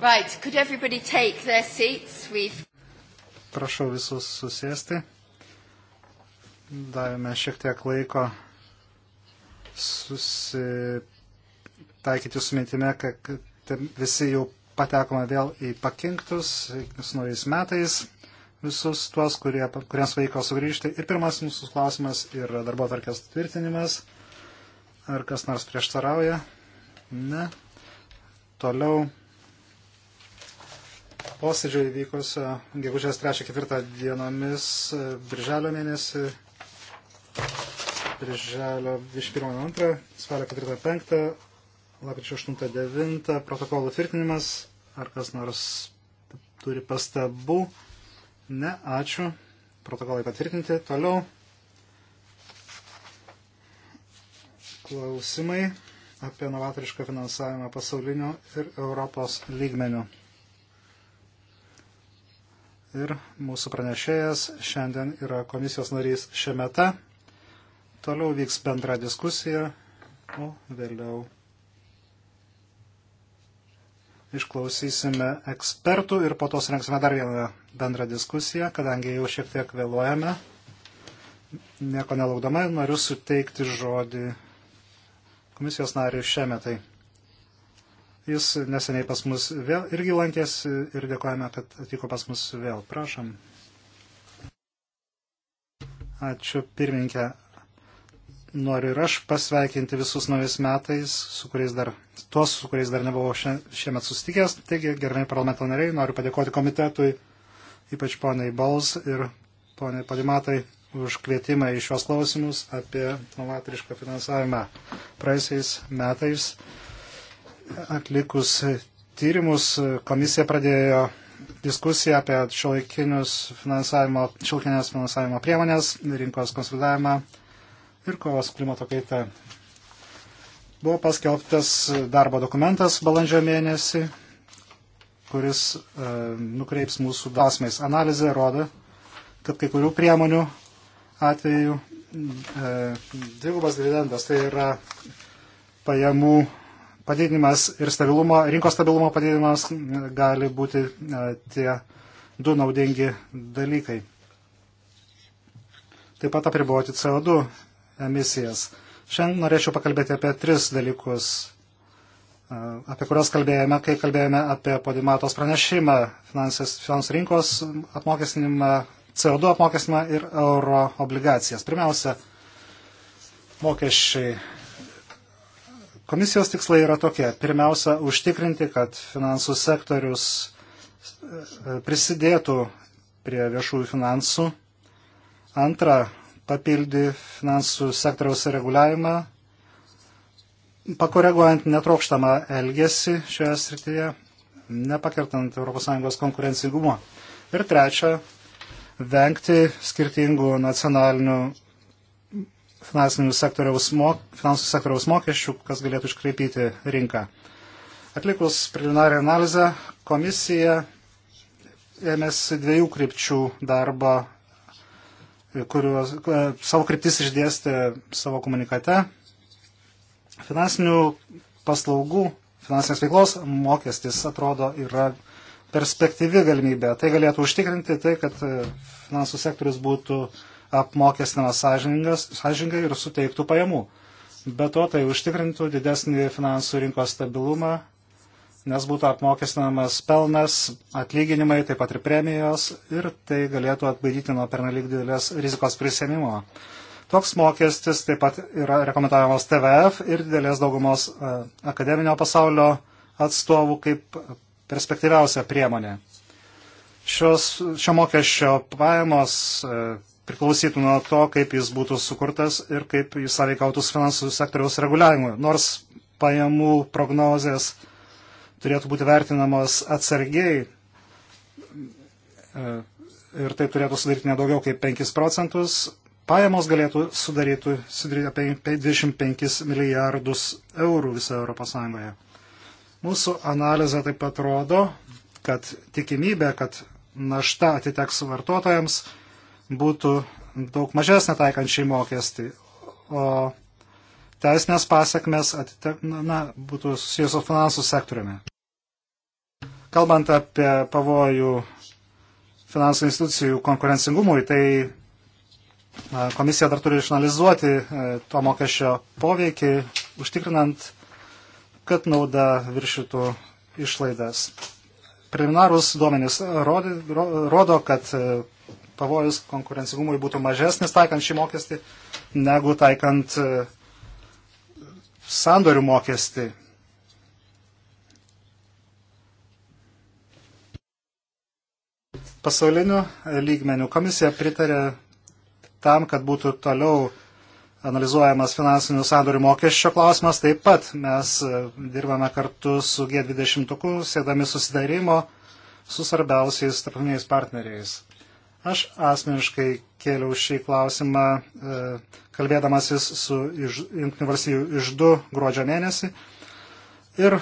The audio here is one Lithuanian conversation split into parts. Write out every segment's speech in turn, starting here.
Right, could everybody take their seats? We've... Prašau visus susėsti. Davėme šiek tiek laiko susitaikyti su mintime, kad visi jau patekome vėl į pakinktus, su naujais metais visus tuos, kurie, kuriems vaiko sugrįžti. Ir pirmas mūsų klausimas yra darbo tarkės tvirtinimas. Ar kas nors prieštarauja? Ne. Toliau posėdžio įvykusio e, gegužės 3-4 dienomis e, birželio mėnesį, birželio 21-2, spalio 4-5, lapkričio 8-9 protokolų tvirtinimas. Ar kas nors turi pastabų? Ne, ačiū. Protokolai patvirtinti. Toliau. Klausimai apie novatorišką finansavimą pasauliniu ir Europos lygmeniu ir mūsų pranešėjas šiandien yra komisijos narys Šemeta. Toliau vyks bendra diskusija, o vėliau išklausysime ekspertų ir po to surenksime dar vieną bendrą diskusiją, kadangi jau šiek tiek vėluojame. Nieko nelaukdama noriu suteikti žodį komisijos nariui šiemetai. Jis neseniai pas mus vėl irgi lankėsi ir dėkojame, kad atvyko pas mus vėl. Prašom. Ačiū pirmininkė. Noriu ir aš pasveikinti visus naujais metais, su kuriais dar, tuos, su kuriais dar nebuvau šie, šiemet sustikęs. Taigi, gerai parlamento nariai, noriu padėkoti komitetui, ypač poniai Bals ir poniai Padimatai už kvietimą į šios klausimus apie novatorišką finansavimą praeisiais metais atlikus tyrimus komisija pradėjo diskusiją apie šiuolaikinės finansavimo, finansavimo priemonės, rinkos konsolidavimą ir kovos klimato kaita. Buvo paskelbtas darbo dokumentas balandžio mėnesį, kuris e, nukreips mūsų dasmais. Analizė rodo, kad kai kurių priemonių atveju e, dvigubas dividendas tai yra pajamų padidinimas ir stabilumo, rinkos stabilumo padidinimas gali būti e, tie du naudingi dalykai. Taip pat apriboti CO2 emisijas. Šiandien norėčiau pakalbėti apie tris dalykus, e, apie kuriuos kalbėjome, kai kalbėjome apie podimatos pranešimą, finansų rinkos apmokestinimą, CO2 apmokestinimą ir euro obligacijas. Pirmiausia, mokesčiai Komisijos tikslai yra tokie. Pirmiausia, užtikrinti, kad finansų sektorius e, prisidėtų prie viešųjų finansų. Antra, papildi finansų sektoriaus reguliavimą, pakoreguojant netrokštamą elgesį šioje srityje, nepakertant ES konkurencingumo. Ir trečia, vengti skirtingų nacionalinių finansinių sektoriaus, mok, finansų sektoriaus mokesčių, kas galėtų iškreipyti rinką. Atlikus preliminarią analizę, komisija ėmėsi dviejų krypčių darbo, kuriuos e, savo kryptis išdėstė savo komunikate. Finansinių paslaugų, finansinės veiklos mokestis atrodo yra perspektyvi galimybė. Tai galėtų užtikrinti tai, kad e, finansų sektorius būtų uh, apmokestinamas sąžiningai ir suteiktų pajamų. Be to, tai užtikrintų didesnį finansų rinkos stabilumą, nes būtų apmokestinamas pelnas, atlyginimai, taip pat ir premijos ir tai galėtų atbaidyti nuo pernelyg didelės rizikos prisėmimo. Toks mokestis taip pat yra rekomenduojamas TVF ir didelės daugumos e, akademinio pasaulio atstovų kaip perspektyviausia priemonė. Šios, šio mokesčio pajamos e, priklausytų nuo to, kaip jis būtų sukurtas ir kaip jis sąveikautų su finansų sektoriaus reguliavimu. Nors pajamų prognozės turėtų būti vertinamos atsargiai e, ir tai turėtų sudaryti nedaugiau kaip 5 procentus, pajamos galėtų sudaryti, sudaryti apie 25 milijardus eurų visoje Europos Sąjungoje. Mūsų analizė taip pat rodo, kad tikimybė, kad našta atiteks vartotojams, būtų daug mažesnė taikant šį mokestį, o teisinės pasiekmes būtų susijusios su finansų sektoriumi. Kalbant apie pavojų finansų institucijų konkurencingumui, tai komisija dar turi išanalizuoti e, to mokesčio poveikį, užtikrinant, kad nauda viršytų išlaidas. Preliminarūs duomenys rodo, kad e, pavojus konkurencingumui būtų mažesnis taikant šį mokestį, negu taikant e, sandorių mokestį. Pasauliniu e, lygmeniu komisija pritarė tam, kad būtų toliau analizuojamas finansinių sandorių mokesčio klausimas. Taip pat mes e, dirbame kartu su G20, siekdami susidarimo su svarbiausiais tarptautiniais partneriais. Aš asmeniškai kėliau šį klausimą, e, kalbėdamasis su Junktinių valstybių išdu gruodžio mėnesį. Ir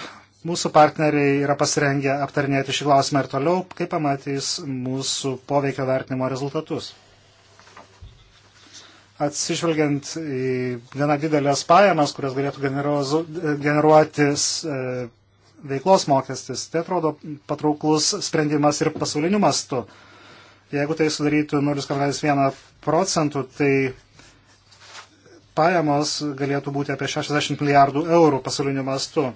mūsų partneriai yra pasirengę aptarinėti šį klausimą ir toliau, kaip pamatys mūsų poveikio vertinimo rezultatus. Atsižvelgiant į gana didelės pajamas, kurias galėtų generuotis e, veiklos mokestis, tai atrodo patrauklus sprendimas ir pasauliniu mastu. E, Jeigu tai sudarytų 0,1 procentų, tai pajamos galėtų būti apie 60 milijardų eurų pasauliniu mastu. E,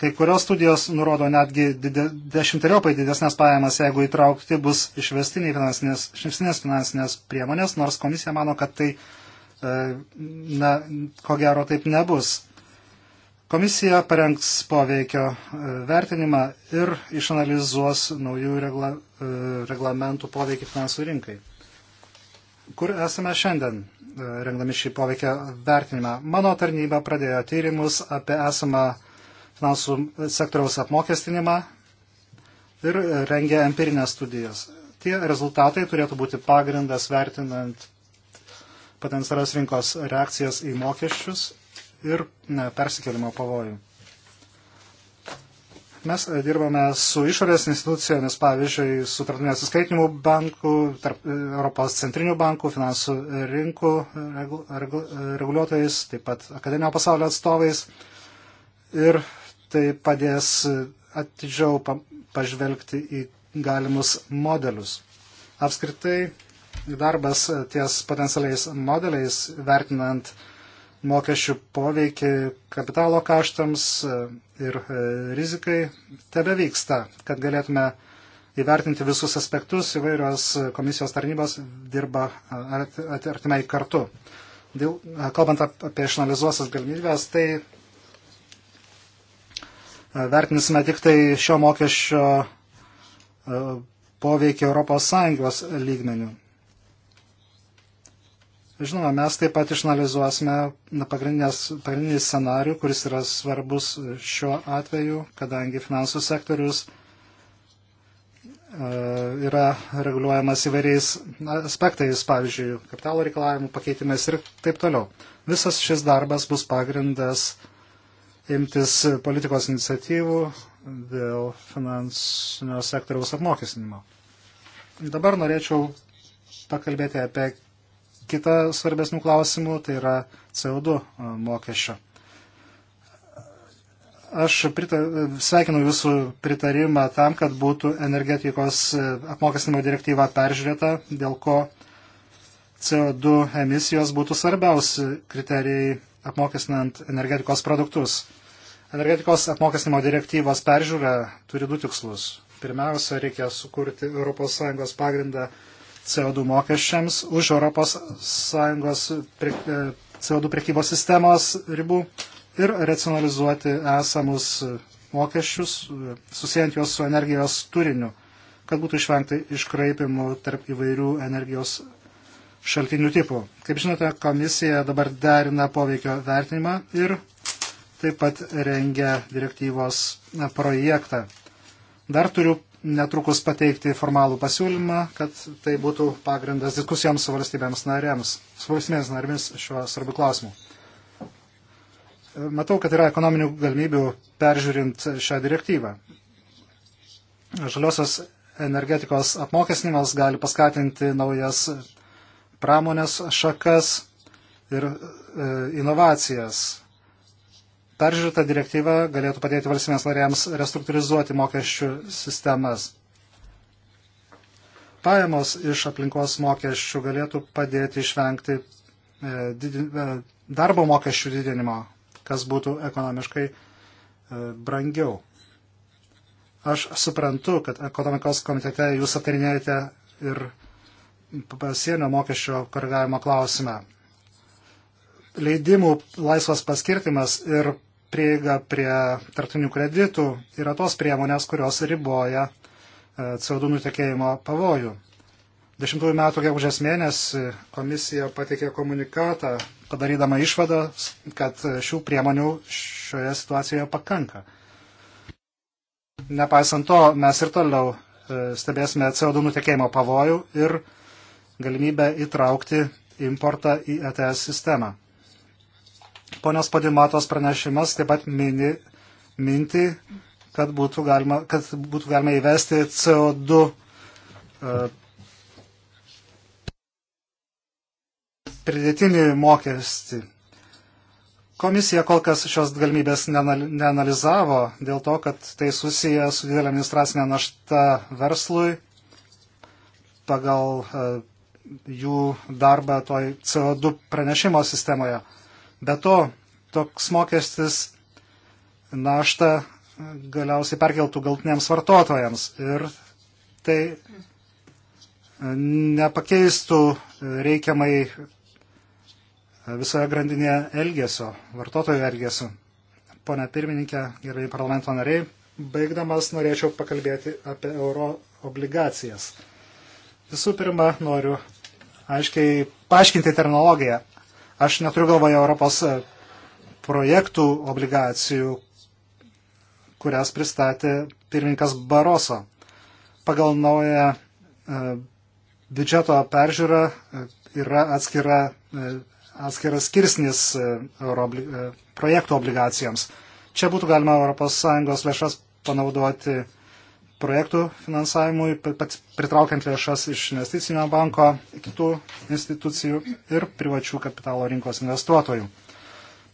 kai kurios studijos nurodo netgi dešimteriopai didesnės pajamas, jeigu įtraukti bus išvestinės finansinės, išvestinės finansinės priemonės, nors komisija mano, kad tai, e, na, ko gero taip nebus. Komisija parengs poveikio e, vertinimą ir išanalizuos naujų regla, e, reglamentų poveikį finansų rinkai. Kur esame šiandien, e, rengdami šį poveikio vertinimą? Mano tarnyba pradėjo tyrimus apie esamą finansų sektoriaus apmokestinimą ir rengia empirinės studijas. Tie rezultatai turėtų būti pagrindas vertinant potencialios rinkos reakcijas į mokesčius ir persikėlimo pavojų. Mes e, dirbame su išorės institucijomis, pavyzdžiui, su tarptautinio atsiskaitimų banku, tarp e, Europos centrinių bankų, finansų rinkų e, regu, regu, reguliuotojais, taip pat akademinio pasaulio atstovais. Ir tai padės atidžiau pažvelgti į galimus modelius. Apskritai, darbas ties potencialiais modeliais, vertinant uh, mokesčių poveikį kapitalo kaštams ir e, rizikai tebe vyksta, kad galėtume įvertinti visus aspektus, įvairios komisijos tarnybos dirba artimai kartu. Dėl, e, kalbant apie išanalizuosias galimybės, tai e, vertinsime tik tai šio mokesčio poveikį ES lygmenių. Žinoma, mes taip pat išanalizuosime pagrindinį scenarių, kuris yra svarbus šiuo atveju, kadangi finansų sektorius e, yra reguliuojamas įvairiais aspektais, pavyzdžiui, kapitalo reikalavimų pakeitimais ir taip toliau. Visas šis darbas bus pagrindas imtis politikos iniciatyvų dėl finansinio sektoriaus apmokestinimo. Dabar norėčiau pakalbėti apie kitą svarbesnių klausimų, tai yra CO2 e, mokesčio. Aš pritar, sveikinu jūsų pritarimą tam, kad būtų energetikos e, apmokestinimo direktyva peržiūrėta, dėl ko CO2 emisijos būtų svarbiausi kriterijai apmokestinant energetikos produktus. Energetikos apmokestinimo direktyvos peržiūra turi du tikslus. Pirmiausia, reikia sukurti ES pagrindą CO2 mokesčiams už ES CO2 prekybos sistemos ribų ir racionalizuoti esamus mokesčius, e, susijęs juos su energijos turiniu, kad būtų išvengta iškraipimų tarp įvairių energijos šaltinių tipų. Kaip žinote, komisija dabar derina poveikio vertinimą ir taip pat rengia direktyvos projektą. Dar turiu netrukus pateikti formalų pasiūlymą, kad tai būtų pagrindas diskusijoms su valstybėms narėms, su valstybėms narėmis šiuo svarbiu klausimu. Matau, kad yra ekonominių galimybių peržiūrint šią direktyvą. Žaliosios energetikos apmokesnimas gali paskatinti naujas pramonės šakas ir e, inovacijas Peržiūrėta direktyva galėtų padėti valstybės narėms restruktūrizuoti mokesčių sistemas. Pajamos iš aplinkos mokesčių galėtų padėti išvengti e, e, darbo mokesčių didinimo, kas būtų ekonomiškai e, brangiau. Aš suprantu, kad ekonomikos komitete jūs aptarinėjate ir pasienio mokesčio koregavimo klausimą. Leidimų laisvas paskirtimas ir prieiga prie tartinių kreditų yra tos priemonės, kurios riboja e, CO2 nutekėjimo pavojų. 10 metų gegužės mėnesį komisija pateikė komunikatą, padarydama išvadą, kad šių priemonių šioje situacijoje pakanka. Nepaisant to, mes ir toliau e, stebėsime CO2 nutekėjimo pavojų ir galimybę įtraukti importą į ETS sistemą. Ponios Padimatos pranešimas taip pat mini mintį, kad būtų galima, kad būtų galima įvesti CO2 uh, e, pridėtinį mokestį. Komisija kol kas šios galimybės neanalizavo dėl to, kad tai susiję su didelė administracinė našta verslui pagal e, jų darbą toj CO2 pranešimo sistemoje. Be to, toks mokestis naštą galiausiai perkeltų galtiniams vartotojams ir tai nepakeistų reikiamai visoje grandinėje elgesio, vartotojų elgesio. Pone pirmininkė, gerai parlamento nariai, baigdamas norėčiau pakalbėti apie euro obligacijas. Visų pirma, noriu aiškiai paaiškinti terminologiją. Aš neturiu galvoje Europos e, projektų obligacijų, kurias pristatė pirmininkas Baroso. Pagal naują e, biudžeto peržiūrą e, yra atskira, atskiras skirsnis obli, projektų obligacijoms. Čia būtų galima ES lėšas panaudoti projektų finansavimui, pritraukiant lėšas iš investicinio banko, kitų institucijų ir privačių kapitalo rinkos investuotojų.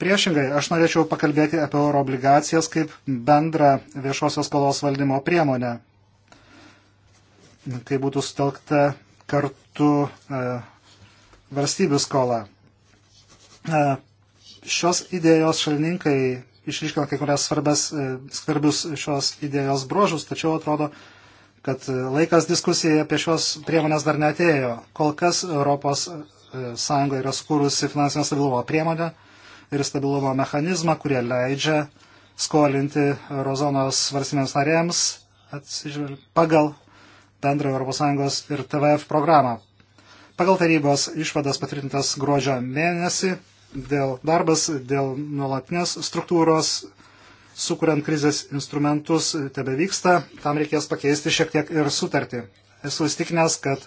Priešingai, aš norėčiau pakalbėti apie euro obligacijas kaip bendrą viešosios skolos valdymo priemonę. Tai būtų sutelkta kartu e, valstybių skola. E, šios idėjos šalininkai išryškina kai kurias svarbas, e, svarbius šios idėjos bruožus, tačiau atrodo, kad e, laikas diskusijai apie šios priemonės dar netėjo. Kol kas Europos e, Sąjunga yra skūrusi finansinio stabilumo priemonę ir stabilumo mechanizmą, kurie leidžia skolinti Eurozonos valstybėms narėms pagal bendrą ES ir TVF programą. Pagal tarybos išvadas patvirtintas gruodžio mėnesį dėl darbas, dėl nuolatinės struktūros, sukuriant krizės instrumentus, tebe vyksta. Tam reikės pakeisti šiek tiek ir sutartį. Esu įstikinęs, kad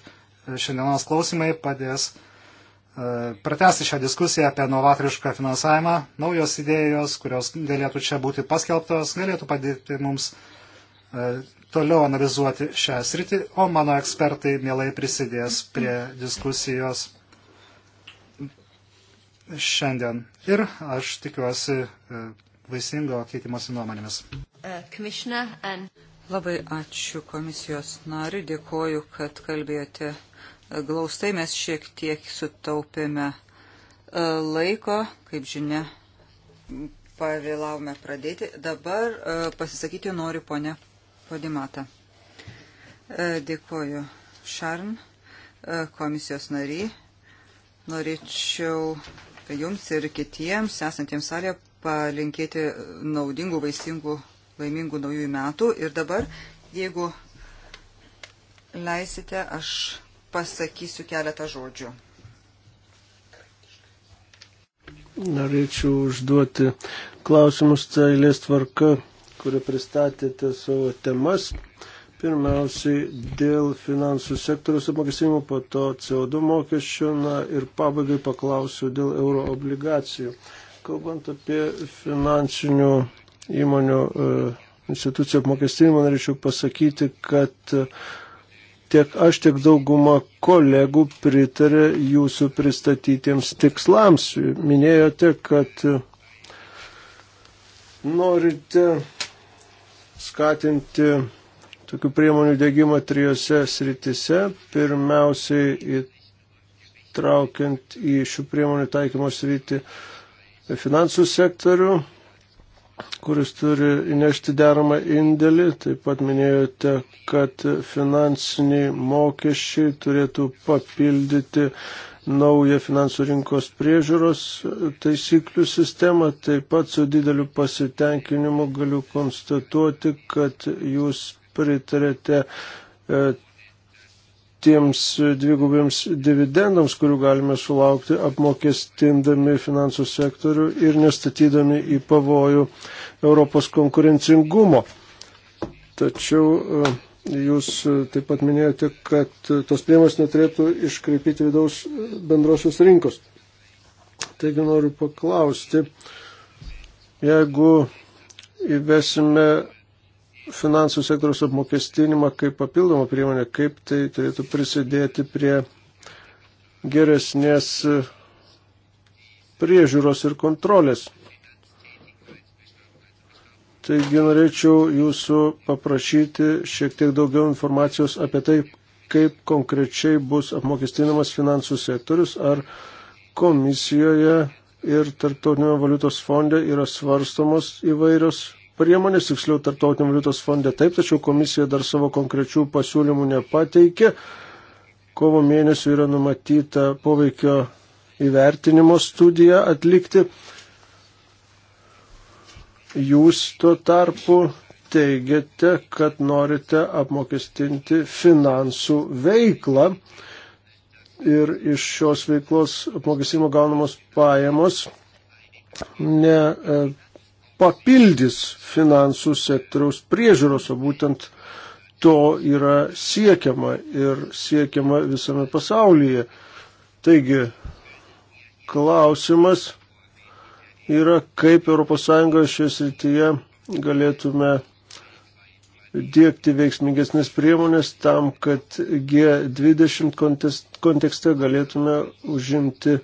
šiandienos klausimai padės e, pratesti šią diskusiją apie novatorišką finansavimą. Naujos idėjos, kurios galėtų čia būti paskelbtos, galėtų padėti mums e, toliau analizuoti šią sritį, o mano ekspertai mielai prisidės prie diskusijos šiandien. Ir aš tikiuosi e, vaisingo keitimosi nuomonėmis. Uh, Labai ačiū komisijos nariui, dėkoju, kad kalbėjote e, glaustai, mes šiek tiek sutaupėme e, laiko, kaip žinia, pavėlavome pradėti. Dabar pasisakyti noriu ponę Podimata. Dėkoju Šarn, komisijos nariai. Norėčiau jums ir kitiems esantiems salėje palinkėti naudingų, vaisingų, laimingų naujųjų metų. Ir dabar, jeigu leisite, aš pasakysiu keletą žodžių. Norėčiau užduoti klausimus eilės tvarka, kurią pristatėte savo temas. Pirmiausiai dėl finansų sektoriaus apmokestinimo, po to CO2 mokesčių na, ir pabaigai paklausiu dėl euro obligacijų. Kalbant apie finansinių įmonių e, institucijų apmokestinimą, norėčiau pasakyti, kad e, tiek aš, tiek dauguma kolegų pritarė jūsų pristatytiems tikslams. Minėjote, kad e, norite skatinti tokių priemonių dėgymą trijose sritise. Pirmiausiai įtraukiant į šių priemonių taikymo sritį finansų sektorių, kuris turi įnešti deramą indėlį. Taip pat minėjote, kad finansiniai mokesčiai turėtų papildyti naują finansų rinkos priežiūros taisyklių sistemą. Taip pat su dideliu pasitenkinimu galiu konstatuoti, kad jūs pritarėte e, tiems dvigubiems dividendams, kurių galime sulaukti apmokestindami finansų sektorių ir nestatydami į pavojų Europos konkurencingumo. Tačiau e, jūs taip pat minėjote, kad tos priemonės neturėtų iškreipyti vidaus bendrosios rinkos. Taigi noriu paklausti, jeigu įvesime finansų sektoriaus apmokestinimą kaip papildomą priemonę, kaip tai turėtų prisidėti prie geresnės priežiūros ir kontrolės. Taigi norėčiau jūsų paprašyti šiek tiek daugiau informacijos apie tai, kaip konkrečiai bus apmokestinamas finansų sektorius, ar komisijoje ir tarptautinio valiutos fonde yra svarstomos įvairios priemonės, tiksliau tarptautinio valiutos fonde taip, tačiau komisija dar savo konkrečių pasiūlymų nepateikė. Kovo mėnesį yra numatyta poveikio įvertinimo studiją atlikti. Jūs tuo tarpu teigiate, kad norite apmokestinti finansų veiklą ir iš šios veiklos apmokestinimo gaunamos pajamos ne e, papildys finansų sektoriaus priežiūros, o būtent to yra siekiama ir siekiama visame pasaulyje. Taigi, klausimas yra, kaip ES šioje srityje galėtume dėkti veiksmingesnės priemonės tam, kad G20 kontekste galėtume užimti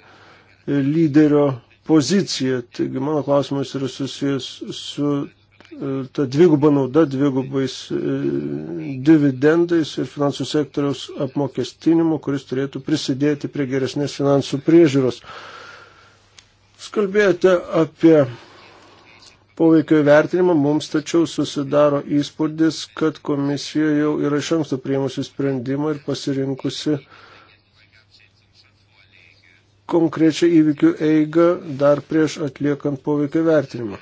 lyderio poziciją. Taigi mano klausimas yra susijęs su e, ta dviguba nauda, dvigubais e, dividendais ir finansų sektoriaus apmokestinimu, kuris turėtų prisidėti prie geresnės finansų priežiūros. Skalbėjote apie poveikio įvertinimą, mums tačiau susidaro įspūdis, kad komisija jau yra iš anksto prieimusi sprendimą ir pasirinkusi uh, konkrečią įvykių eigą dar prieš atliekant poveikio vertinimą.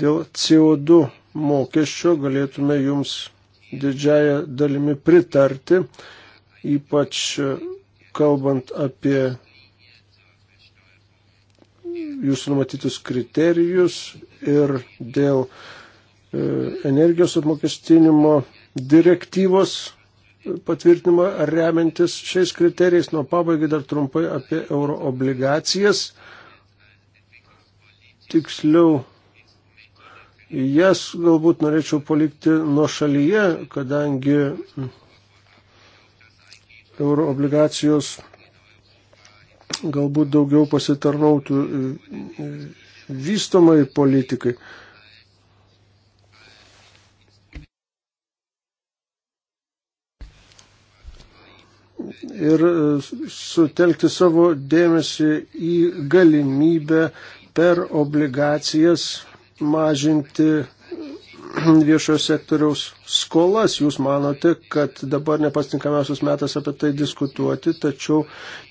Dėl CO2 mokesčio galėtume jums didžiają dalimi pritarti, ypač e, kalbant apie jūsų numatytus kriterijus ir dėl e, energijos apmokestinimo direktyvos patvirtinimą remiantis šiais kriterijais. Nuo pabaigai dar trumpai apie euro obligacijas. Tiksliau, jas galbūt norėčiau palikti nuo šalyje, kadangi euro obligacijos galbūt daugiau pasitarnautų vystomai politikai. ir e, sutelkti savo dėmesį į galimybę per obligacijas mažinti viešojo sektoriaus skolas. Jūs manote, kad dabar nepastinkamiausias metas apie tai diskutuoti, tačiau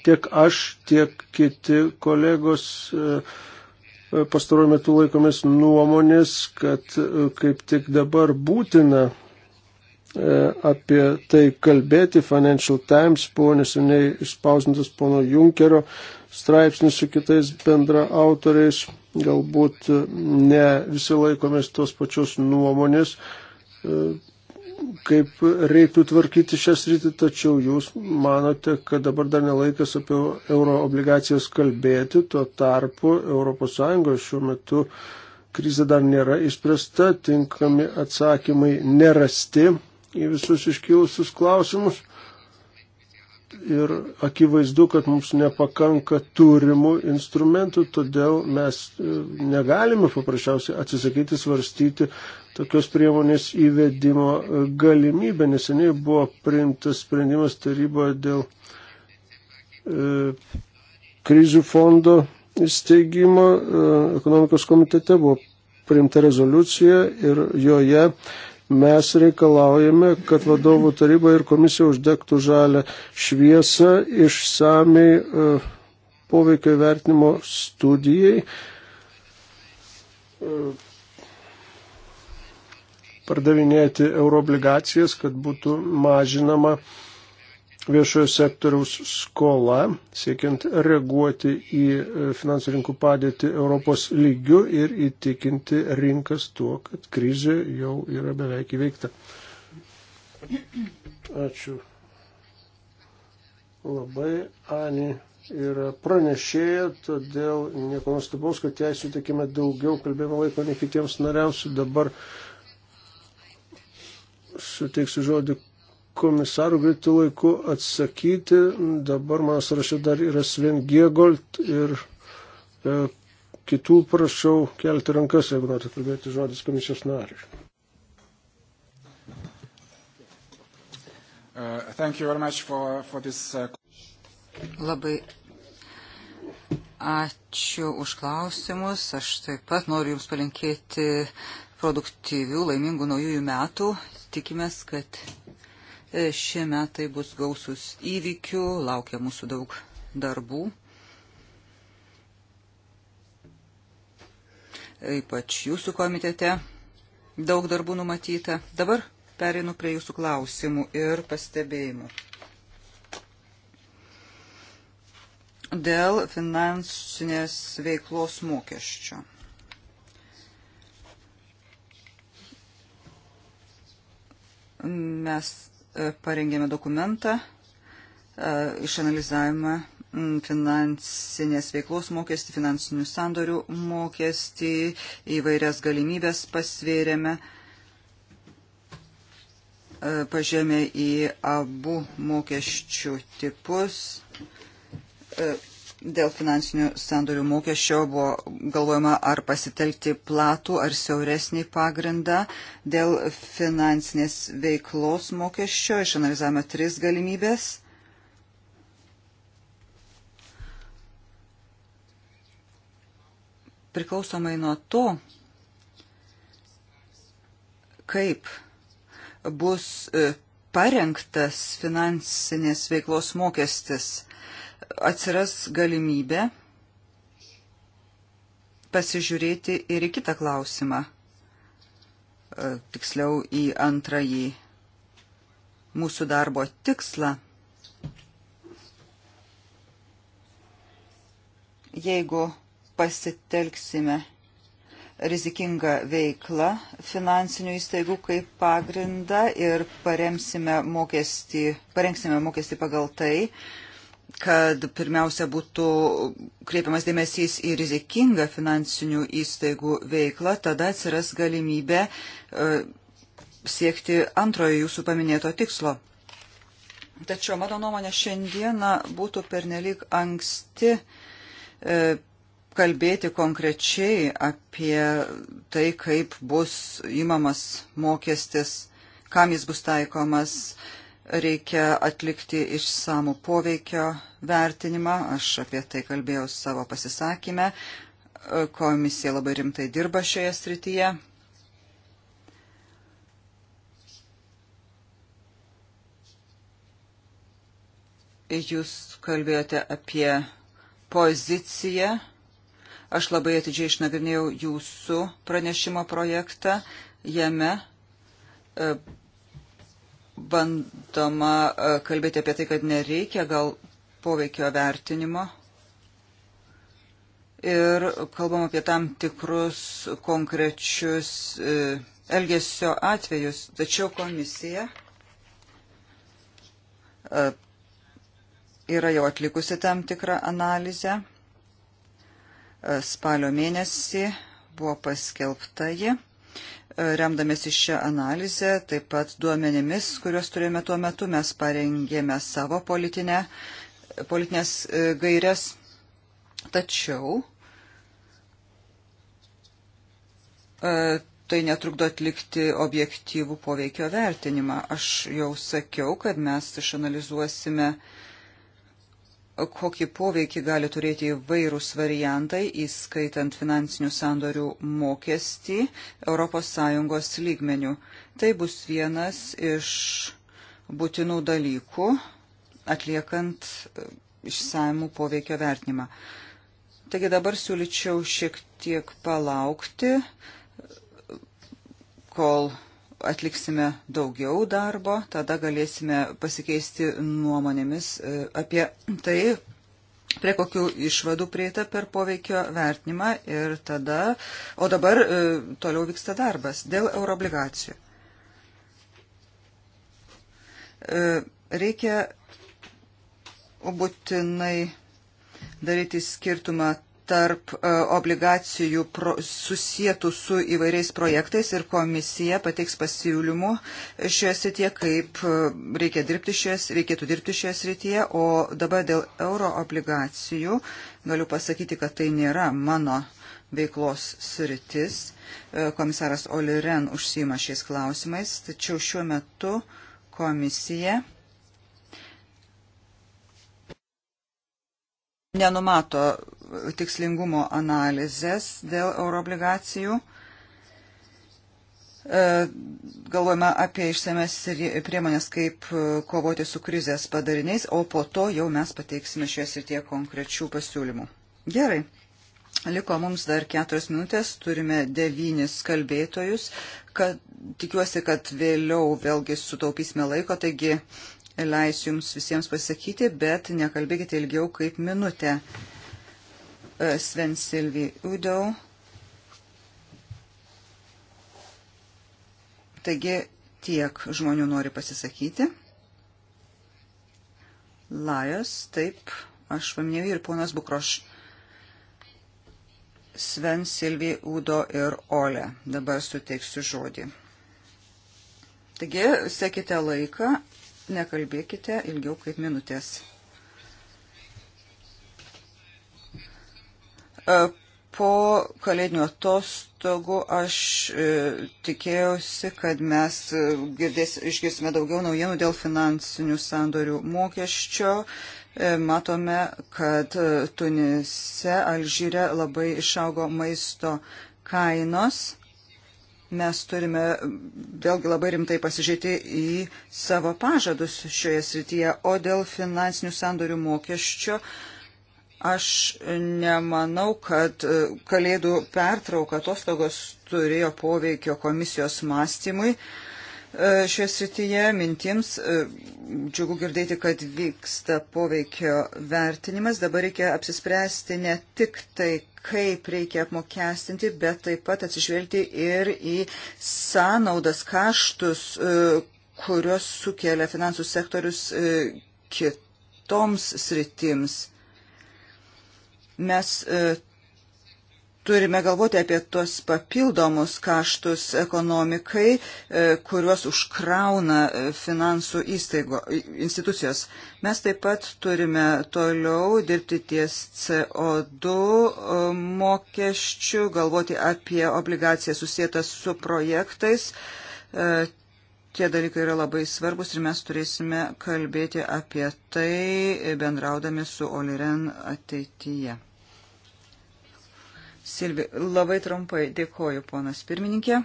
tiek aš, tiek kiti kolegos e, pastaruoju metu laikomės nuomonės, kad e, kaip tik dabar būtina E, apie tai kalbėti. Financial Times buvo neseniai išspausintas pono Junkerio straipsnis su kitais bendra autoriais. Galbūt e, ne visi laikomės tos pačios nuomonės, e, kaip reiktų tvarkyti šią sritį, tačiau jūs manote, kad dabar dar nelaikas apie euro obligacijas kalbėti, tuo tarpu ES šiuo metu krizė dar nėra išspręsta, tinkami atsakymai nerasti į visus iškilusius klausimus. Ir akivaizdu, kad mums nepakanka turimų instrumentų, todėl mes e, negalime paprasčiausiai atsisakyti svarstyti tokios priemonės įvedimo e, galimybę. Neseniai buvo priimtas sprendimas taryboje dėl e, krizių fondo įsteigimo. E, ekonomikos komitete buvo priimta rezoliucija ir joje mes reikalaujame, kad vadovų taryba ir komisija uždegtų žalę šviesą išsamei e, poveikio vertinimo studijai e, pardavinėti euroobligacijas, kad būtų mažinama uh, viešojo sektoriaus skola, siekiant reaguoti į e, finansų rinkų padėtį Europos lygių ir įtikinti rinkas tuo, kad krizė jau yra beveik įveikta. Ačiū. Labai Ani yra pranešėja, todėl nieko nustabaus, kad jai sutikime daugiau kalbėjimo laiko nei kitiems nariams. Dabar suteiksiu žodį komisarų greitų laikų atsakyti. Dabar mano sąraše dar yra Sven Giegold ir e, kitų prašau kelti rankas, jeigu norite kalbėti žodis komisijos nariui. Uh, for, for this, uh... Labai ačiū už klausimus. Aš taip pat noriu Jums palinkėti produktyvių, laimingų naujųjų metų. Tikimės, kad E, šie metai bus gausus įvykių, laukia mūsų daug darbų. Ypač jūsų komitete daug darbų numatyta. Dabar perinu prie jūsų klausimų ir pastebėjimų. Dėl finansinės veiklos mokesčio. Mes E, parengėme dokumentą, e, išanalizavimą finansinės veiklos mokestį, finansinių sandorių mokestį, įvairias galimybės pasvėrėme. E, pažėmė į abu mokesčių tipus Dėl finansinių sandorių mokesčio buvo galvojama ar pasitelkti platų ar siauresnį pagrindą. Dėl finansinės veiklos mokesčio išanalizavome tris galimybės. Priklausomai nuo to, kaip bus e, parengtas finansinės veiklos mokestis atsiras galimybė pasižiūrėti ir į kitą klausimą, e, tiksliau į antrąjį mūsų darbo tikslą. Jeigu pasitelksime rizikingą veiklą finansinių įstaigų kaip pagrindą ir paremsime mokestį, parengsime mokestį pagal tai, kad pirmiausia būtų kreipiamas dėmesys į rizikingą finansinių įstaigų veiklą, tada atsiras galimybė e, siekti antrojo jūsų paminėto tikslo. Tačiau, mano nuomonė, šiandieną būtų pernelyg anksti e, kalbėti konkrečiai apie tai, kaip bus įmamas mokestis, kam jis bus taikomas, Reikia atlikti išsamų poveikio vertinimą. Aš apie tai kalbėjau savo pasisakymę. Komisija labai rimtai dirba šioje srityje. jūs kalbėjote apie poziciją. Aš labai atidžiai išnagrinėjau jūsų pranešimo projektą. Jame e, bandoma e, kalbėti apie tai, kad nereikia gal poveikio vertinimo. Ir kalbam apie tam tikrus konkrečius e, elgesio atvejus. Tačiau komisija e, yra jau atlikusi tam tikrą analizę. Spalio mėnesį buvo paskelbta ji. Remdamėsi šią analizę, taip pat duomenimis, kuriuos turėjome tuo metu, mes parengėme savo politinę, politinės e, gairias. Tačiau e, tai netrukdo atlikti objektyvų poveikio vertinimą. Aš jau sakiau, kad mes išanalizuosime uh, kokį poveikį gali turėti įvairūs variantai, įskaitant finansinių sandorių mokestį ES lygmenių. Tai bus vienas iš būtinų dalykų, atliekant e, išsamų poveikio vertinimą. Taigi dabar siūlyčiau šiek tiek palaukti, kol atliksime daugiau darbo, tada galėsime pasikeisti nuomonėmis e, apie tai, prie kokių išvadų prieita per poveikio vertinimą ir tada, o dabar e, toliau vyksta darbas dėl euroobligacijų. E, reikia būtinai daryti skirtumą tarp e, obligacijų susijętų su įvairiais projektais ir komisija pateiks pasiūlymų šioje srityje, kaip e, reikia dirbti šios, reikėtų dirbti šioje srityje. O dabar dėl euro obligacijų galiu pasakyti, kad tai nėra mano veiklos sritis. E, komisaras Oliren užsima šiais klausimais, tačiau šiuo metu komisija nenumato tikslingumo analizės dėl euroobligacijų. E, galvojame apie išsames priemonės, kaip e, kovoti su krizės padariniais, o po to jau mes pateiksime šios ir tie konkrečių pasiūlymų. Gerai. Liko mums dar keturias minutės, turime devynis kalbėtojus, kad tikiuosi, kad vėliau vėlgi sutaupysime laiko, taigi leisiu jums visiems pasakyti, bet nekalbėkite ilgiau kaip minutę. E, Sven Silvi Udau. Taigi tiek žmonių nori pasisakyti. Lajas, taip, aš paminėjau ir ponas Bukroš. Sven Silvi Udo ir Ole. Dabar suteiksiu žodį. Taigi, sekite laiką nekalbėkite ilgiau kaip minutės. E, po kalėdinio atostogų aš e, tikėjausi, kad mes e, girdės, išgirsime daugiau naujienų dėl finansinių sandorių mokesčio. Matome, kad Tunise, Alžyre labai išaugo maisto kainos mes turime vėlgi labai rimtai pasižiūrėti į savo pažadus šioje srityje. O dėl finansinių sandorių mokesčio aš nemanau, kad e, kalėdų pertrauka atostogos turėjo poveikio komisijos mąstymui. E, šioje srityje mintims e, džiugu girdėti, kad vyksta poveikio vertinimas. Dabar reikia apsispręsti ne tik tai, kaip reikia apmokestinti, bet taip pat atsižvelgti ir į sąnaudas kaštus, e, kurios sukelia finansų sektorius e, kitoms sritims. Mes e, turime galvoti apie tuos papildomus kaštus ekonomikai, e, kuriuos užkrauna e, finansų įstaigo, institucijos. Mes taip pat turime toliau dirbti ties CO2 e, mokesčių, galvoti apie obligacijas susijęs su projektais. Tie dalykai yra labai svarbus ir mes turėsime kalbėti apie tai bendraudami su Oliren ateityje. Silvi, labai trumpai dėkoju, ponas pirmininkė.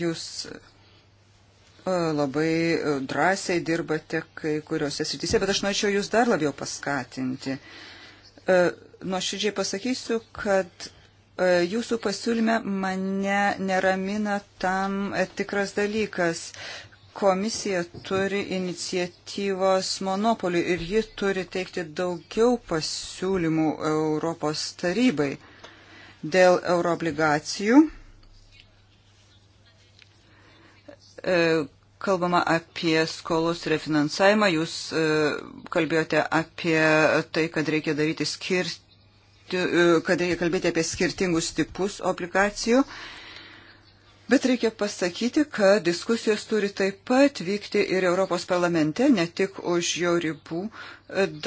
Jūs e, labai e, drąsiai dirbate kai kuriuose srityse, bet aš norėčiau jūs dar labiau paskatinti. E, nuoširdžiai pasakysiu, kad jūsų pasiūlyme mane neramina tam tikras dalykas komisija turi iniciatyvos monopolį ir ji turi teikti daugiau pasiūlymų Europos tarybai dėl euroobligacijų. E, kalbama apie skolos refinansavimą, jūs e, kalbėjote apie tai, kad reikia daryti skirti, e, kad reikia kalbėti apie skirtingus tipus obligacijų. Bet reikia pasakyti, kad diskusijos turi taip pat vykti ir Europos parlamente, ne tik už jo ribų.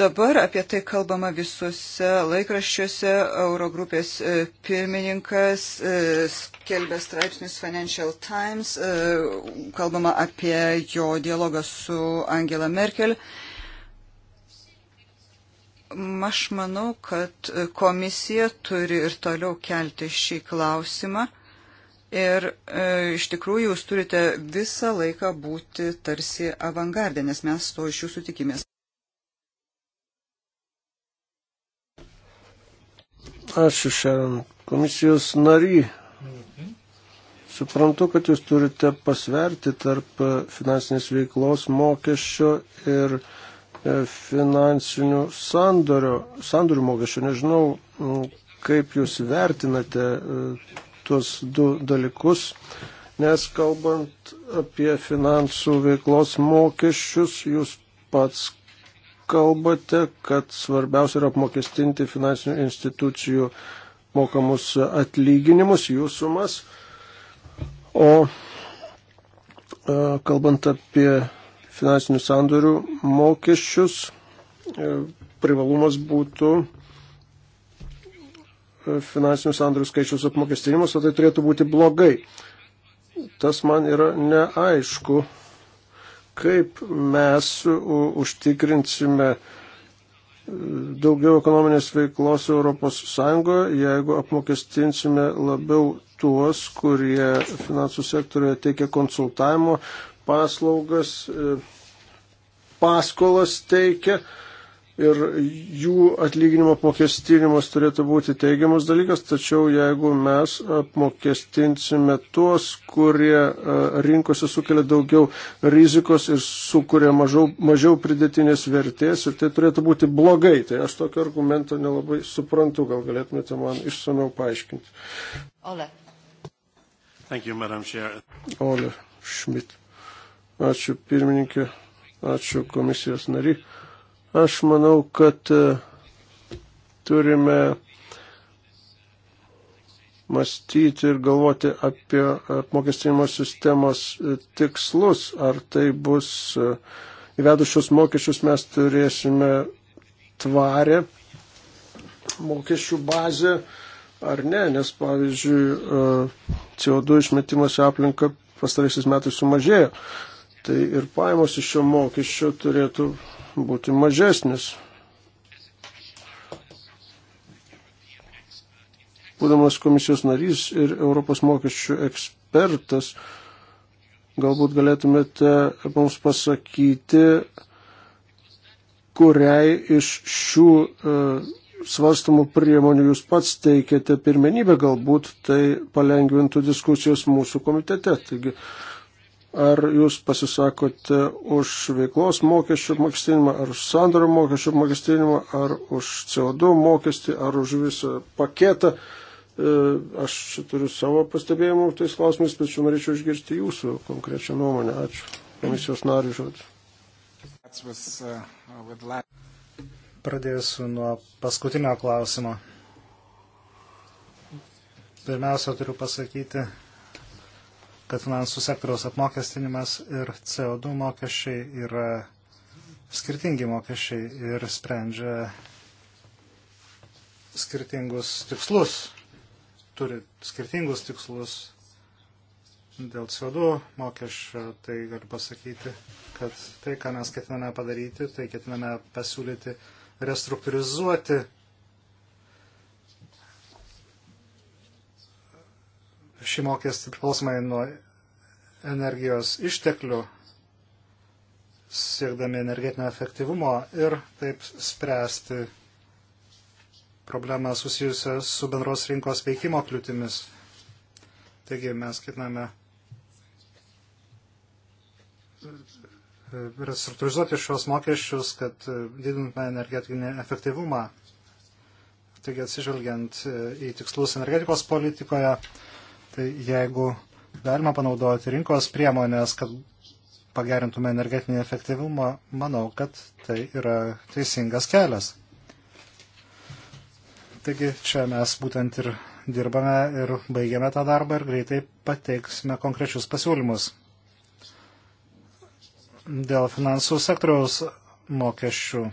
Dabar apie tai kalbama visuose laikraščiuose. Eurogrupės e, pirmininkas e, skelbė straipsnius Financial Times, e, kalbama apie jo dialogą su Angela Merkel. Aš manau, kad komisija turi ir toliau kelti šį klausimą Ir e, iš tikrųjų jūs turite visą laiką būti tarsi avangardė, nes mes to iš jūsų tikimės. Ačiū šiandien komisijos nary. Suprantu, kad jūs turite pasverti tarp finansinės veiklos mokesčio ir e, finansinių sandorio, sandorių mokesčio. Nežinau, kaip jūs vertinate e, tuos du dalykus, nes kalbant apie finansų veiklos mokesčius, jūs pats kalbate, kad svarbiausia yra apmokestinti finansinių institucijų mokamus atlyginimus, jų sumas. O e, kalbant apie finansinių sandorių mokesčius, e, privalumas būtų finansinių sandorių skaičiaus apmokestinimus, o tai turėtų būti blogai. Tas man yra neaišku, kaip mes užtikrinsime daugiau ekonominės veiklos ES, jeigu apmokestinsime labiau tuos, kurie finansų sektorioje teikia konsultavimo paslaugas, e, paskolas teikia ir jų atlyginimo apmokestinimas turėtų būti teigiamas dalykas, tačiau jeigu mes apmokestinsime tuos, kurie e, rinkose sukelia daugiau rizikos ir sukuria mažiau, mažiau pridėtinės vertės ir tai turėtų būti blogai, tai aš tokio argumento nelabai suprantu, gal galėtumėte man išsameu paaiškinti. Ole. Thank you, Madam Chair. Ole Schmidt. Ačiū pirmininkė, ačiū komisijos nariai. Aš manau, kad e, turime mąstyti ir galvoti apie apmokestinimo sistemos e, tikslus. Ar tai bus e, įvedus šios mokesčius mes turėsime tvarę mokesčių bazę ar ne, nes pavyzdžiui CO2 išmetimas į aplinką pastaraisiais metais sumažėjo. Tai ir pajamos iš šio mokesčio turėtų būti mažesnis. Būdamas komisijos narys ir Europos mokesčių ekspertas, galbūt galėtumėte mums pasakyti, kuriai iš šių uh, e, svarstamų priemonių jūs pats teikiate pirmenybę, galbūt tai palengvintų diskusijos mūsų komitete. Taigi Ar jūs pasisakote už veiklos mokesčių mokestinimą, ar už sandarų mokesčių mokestinimą, ar už CO2 mokestį, ar už visą paketą? E, aš turiu savo pastebėjimų tais klausimais, bet čia norėčiau išgirsti jūsų konkrečią nuomonę. Ačiū. Komisijos narių žodžiu. Pradėsiu nuo paskutinio klausimo. Pirmiausia, turiu pasakyti, kad finansų sektoriaus apmokestinimas ir CO2 mokesčiai yra skirtingi mokesčiai ir sprendžia skirtingus tikslus, turi skirtingus tikslus dėl CO2 mokesčio, tai galiu pasakyti, kad tai, ką mes ketiname padaryti, tai ketiname pasiūlyti restruktūrizuoti šį mokestį priklausomai nuo energijos išteklių, siekdami energetinio efektyvumo ir taip spręsti problemą susijusią su bendros rinkos veikimo kliūtimis. Taigi mes ketiname e, restruktūrizuoti šios mokesčius, kad e, didintume energetinį efektyvumą. Taigi atsižvelgiant e, į tikslus energetikos politikoje, Tai jeigu galima panaudoti rinkos priemonės, kad pagerintume energetinį efektyvumą, manau, kad tai yra teisingas kelias. Taigi čia mes būtent ir dirbame ir baigiame tą darbą ir greitai pateiksime konkrečius pasiūlymus. Dėl finansų sektoriaus mokesčių.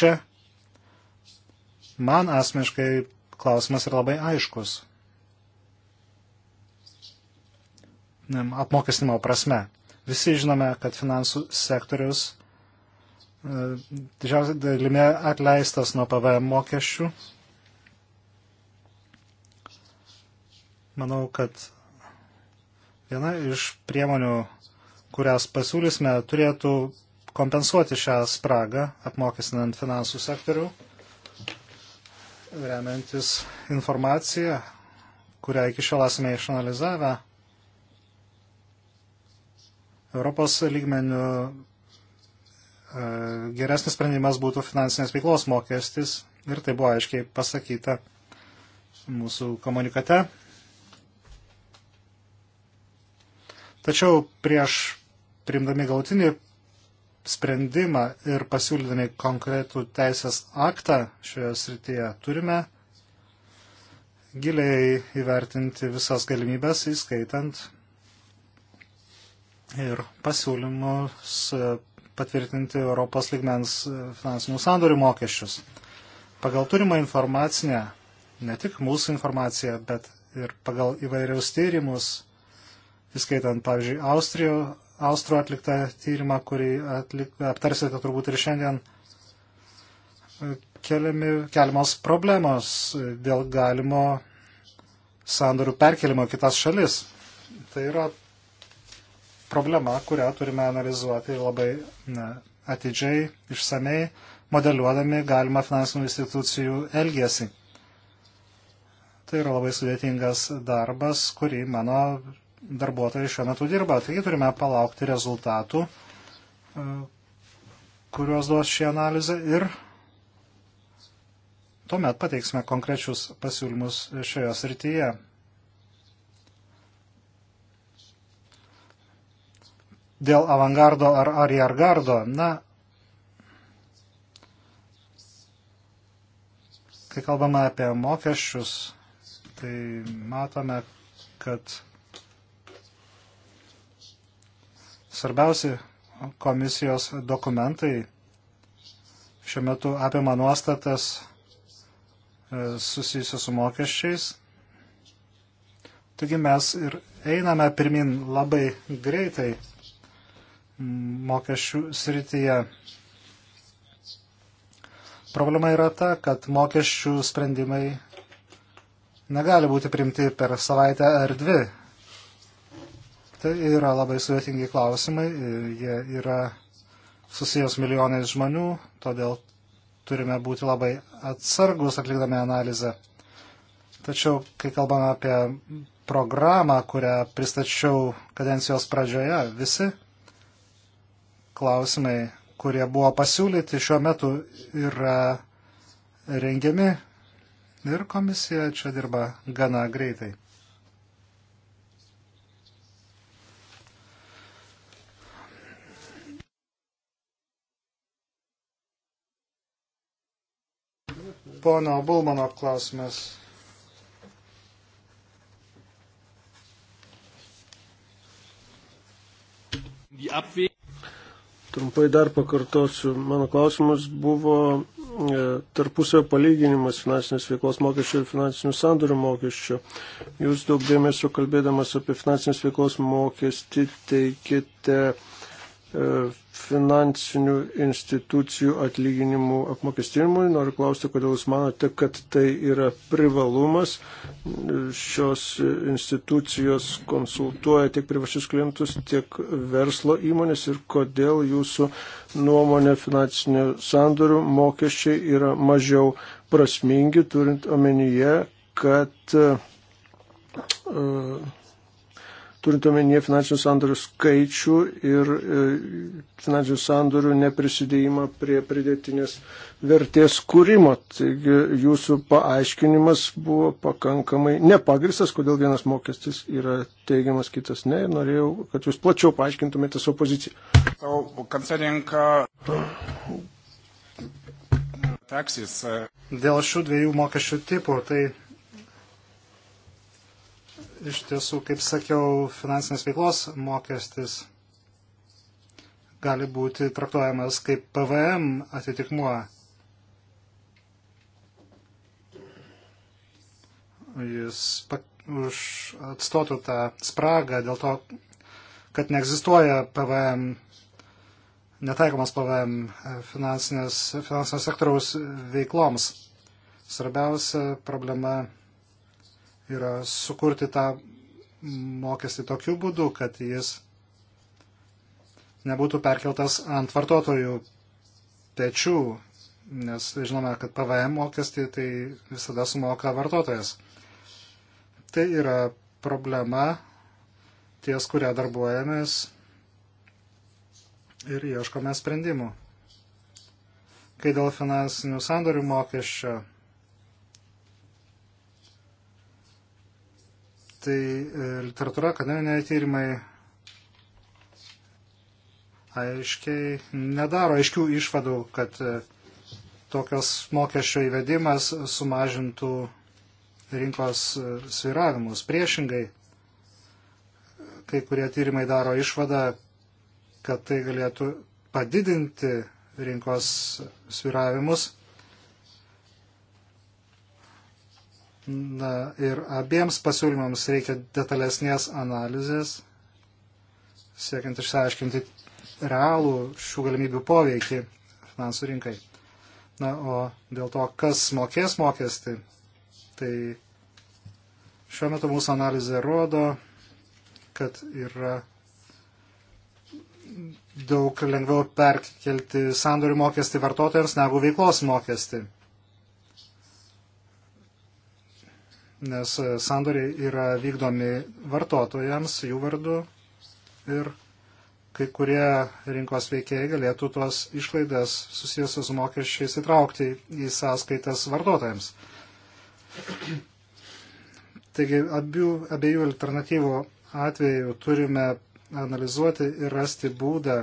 Čia man asmeniškai klausimas yra labai aiškus. apmokestinimo prasme. Visi žinome, kad finansų sektorius e, didžiausia dalimi atleistas nuo PVM mokesčių. Manau, kad viena iš priemonių, kurias pasiūlysime, turėtų kompensuoti šią spragą, apmokestinant finansų sektorių, remiantis informaciją, kurią iki šiol esame išanalizavę Europos lygmenių e, geresnis sprendimas būtų finansinės veiklos mokestis ir tai buvo aiškiai pasakyta mūsų komunikate. Tačiau prieš priimdami gautinį sprendimą ir pasiūlydami konkretų teisės aktą šioje srityje turime giliai įvertinti visas galimybės, įskaitant ir pasiūlymus e, patvirtinti Europos ligmens e, finansinių sandorių mokesčius. Pagal turimą informaciją, ne tik mūsų informaciją, bet ir pagal įvairiaus tyrimus, įskaitant, pavyzdžiui, Austrijų, Austrų atliktą tyrimą, kurį atlik, aptarsite turbūt ir šiandien, e, keliami, keliamos problemos dėl galimo sandorių perkelimo kitas šalis. Tai yra problema, kurią turime analizuoti labai ne, atidžiai, išsamei, modeliuodami galima finansinių institucijų elgesį. Tai yra labai sudėtingas darbas, kurį mano darbuotojai šiuo metu dirba. Taigi turime palaukti rezultatų, e, kuriuos duos šį analizę ir tuomet pateiksime konkrečius pasiūlymus šioje srityje. dėl avangardo ar ariergardo, na, kai kalbame apie mokesčius, tai matome, kad svarbiausi komisijos dokumentai šiuo metu apima nuostatas e, susijusios su mokesčiais. Taigi mes ir einame pirmin labai greitai mokesčių srityje. Problema yra ta, kad mokesčių sprendimai negali būti primti per savaitę ar dvi. Tai yra labai sudėtingi klausimai, jie yra susijęs milijonais žmonių, todėl turime būti labai atsargus atlikdami analizę. Tačiau, kai kalbame apie programą, kurią pristačiau kadencijos pradžioje, visi klausimai, kurie buvo pasiūlyti šiuo metu, yra rengiami ir komisija čia dirba gana greitai. Pono Bulmano klausimas. Die Abwehr. Trumpai dar pakartosiu. Mano klausimas buvo e, tarpusio palyginimas finansinės veiklos mokesčio ir finansinių sandorių mokesčio. Jūs daug dėmesio kalbėdamas apie finansinės veiklos mokestį teikite E, finansinių institucijų atlyginimų apmokestinimui. Noriu klausti, kodėl Jūs manote, kad tai yra privalumas. Šios institucijos konsultuoja tiek privačius klientus, tiek verslo įmonės ir kodėl Jūsų nuomonė finansinių sandorių mokesčiai yra mažiau prasmingi, turint omenyje, kad uh, turint omenyje finansinių sandorių skaičių ir e, finansinių sandorių neprisidėjimą prie pridėtinės vertės kūrimo. Taigi jūsų paaiškinimas buvo pakankamai nepagristas, kodėl vienas mokestis yra teigiamas, kitas ne. Ir norėjau, kad jūs plačiau paaiškintumėte savo poziciją. Uh, uh, Dėl šių dviejų mokesčių tipų, tai iš tiesų, kaip sakiau, finansinės veiklos mokestis gali būti traktuojamas kaip PVM atitikmuo. Jis pak, už atstotų tą spragą dėl to, kad neegzistuoja PVM, netaikomas PVM finansinės, finansinės sektoriaus veikloms. Svarbiausia problema yra sukurti tą mokestį tokiu būdu, kad jis nebūtų perkeltas ant vartotojų pečių, nes žinome, kad PVM mokestį tai visada sumoka vartotojas. Tai yra problema ties, kurią darbuojamės ir ieškome sprendimų. Kai dėl finansinių sandorių mokesčio Tai e, literatūra, akademiniai tyrimai aiškiai nedaro aiškių išvadų, kad e, tokios mokesčio įvedimas sumažintų rinkos e, sviravimus. Priešingai, kai kurie tyrimai daro išvadą, kad tai galėtų padidinti rinkos sviravimus Na ir abiems pasiūlymams reikia detalesnės analizės, siekiant išsiaiškinti realų šių galimybių poveikį finansų rinkai. Na, o dėl to, kas mokės mokestį, tai šiuo metu mūsų analizė rodo, kad yra daug lengviau perkelti sandorių mokestį vartotojams negu veiklos mokestį. nes e, sandoriai yra vykdomi vartotojams jų vardu ir kai kurie rinkos veikėjai galėtų tuos išlaidas susijusius su mokesčiais įtraukti į sąskaitas vartotojams. Taigi abiejų, abiejų alternatyvų atveju turime analizuoti ir rasti būdą,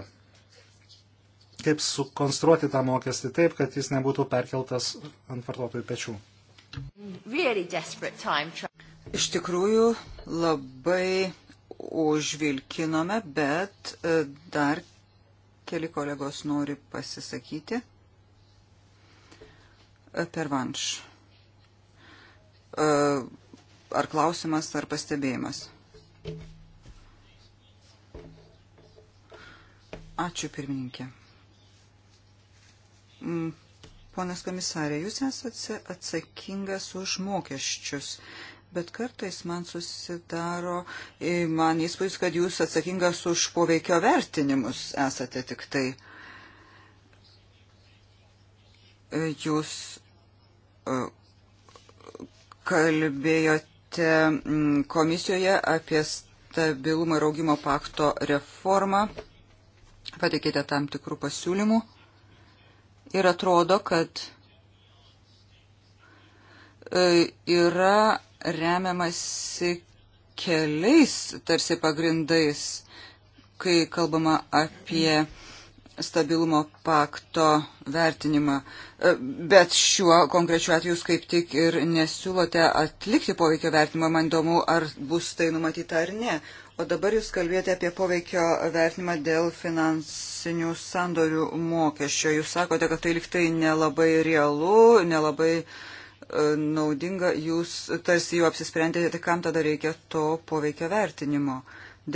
kaip sukonstruoti tą mokestį taip, kad jis nebūtų perkeltas ant vartotojų pečių. Really Iš tikrųjų labai užvilkinome, bet e, dar keli kolegos nori pasisakyti. E, Pervanš. E, ar klausimas, ar pastebėjimas? Ačiū pirmininkė mm, Ponas komisarė, jūs esate atsakingas už mokesčius, bet kartais man susidaro, man įspūdis, kad jūs atsakingas už poveikio vertinimus esate tik tai. E, jūs e, kalbėjote komisijoje apie stabilumo ir augimo pakto reformą, pateikėte tam tikrų pasiūlymų ir atrodo, kad e, yra remiamasi keliais tarsi pagrindais, kai kalbama apie stabilumo pakto vertinimą. E, bet šiuo konkrečiu atveju jūs kaip tik ir nesiūlote atlikti poveikio vertinimą, man įdomu, ar bus tai numatyta ar ne. O dabar jūs kalbėjote apie poveikio vertinimą dėl finansinių sandorių mokesčio. Jūs sakote, kad tai liktai nelabai realu, nelabai e, naudinga. Jūs tarsi jau apsisprendėte, tai kam tada reikia to poveikio vertinimo.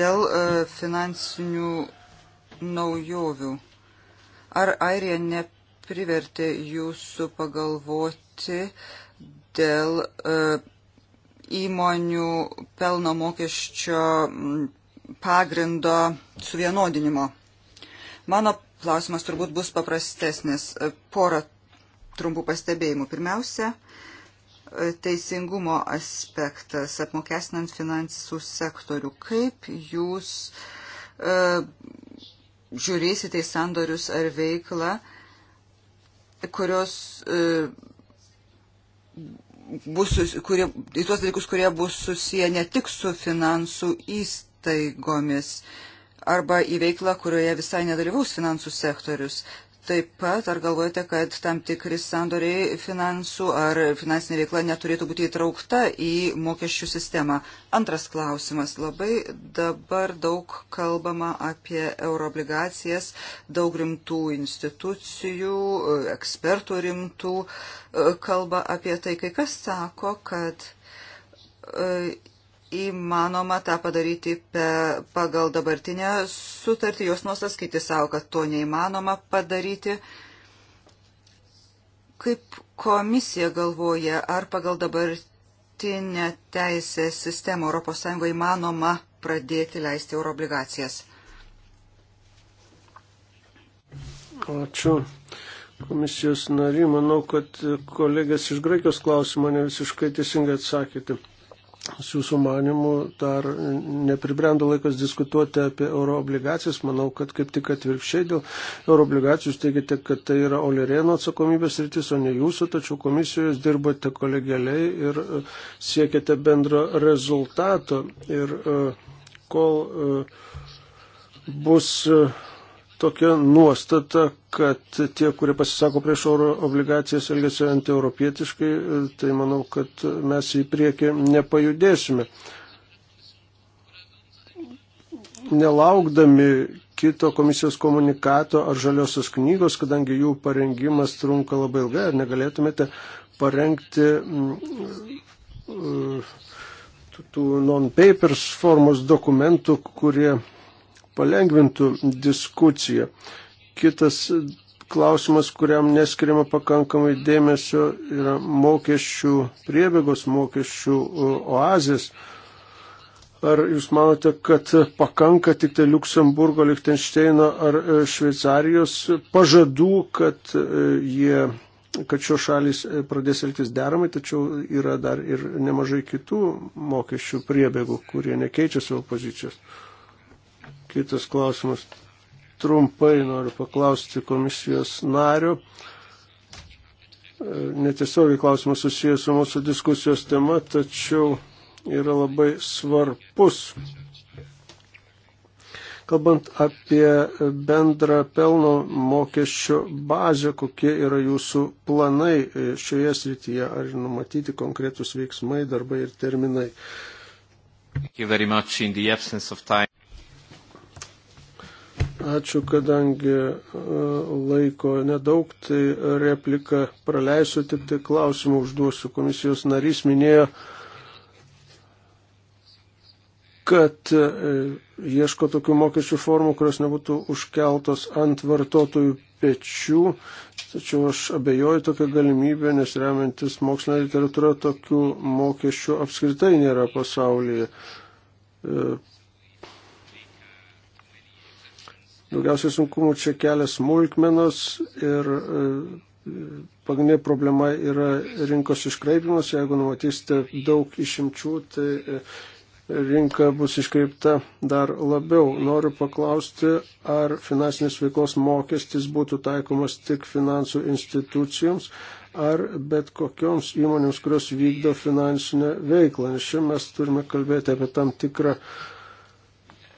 Dėl e, finansinių naujovių. Ar Airija neprivertė jūsų pagalvoti dėl uh, įmonių pelno mokesčio mm, pagrindo suvienodinimo. Mano klausimas turbūt bus paprastesnis. E, porą trumpų pastebėjimų. Pirmiausia, e, teisingumo aspektas apmokestinant finansų sektorių. Kaip jūs e, žiūrėsite į sandorius ar veiklą, kurios e, bus, kurie, į tuos dalykus, kurie bus susiję ne tik su finansų įstaigomis arba į veiklą, kurioje visai nedalyvaus finansų sektorius. Taip pat, ar galvojate, kad tam tikri sandoriai finansų ar finansinė veikla neturėtų būti įtraukta į mokesčių sistemą? Antras klausimas. Labai dabar daug kalbama apie euroobligacijas, daug rimtų institucijų, ekspertų rimtų e, kalba apie tai. Kai kas sako, kad e, įmanoma tą padaryti pe, pagal dabartinę sutartį. Jos nuostas skaitė savo, kad to neįmanoma padaryti. Kaip komisija galvoja, ar pagal dabartinę teisės sistemą ES įmanoma pradėti leisti euroobligacijas? Ačiū. Komisijos nari, manau, kad kolegės iš Graikijos klausimą ne visiškai teisingai atsakėte su jūsų manimu dar nepribrendo laikas diskutuoti apie euroobligacijas. Manau, kad kaip tik atvirkščiai dėl euroobligacijų jūs teigiate, kad tai yra Olerėno atsakomybės rytis, o ne jūsų, tačiau komisijoje jūs dirbate kolegialiai ir e, siekiate bendro rezultato. Ir e, kol e, bus tokia nuostata, kad tie, kurie pasisako prieš oro obligacijas elgesi antieuropietiškai, tai manau, kad mes į priekį nepajudėsime. Nelaukdami kito komisijos komunikato ar žaliosios knygos, kadangi jų parengimas trunka labai ilgai, ar negalėtumėte parengti mm, mm, tų non-papers formos dokumentų, kurie palengvintų diskusiją. Kitas klausimas, kuriam neskiriama pakankamai dėmesio, yra mokesčių priebėgos, mokesčių e, oazės. Ar jūs manote, kad pakanka tik tai Luksemburgo, Lichtensteino ar e, Šveicarijos pažadų, kad, e, jie, kad šios šalis pradės elgtis deramai, tačiau yra dar ir nemažai kitų mokesčių priebėgų, kurie nekeičia savo pozicijos? Kitas klausimas. Trumpai noriu paklausti komisijos narių. E, netiesiogiai klausimas susijęs su mūsų diskusijos tema, tačiau yra labai svarbus. Kalbant apie bendrą pelno mokesčio bazę, kokie yra jūsų planai šioje srityje, ar numatyti konkretus veiksmai, darbai ir terminai. Ačiū, kadangi e, laiko nedaug, tai repliką praleisiu, tik tai klausimą užduosiu. Komisijos narys minėjo, kad e, ieško tokių mokesčių formų, kurios nebūtų užkeltos ant vartotojų pečių, tačiau aš abejoju tokią galimybę, nes remiantis mokslinė literatūra tokių mokesčių apskritai nėra pasaulyje e, Daugiausiai sunkumų čia kelia smulkmenos ir e, pagrindinė problema yra rinkos iškraipimas. Jeigu numatysite daug išimčių, tai e, rinka bus iškreipta dar labiau. Noriu paklausti, ar finansinės veiklos mokestis būtų taikomas tik finansų institucijoms ar bet kokioms įmonėms, kurios vykdo finansinę veiklą. Nes čia mes turime kalbėti apie tam tikrą uh,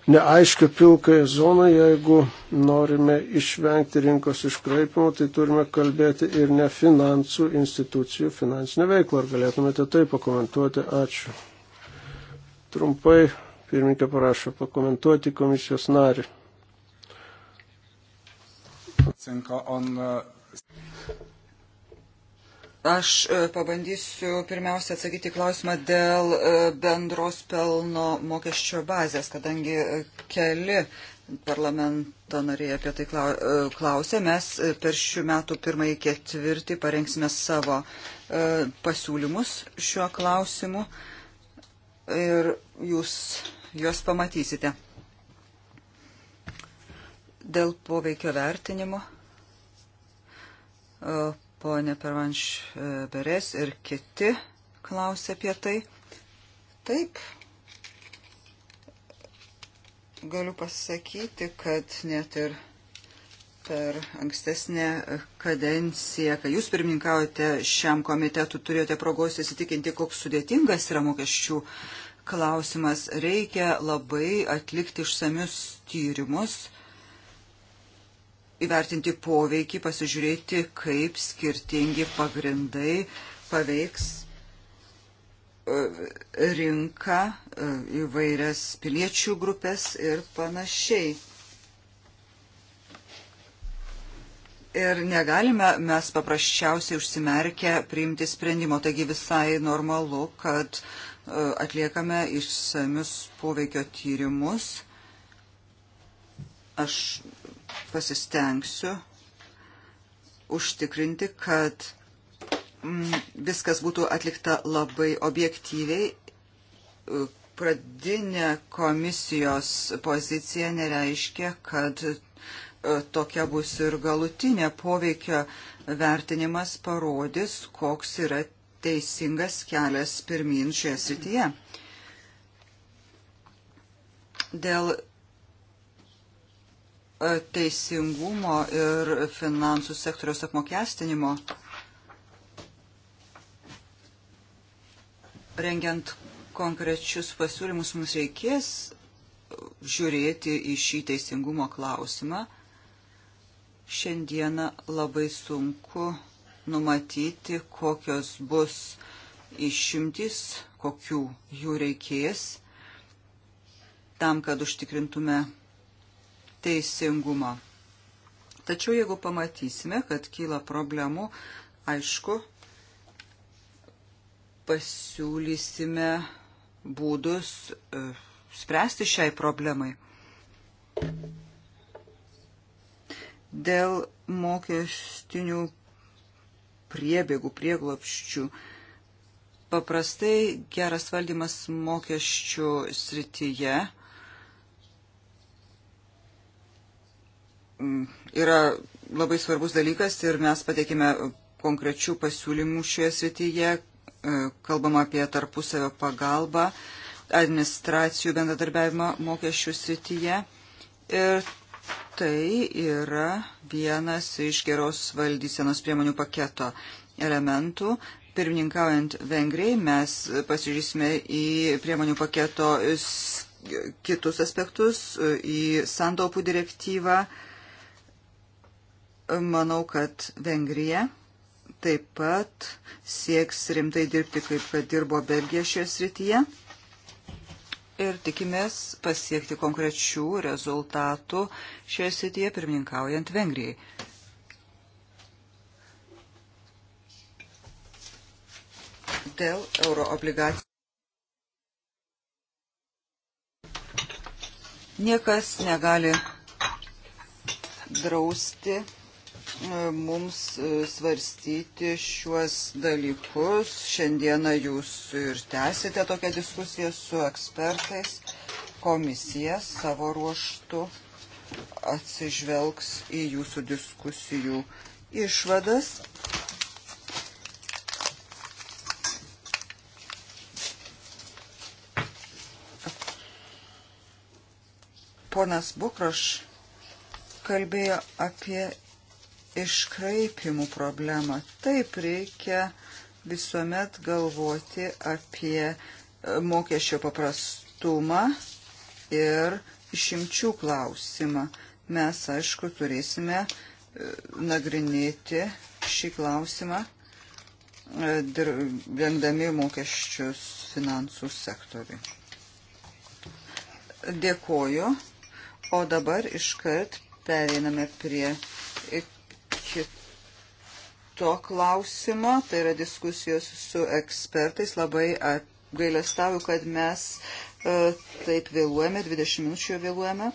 neaiškią pilkąją zoną, jeigu norime išvengti rinkos iškraipimo, tai turime kalbėti ir ne finansų institucijų finansinę veiklą. Ar galėtumėte tai pakomentuoti? Ačiū. Trumpai pirmininkė parašo pakomentuoti komisijos narį. Aš e, pabandysiu pirmiausia atsakyti klausimą dėl e, bendros pelno mokesčio bazės, kadangi e, keli parlamento nariai apie tai klausė. Mes per šių metų pirmąjį ketvirtį parengsime savo pasiūlymus šiuo klausimu ir jūs juos pamatysite. Dėl poveikio vertinimo ponė Pervanš e, Beres ir kiti klausė apie tai. Taip, galiu pasakyti, kad net ir per ankstesnę kadenciją, kai jūs pirmininkaujate šiam komitetu, turėjote progos įsitikinti, koks sudėtingas yra mokesčių klausimas. Reikia labai atlikti išsamius tyrimus įvertinti poveikį, pasižiūrėti, kaip skirtingi pagrindai paveiks e, rinką, e, įvairias piliečių grupės ir panašiai. Ir negalime mes paprasčiausiai užsimerkę priimti sprendimo, taigi visai normalu, kad e, atliekame išsamius poveikio tyrimus. Aš pasistengsiu užtikrinti, kad mm, viskas būtų atlikta labai objektyviai. Pradinė komisijos pozicija nereiškia, kad e, tokia bus ir galutinė poveikio vertinimas parodys, koks yra teisingas kelias pirmin šioje srityje. Dėl teisingumo ir finansų sektoriaus apmokestinimo, rengiant konkrečius pasiūlymus, mums reikės žiūrėti į šį teisingumo klausimą. Šiandieną labai sunku numatyti, kokios bus išimtis, kokių jų reikės, tam, kad užtikrintume teisingumo. Tačiau jeigu pamatysime, kad kyla problemų, aišku, pasiūlysime būdus e, spręsti šiai problemai. Dėl mokestinių priebėgų, prieglopščių. Paprastai geras valdymas mokesčių srityje yra labai svarbus dalykas ir mes pateikime konkrečių pasiūlymų šioje srityje, e, kalbama apie tarpusavio pagalbą, administracijų bendradarbiavimą mokesčių srityje. Ir tai yra vienas iš geros valdysenos priemonių paketo elementų. Pirmininkaujant Vengrijai mes pasižiūrėsime į priemonių paketo kitus aspektus, į santaupų direktyvą, Manau, kad Vengrija taip pat sieks rimtai dirbti, kaip kad dirbo Belgija šioje srityje. Ir tikimės pasiekti konkrečių rezultatų šioje srityje pirmininkaujant Vengrijai. Dėl euroobligacijų. Niekas negali drausti mums e, svarstyti šiuos dalykus. Šiandieną jūs ir tęsite tokią diskusiją su ekspertais. Komisija savo ruoštų atsižvelgs į jūsų diskusijų išvadas. Ponas Bukroš kalbėjo apie iškraipimų problemą. Taip reikia visuomet galvoti apie e, mokesčio paprastumą ir išimčių klausimą. Mes, aišku, turėsime e, nagrinėti šį klausimą, e, rengdami mokesčius finansų sektoriui. Dėkoju. O dabar iškart pereiname prie to klausimo, tai yra diskusijos su ekspertais. Labai gailestauju, kad mes e, taip vėluojame, 20 minučių jau vėluojame.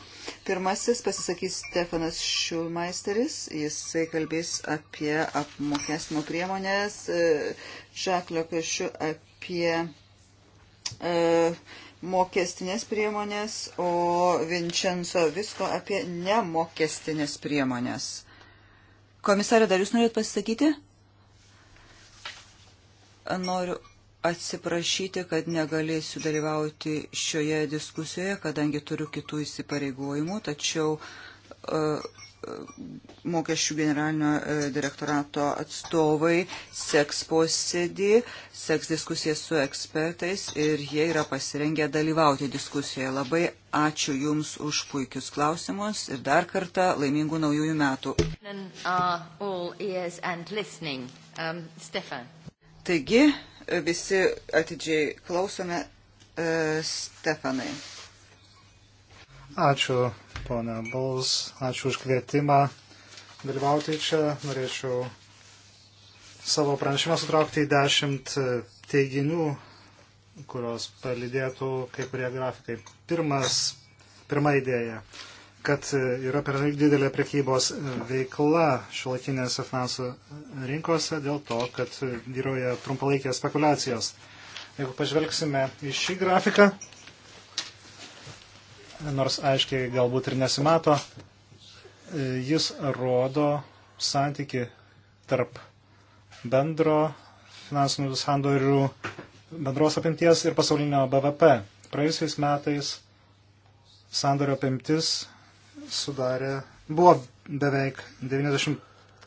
Pirmasis pasisakys Stefanas Šulmeisteris, jisai kalbės apie apmokestimo priemonės, e, Žaklio Pešiu apie e, mokestinės priemonės, o Vincenzo visko apie nemokestinės priemonės. Komisarė, dar jūs norėt pasisakyti? Noriu atsiprašyti, kad negalėsiu dalyvauti šioje diskusijoje, kadangi turiu kitų įsipareigojimų, tačiau uh, mokesčių generalinio e, direktorato atstovai seks posėdį, seks diskusiją su ekspertais ir jie yra pasirengę dalyvauti diskusijoje. Labai ačiū Jums už puikius klausimus ir dar kartą laimingų naujųjų metų. Uh, um, Taigi, visi atidžiai klausome e, Stefanai. Ačiū, ponia Bals, ačiū už kvietimą dalyvauti čia. Norėčiau savo pranešimą sutraukti į dešimt teiginių, kurios palidėtų kai kurie grafikai. Pirmas, pirma idėja, kad yra per didelė prekybos veikla šiuolaikinėse finansų rinkose dėl to, kad vyroja trumpalaikės spekulacijos. Jeigu pažvelgsime į šį grafiką, nors aiškiai galbūt ir nesimato, e, jis rodo santyki tarp bendro finansinių sandorių bendros apimties ir pasaulinio BVP. Praėjusiais metais sandorio apimtis sudarė, buvo beveik 90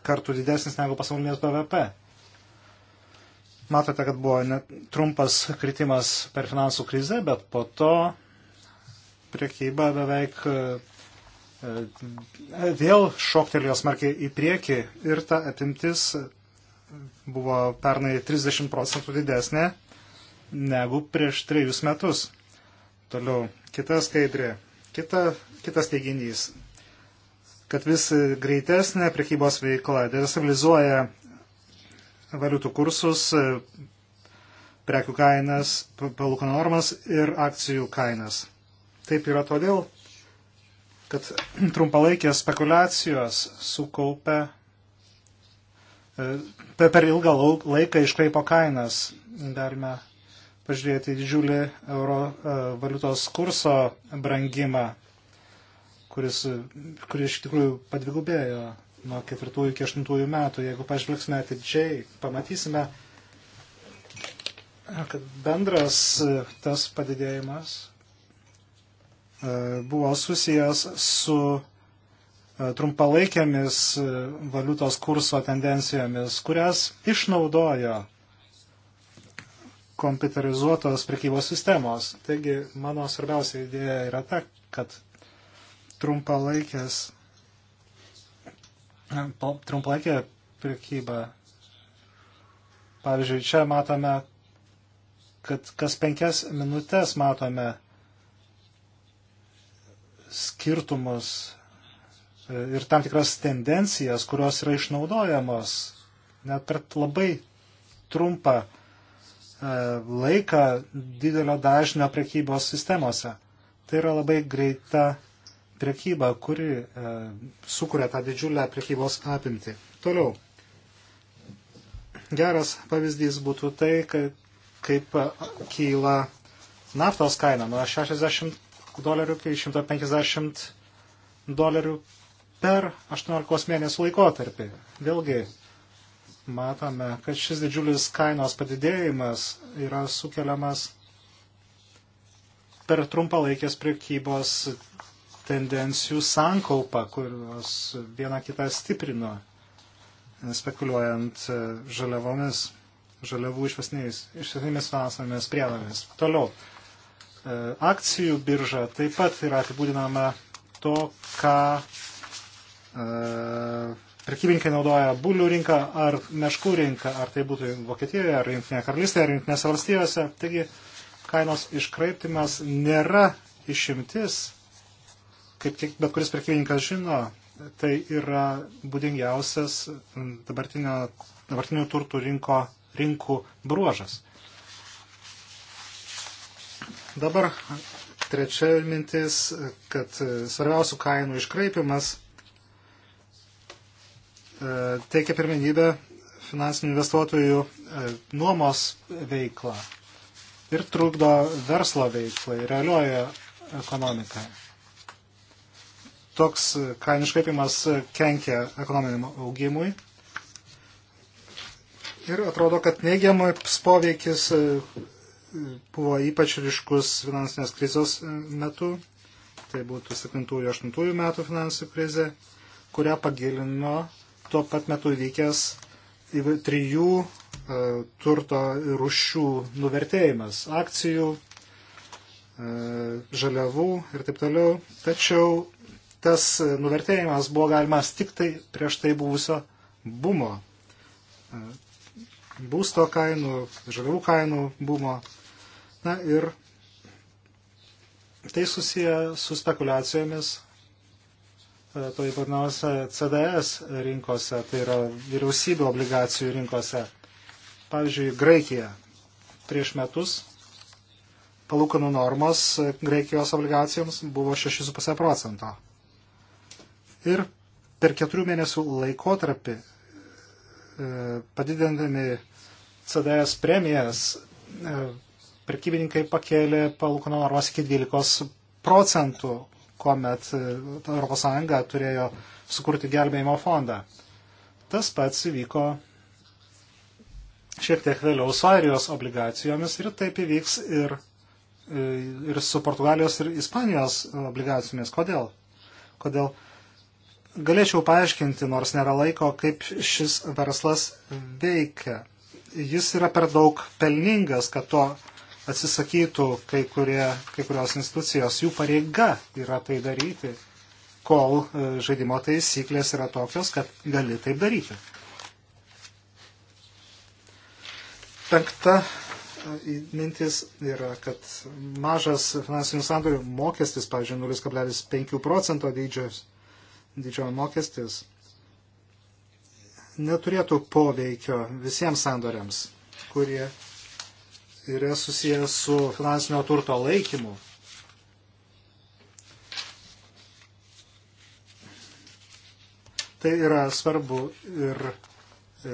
kartų didesnis negu pasaulinės BVP. Matote, kad buvo net trumpas kritimas per finansų krizę, bet po to priekyba beveik e, vėl šoktelėjo smarkiai į priekį ir ta atimtis buvo pernai 30 procentų didesnė negu prieš trejus metus. Toliau, kita skaidrė, kita, kitas teiginys, kad vis greitesnė priekybos veikla destabilizuoja valiutų kursus, e, prekių kainas, palūkanų normas ir akcijų kainas. Taip yra todėl, kad trumpalaikės spekulacijos sukaupia e, per ilgą laiką iškraipo kainas. Galime pažiūrėti didžiulį euro e, valiutos kurso brangimą, kuris, kuris iš tikrųjų padvigubėjo nuo ketvirtųjų iki aštuntųjų metų. Jeigu pažvelgsime atidžiai, pamatysime, kad bendras e, tas padidėjimas E, buvo susijęs su e, trumpalaikėmis e, valiutos kurso tendencijomis, kurias išnaudojo kompiuterizuotos prekybos sistemos. Taigi mano svarbiausia idėja yra ta, kad trumpalaikės, trumpalaikė prekyba. Pavyzdžiui, čia matome, kad kas penkias minutės matome skirtumus e, ir tam tikras tendencijas, kurios yra išnaudojamos net per labai trumpą e, laiką didelio dažnio prekybos sistemose. Tai yra labai greita prekyba, kuri e, sukuria tą didžiulę prekybos apimtį. Toliau. Geras pavyzdys būtų tai, kaip kyla naftos kaina nuo 60 dolerių kai 150 dolerių per 18 mėnesių laikotarpį. Vėlgi matome, kad šis didžiulis kainos padidėjimas yra sukeliamas per trumpalaikės prekybos tendencijų sankaupą, kurios viena kitą stiprino, spekuliuojant e, žaliavomis, žaliavų išvesnėmis finansinėmis priemonėmis. Toliau, E, akcijų birža taip pat yra apibūdinama to, ką e, prekybininkai naudoja bulių rinką ar meškų rinką, ar tai būtų Vokietijoje, ar Junktinėje karalystėje, ar Junktinėse valstijose. Taigi kainos iškraiptimas nėra išimtis, kaip tik bet kuris prekybininkas žino, tai yra būdingiausias dabartinio, dabartinių turtų rinko, rinkų bruožas. Dabar trečia mintis, kad e, svarbiausių kainų iškraipimas e, teikia pirmenybę finansinių investuotojų e, nuomos veiklą ir trukdo verslo veiklai, realioje ekonomikai. Toks kainų iškreipimas kenkia ekonominiam augimui ir atrodo, kad neigiamas poveikis buvo ypač ryškus finansinės krizės metu, tai būtų 7-8 metų finansų krizė, kurią pagilino tuo pat metu vykęs trijų e, turto rušių nuvertėjimas - akcijų, e, žaliavų ir taip toliau. Tačiau tas nuvertėjimas buvo galimas tik tai prieš tai buvusio bumo. E, būsto kainų, žaliavų kainų bumo. Na ir tai susiję su spekulacijomis e, toj vadinamose CDS rinkose, tai yra vyriausybių obligacijų rinkose. Pavyzdžiui, Graikija prieš metus palūkanų normos Graikijos obligacijoms buvo 6,5 procento. Ir per keturių mėnesių laikotarpį e, padidindami CDS premijas e, prekybininkai pakėlė palūkanų normas iki 12 procentų, kuomet ES turėjo sukurti gelbėjimo fondą. Tas pats įvyko šiek tiek vėliau su Airijos obligacijomis ir taip įvyks ir, e, ir su Portugalijos ir Ispanijos obligacijomis. Kodėl? Kodėl? Galėčiau paaiškinti, nors nėra laiko, kaip šis verslas veikia. Jis yra per daug pelningas, kad to atsisakytų kai, kurie, kai kurios institucijos. Jų pareiga yra tai daryti, kol e, žaidimo taisyklės yra tokios, kad gali taip daryti. Penkta e, mintis yra, kad mažas finansinių sandorių mokestis, pavyzdžiui, 0,5 procento dydžio, dydžio mokestis, neturėtų poveikio visiems sandoriams, kurie yra susijęs su finansinio turto laikymu. Tai yra svarbu ir e,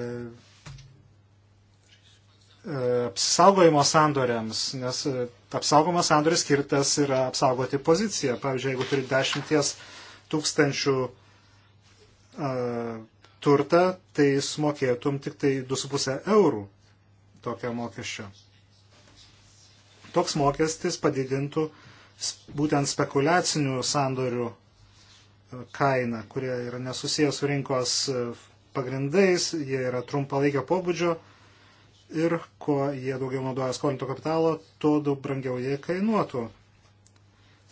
e apsisaugojimo sandoriams, nes e, apsaugomas sandoris skirtas yra apsaugoti poziciją. Pavyzdžiui, jeigu turi dešimties tūkstančių a, e, turtą, tai sumokėtum tik tai 2,5 eurų tokio mokesčio. Toks mokestis padidintų būtent spekuliacinių sandorių e, kainą, kurie yra nesusijęs su rinkos e, pagrindais, jie yra trumpalaikio pobūdžio ir kuo jie daugiau naudoja skolinto kapitalo, tuo daug brangiau jie kainuotų.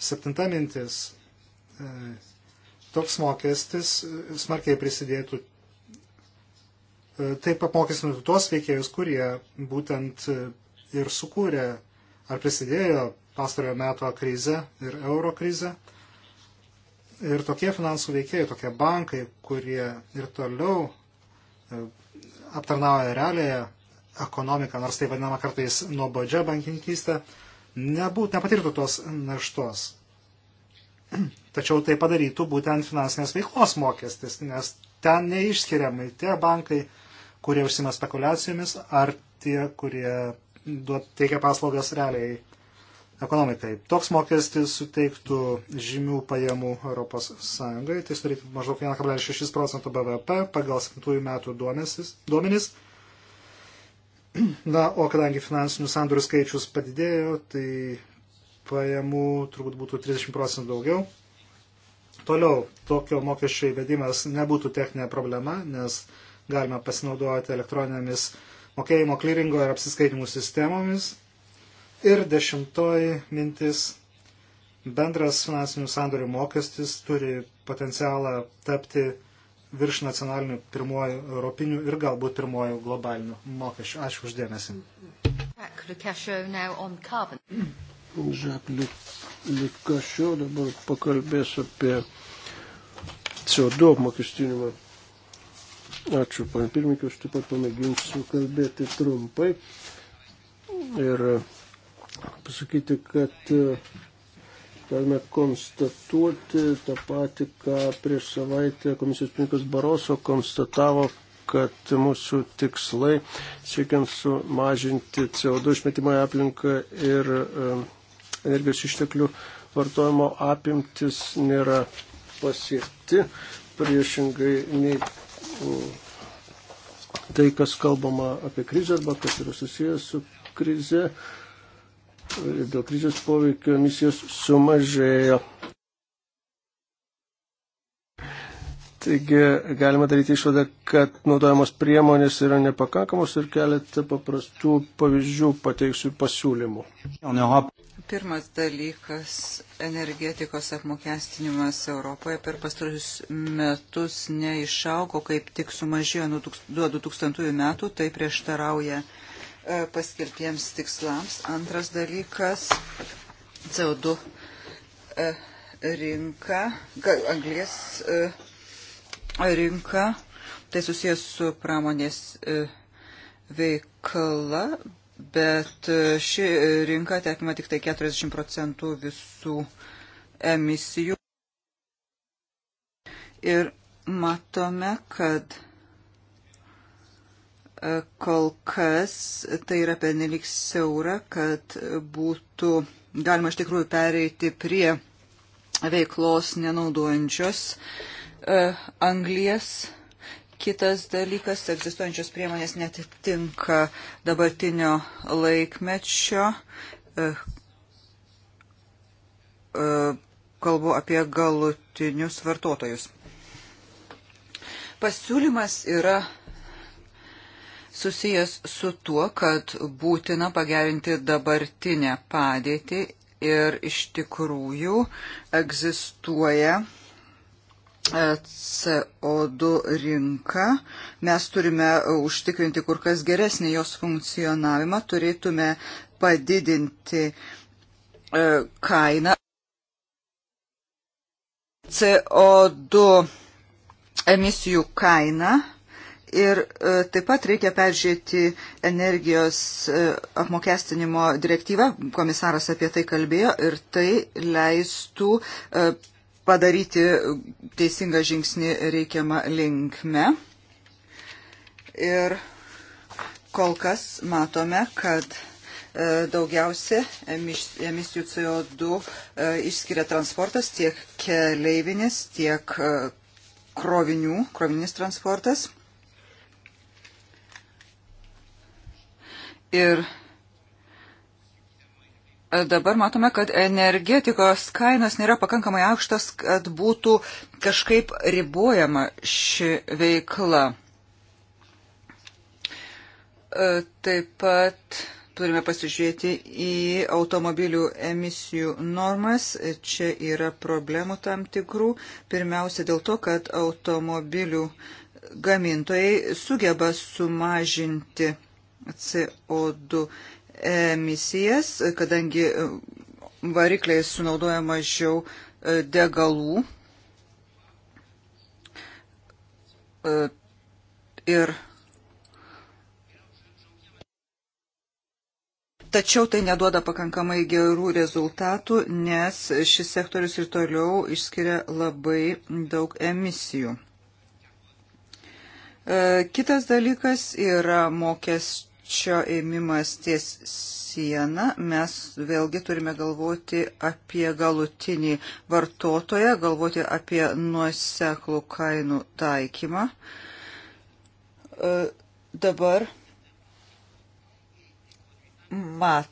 Septinta mintis. E, toks mokestis smarkiai prisidėtų. Taip apmokestintų tuos veikėjus, kurie būtent ir sukūrė ar prisidėjo pastarojo meto krize ir euro krize. Ir tokie finansų veikėjai, tokie bankai, kurie ir toliau e, aptarnauja realiąją ekonomiką, nors tai vadinama kartais nuobodžia bankininkystė, nebūt, nepatirtų tos naštos. Tačiau tai padarytų būtent finansinės veiklos mokestis, nes ten neišskiriamai tie bankai, kurie užsima spekulacijomis, ar tie, kurie teikia paslaugas realiai ekonomikai. Toks mokestis suteiktų žymių pajamų ES, tai sudarytų maždaug 1,6 procentų BVP pagal 7 metų duomenys. Na, o kadangi finansinių sandorių skaičius padidėjo, tai pajamų turbūt būtų 30 procentų daugiau. Toliau, tokio mokesčio įvedimas nebūtų techninė problema, nes galima pasinaudoti elektroninėmis uh, mokėjimo kliringo ir apsiskaitimų sistemomis. Ir dešimtoji mintis - bendras finansinių sandorių mokestis turi potencialą tapti virš nacionalinių pirmojų europinių ir galbūt pirmojų globalinių mokesčių. Ačiū uždėmesi. Žakliu Likašio dabar pakalbės apie CO2 apmokestinimą. Ačiū, pane pirmininkai, aš taip pat pamėginsiu kalbėti trumpai ir e, pasakyti, kad e, galime konstatuoti tą patį, ką prieš savaitę komisijos pirmininkas Baroso konstatavo, kad mūsų tikslai siekiant sumažinti CO2 išmetimą į aplinką ir e, energijos išteklių vartojimo apimtis nėra pasiekti priešingai nei tai, kas kalbama apie krizę arba kas yra susijęs su krize. Ir dėl krizės poveikio emisijos sumažėjo. Taigi galima daryti išvadą, kad naudojamos priemonės yra nepakankamos ir keletą paprastų pavyzdžių pateiksiu pasiūlymų. Pirmas dalykas - energetikos apmokestinimas Europoje per pastarusius metus neišaugo, kaip tik sumažėjo nuo 2000 metų, tai prieštarauja e, paskelbtiems tikslams. Antras dalykas - CO2 e, rinka, anglės e, rinka, tai susijęs su pramonės veikla, bet e, ši rinka tekima tik tai 40 procentų visų emisijų. Ir matome, kad e, kol kas tai yra penelik siaura, kad būtų galima iš tikrųjų pereiti prie veiklos nenaudojančios e, anglies Kitas dalykas, egzistuojančios priemonės netitinka dabartinio laikmečio. Eh, eh, kalbu apie galutinius vartotojus. Pasiūlymas yra susijęs su tuo, kad būtina pagerinti dabartinę padėtį ir iš tikrųjų egzistuoja CO2 rinką. Mes turime užtikrinti kur kas geresnį jos funkcionavimą, turėtume padidinti e, kainą. CO2 emisijų kainą ir e, taip pat reikia peržiūrėti energijos e, apmokestinimo direktyvą, komisaras apie tai kalbėjo ir tai leistų padaryti teisingą žingsnį reikiamą linkme. Ir kol kas matome, kad e, daugiausia emisijų CO2 e, išskiria transportas tiek keleivinis, tiek e, krovinių, krovininis transportas. Ir Dabar matome, kad energetikos kainos nėra pakankamai aukštas, kad būtų kažkaip ribojama ši veikla. E, taip pat turime pasižiūrėti į automobilių emisijų normas. Čia yra problemų tam tikrų. Pirmiausia dėl to, kad automobilių gamintojai sugeba sumažinti CO2 emisijas, kadangi varikliai sunaudoja mažiau e, degalų. E, ir Tačiau tai neduoda pakankamai gerų rezultatų, nes šis sektorius ir toliau išskiria labai daug emisijų. E, kitas dalykas yra mokesčių greičio ėmimas ties sieną, mes vėlgi turime galvoti apie galutinį vartotoją, galvoti apie nuoseklų kainų taikymą. E, dabar mat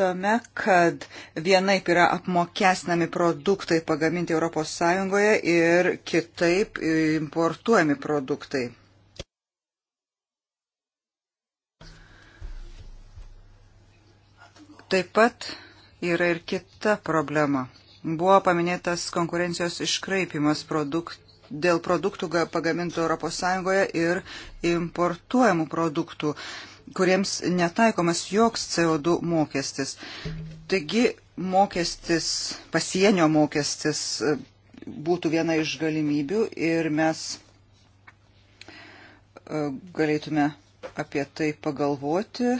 matome, kad vienaip yra apmokesnami produktai pagaminti ES ir kitaip importuojami produktai. Taip pat yra ir kita problema. Buvo paminėtas konkurencijos iškraipimas produkt, dėl produktų pagamintų ES ir importuojamų produktų, kuriems netaikomas joks CO2 mokestis. Taigi mokestis, pasienio mokestis e, būtų viena iš galimybių ir mes e, galėtume apie tai pagalvoti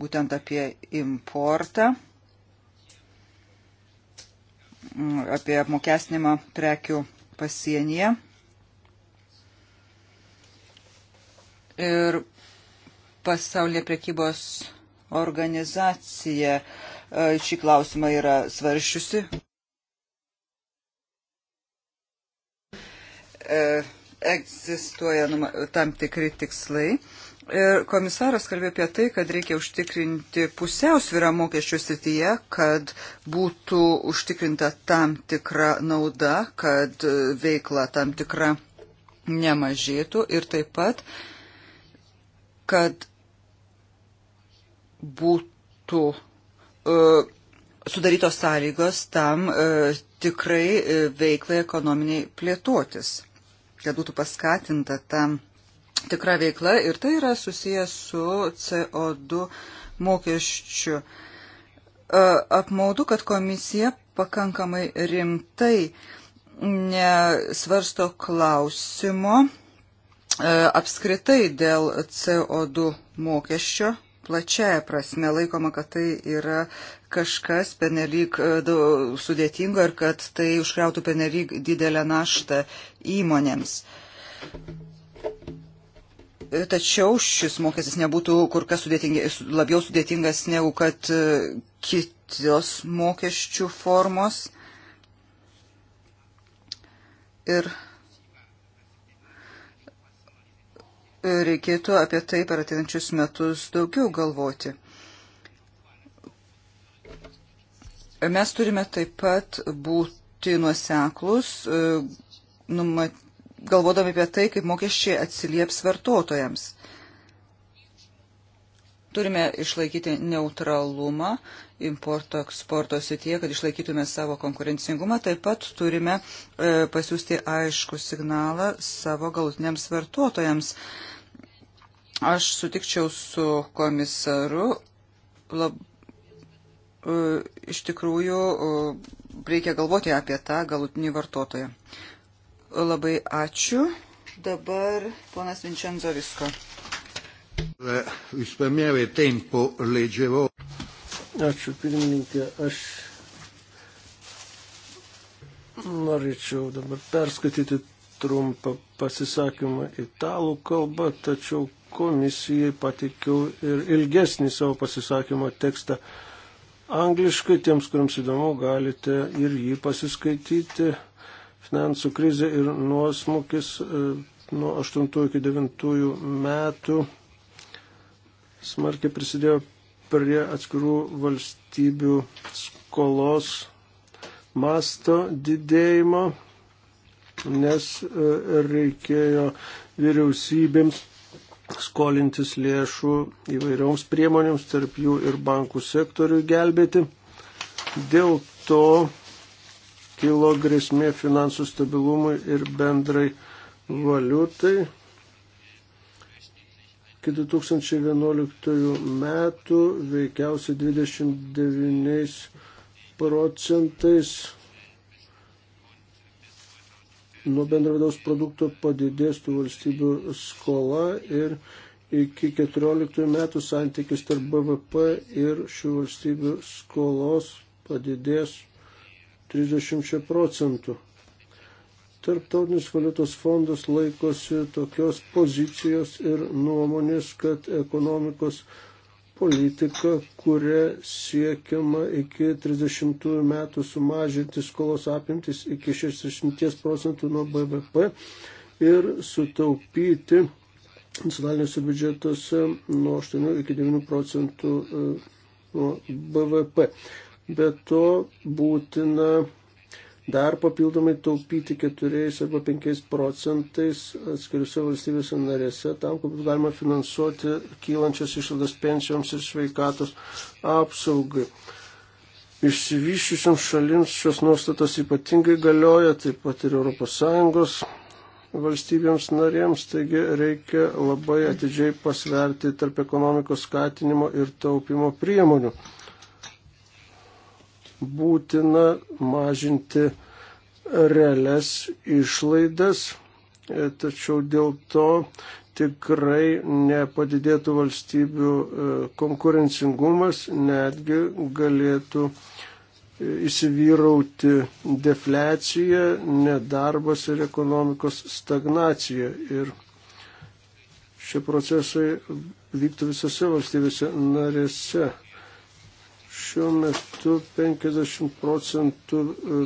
būtent apie importą, mm, apie apmokestinimą prekių pasienyje. Ir pasaulyje prekybos organizacija e, šį klausimą yra svaršiusi. E, egzistuoja tam tikri tikslai Ir komisaras kalbėjo apie tai, kad reikia užtikrinti pusiausvyrą mokesčių srityje, kad būtų užtikrinta tam tikra nauda, kad veikla tam tikra nemažėtų ir taip pat, kad būtų uh, sudarytos sąlygos tam uh, tikrai uh, veiklai ekonominiai plėtotis, kad būtų paskatinta tam uh, tikra veikla ir tai yra susijęs su CO2 mokesčiu. E, apmaudu, kad komisija pakankamai rimtai nesvarsto klausimo e, apskritai dėl CO2 mokesčio plačiaja prasme laikoma, kad tai yra kažkas penelyg e, sudėtingo ir kad tai užkrautų penelyg didelę naštą įmonėms tačiau šis mokestis nebūtų kur kas sudėtingi, labiau sudėtingas negu kad e, kitos mokesčių formos. Ir reikėtų apie tai per ateinančius metus daugiau galvoti. Mes turime taip pat būti nuoseklus, e, numatyti galvodami apie tai, kaip mokesčiai atsilieps vartotojams. Turime išlaikyti neutralumą importo eksporto sityje, kad išlaikytume savo konkurencingumą. Taip pat turime e, pasiūsti aišku signalą savo galutiniams vartotojams. Aš sutikčiau su komisaru. Lab, e, iš tikrųjų, e, reikia galvoti apie tą galutinį vartotoją. Labai ačiū. Dabar ponas Vincenzo Visko. Ačiū pirmininkė, aš norėčiau dabar perskaityti trumpą pasisakymą italų kalbą, tačiau komisijai pateikiau ir ilgesnį savo pasisakymo tekstą angliškai, tiems, kuriems įdomu, galite ir jį pasiskaityti finansų krizė ir nuosmukis e, nuo 8 iki 9 metų smarkiai prisidėjo prie atskirų valstybių skolos masto didėjimo, nes e, reikėjo vyriausybėms skolintis lėšų įvairioms priemonėms, tarp jų ir bankų sektoriui gelbėti. Dėl to kilo grėsmė finansų stabilumui ir bendrai valiutai. Iki 2011 metų veikiausiai 29 procentais nuo bendro vidaus produkto padidės tų valstybių skola ir iki 14 metų santykis tarp BVP ir šių valstybių skolos padidės 30 procentų. Tarptautinis valiutos fondas laikosi tokios pozicijos ir nuomonės, kad ekonomikos politika, kuria siekiama iki 30 metų sumažinti skolos apimtis iki 60 procentų nuo BVP ir sutaupyti nacionaliniuose biudžetuose nuo 8 iki 9 procentų e, nuo BVP bet to būtina dar papildomai taupyti 4 arba 5 procentais atskiriuose valstybėse narėse tam, kad būtų galima finansuoti kylančias išlaidas pensijoms ir sveikatos apsaugai. Išsivyščiusiams šalims šios nuostatos ypatingai galioja, taip pat ir ES valstybėms narėms, taigi reikia labai atidžiai pasverti tarp ekonomikos skatinimo ir taupimo priemonių būtina mažinti realias išlaidas, e, tačiau dėl to tikrai nepadidėtų valstybių e, konkurencingumas, netgi galėtų e, įsivyrauti deflecija, nedarbas ir ekonomikos stagnacija. Ir šie procesai vyktų visose valstybėse narėse. Šiuo metu 50 procentų e,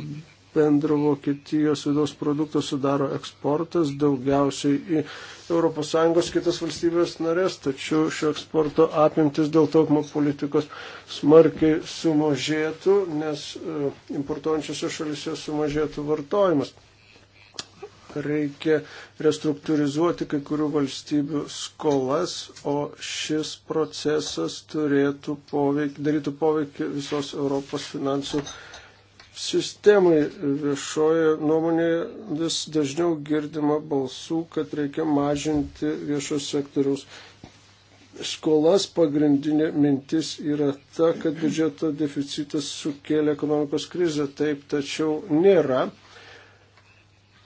bendro Vokietijos vidaus produkto sudaro eksportas, daugiausiai į ES kitas valstybės narės, tačiau šio eksporto apimtis dėl taupimo politikos smarkiai sumažėtų, nes e, importuojančiose šalise sumažėtų vartojimas reikia restruktūrizuoti kai kurių valstybių skolas, o šis procesas turėtų poveikį, darytų poveikį visos Europos finansų sistemai. Viešoje nuomonėje vis dažniau girdima balsų, kad reikia mažinti viešo sektoriaus skolas pagrindinė mintis yra ta, kad biudžeto deficitas sukėlė ekonomikos krizę. Taip, tačiau nėra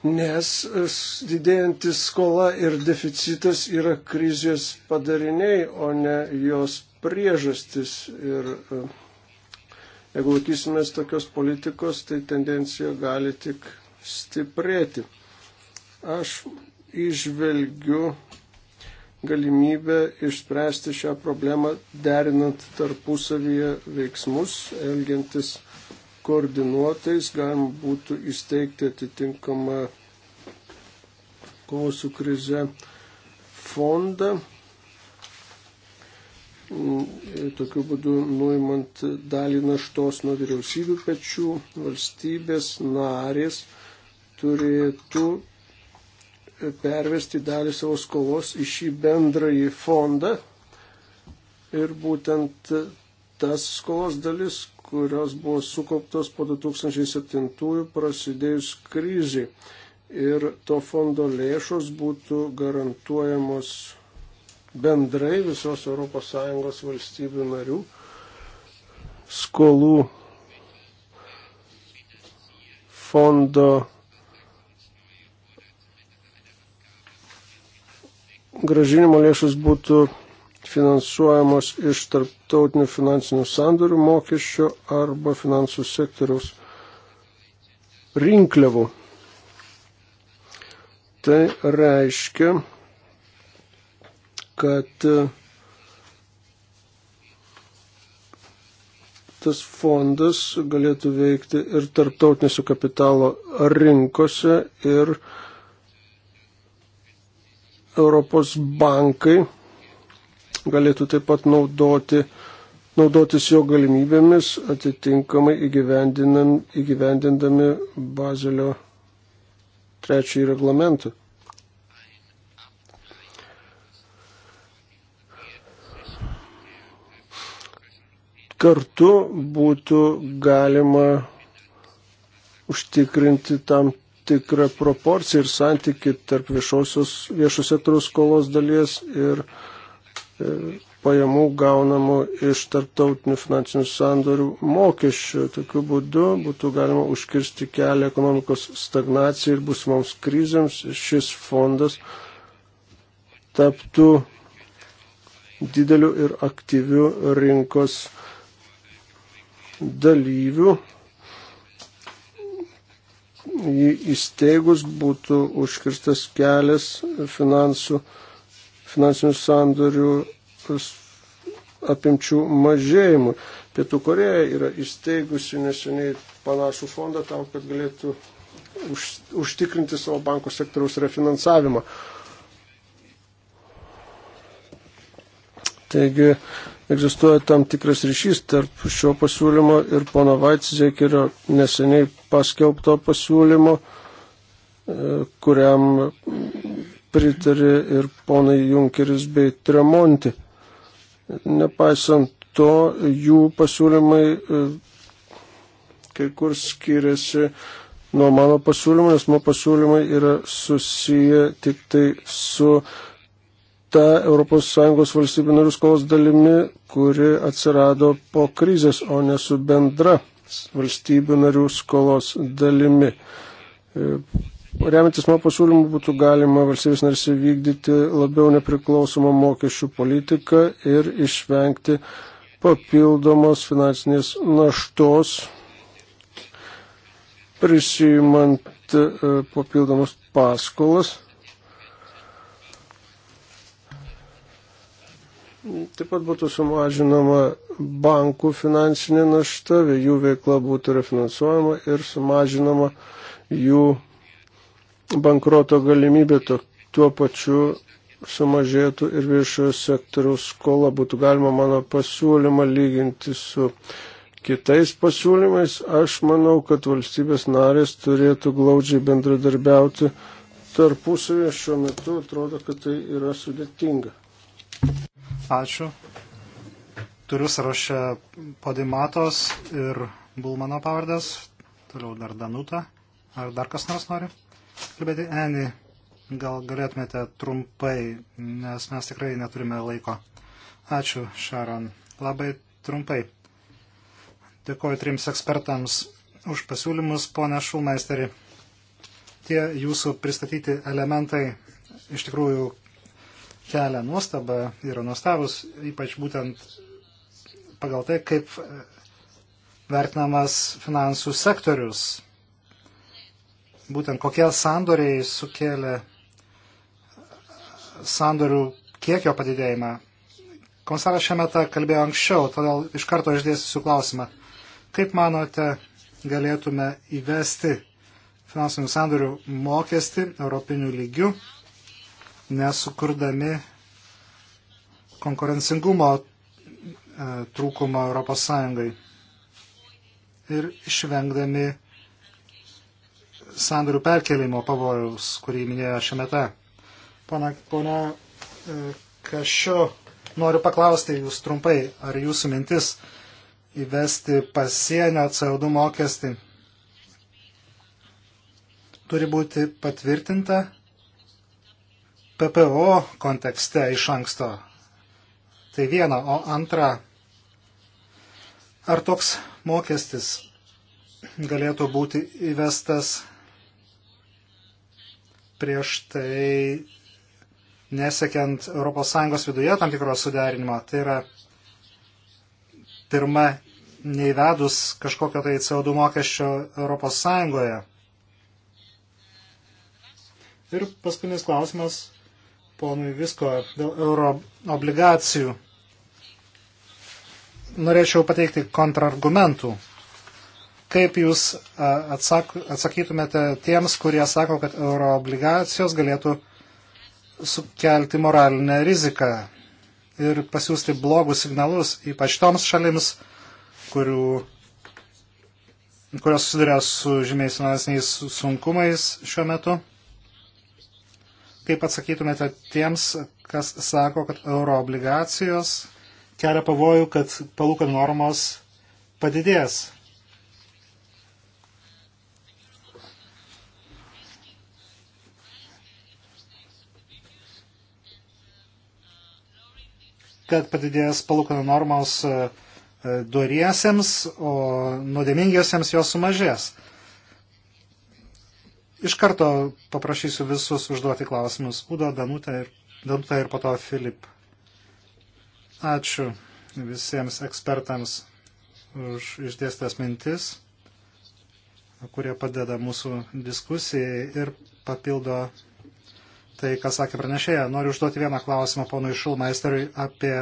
nes e, didėjantis skola ir deficitas yra krizės padariniai, o ne jos priežastis. Ir e, jeigu laikysimės tokios politikos, tai tendencija gali tik stiprėti. Aš išvelgiu galimybę išspręsti šią problemą derinant tarpusavyje veiksmus, elgiantis koordinuotais, galima būtų įsteigti atitinkamą kovos su krize fondą. Mm, tokiu būdu nuimant dalį naštos nuo vyriausybių pečių, valstybės narės turėtų pervesti dalį savo skolos į šį bendrąjį fondą. Ir būtent tas skolos dalis, kurios buvo sukauptos po 2007 prasidėjus kriziai. Ir to fondo lėšos būtų garantuojamos bendrai visos ES valstybių narių skolų fondo gražinimo lėšos būtų finansuojamos iš tarptautinių finansinių sandorių mokesčio arba finansų sektoriaus rinkliavų. Tai reiškia, kad e, tas fondas galėtų veikti ir tarptautinėse kapitalo rinkose ir Europos bankai galėtų taip pat naudoti, naudotis jo galimybėmis, atitinkamai įgyvendindami Bazelio trečiąjį reglamentą. Kartu būtų galima užtikrinti tam tikrą proporciją ir santyki tarp viešosios, viešo sektoriaus skolos dalies ir pajamų gaunamų iš tarptautinių finansinių sandorių mokesčių. Tokiu būdu būtų galima užkirsti kelią ekonomikos stagnacijai ir būsimoms krizėms. Šis fondas taptų dideliu ir aktyviu rinkos dalyviu. Jį įsteigus būtų užkirstas kelias finansų finansinių sandorių apimčių mažėjimui. Pietų Koreja yra įsteigusi neseniai panašų fondą tam, kad galėtų už, užtikrinti savo bankų sektoriaus refinansavimą. Taigi egzistuoja tam tikras ryšys tarp šio pasiūlymo ir pono Vaitzekerio neseniai paskelbto pasiūlymo, e, kuriam pritarė ir ponai Junkeris bei Tremonti. Nepaisant to, jų pasiūlymai e, kai kur skiriasi nuo mano pasiūlymų, nes mano pasiūlymai yra susiję tik tai su ta ES valstybių narių skolos dalimi, kuri atsirado po krizės, o ne su bendra valstybių narių skolos dalimi. E, Remiantis mano pasiūlymu būtų galima valstybės narsi vykdyti labiau nepriklausomą mokesčių politiką ir išvengti papildomos finansinės naštos, prisijimant e, papildomas paskolas. Taip pat būtų sumažinama bankų finansinė našta, jų veikla būtų refinansuojama ir sumažinama jų bankroto galimybė, to, tuo pačiu sumažėtų ir viešojo sektoriaus skola. Būtų galima mano pasiūlymą lyginti su kitais pasiūlymais. Aš manau, kad valstybės narės turėtų glaudžiai bendradarbiauti tarpusavėje. Šiuo metu atrodo, kad tai yra sudėtinga. Ačiū. Turiu sąrašę Podimatos ir Bulmano pavardės. Toliau dar Danuta. Ar dar kas nors nori? kalbėti Eni, gal galėtumėte trumpai, nes mes tikrai neturime laiko. Ačiū, Sharon. Labai trumpai. Dėkuoju trims ekspertams už pasiūlymus, ponia Šulmeisteri. Tie jūsų pristatyti elementai iš tikrųjų kelia nuostabą, yra nuostabus, ypač būtent pagal tai, kaip vertinamas finansų sektorius būtent kokie sandoriai sukėlė sandorių kiekio padidėjimą. Komisaras šiame metą kalbėjo anksčiau, todėl iš karto išdėsiu klausimą. Kaip manote, galėtume įvesti finansinių sandorių mokestį europinių lygių, nesukurdami konkurencingumo e, trūkumo Europos Sąjungai ir išvengdami sandorių perkelimo pavojaus, kurį minėjo šiame te. Pana, pana e, Kašio, noriu paklausti jūs trumpai, ar jūsų mintis įvesti pasienio CO2 mokestį turi būti patvirtinta PPO kontekste iš anksto. Tai viena, o antra, ar toks mokestis galėtų būti įvestas prieš tai nesekiant ES viduje tam tikro suderinimo. Tai yra pirma neįvedus kažkokio tai CO2 mokesčio ES. Ir paskutinis klausimas ponui visko dėl euro obligacijų. Norėčiau pateikti kontrargumentų. Kaip jūs atsak, atsakytumėte tiems, kurie sako, kad euroobligacijos galėtų sukelti moralinę riziką ir pasiūsti blogus signalus, ypač toms šalims, kurių, kurios susiduria su žymiais finansiniais sunkumais šiuo metu? Kaip atsakytumėte tiems, kas sako, kad euroobligacijos kelia pavojų, kad palūkanų normos padidės? kad padidės palūkanų normos e, e, doriesiems, o nuodėmingiesiems jos sumažės. Iš karto paprašysiu visus užduoti klausimus. Udo, Danutė ir, Danutė ir po to Filip. Ačiū visiems ekspertams už išdėstęs mintis, kurie padeda mūsų diskusijai ir papildo tai, ką sakė pranešėja. Noriu užduoti vieną klausimą ponui Šulmaisteriui apie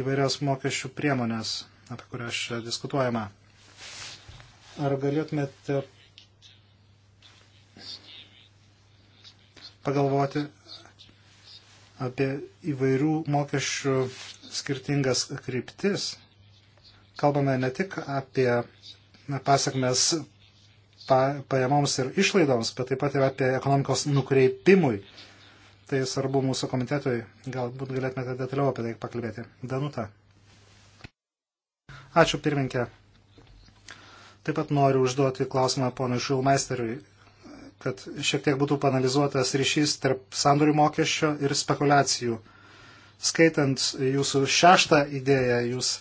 įvairias mokesčių priemonės, apie kurias čia diskutuojama. Ar galėtumėte pagalvoti apie įvairių mokesčių skirtingas kryptis? Kalbame ne tik apie pasiekmes pajamoms ir išlaidoms, bet taip pat ir apie ekonomikos nukreipimui. Tai svarbu mūsų komitetui. Galbūt galėtumėte detaliau apie tai pakalbėti. Danuta. Ačiū pirminkė. Taip pat noriu užduoti klausimą ponui Šilmeisteriui, kad šiek tiek būtų panalizuotas ryšys tarp sandorių mokesčio ir spekulacijų. Skaitant jūsų šeštą idėją, jūs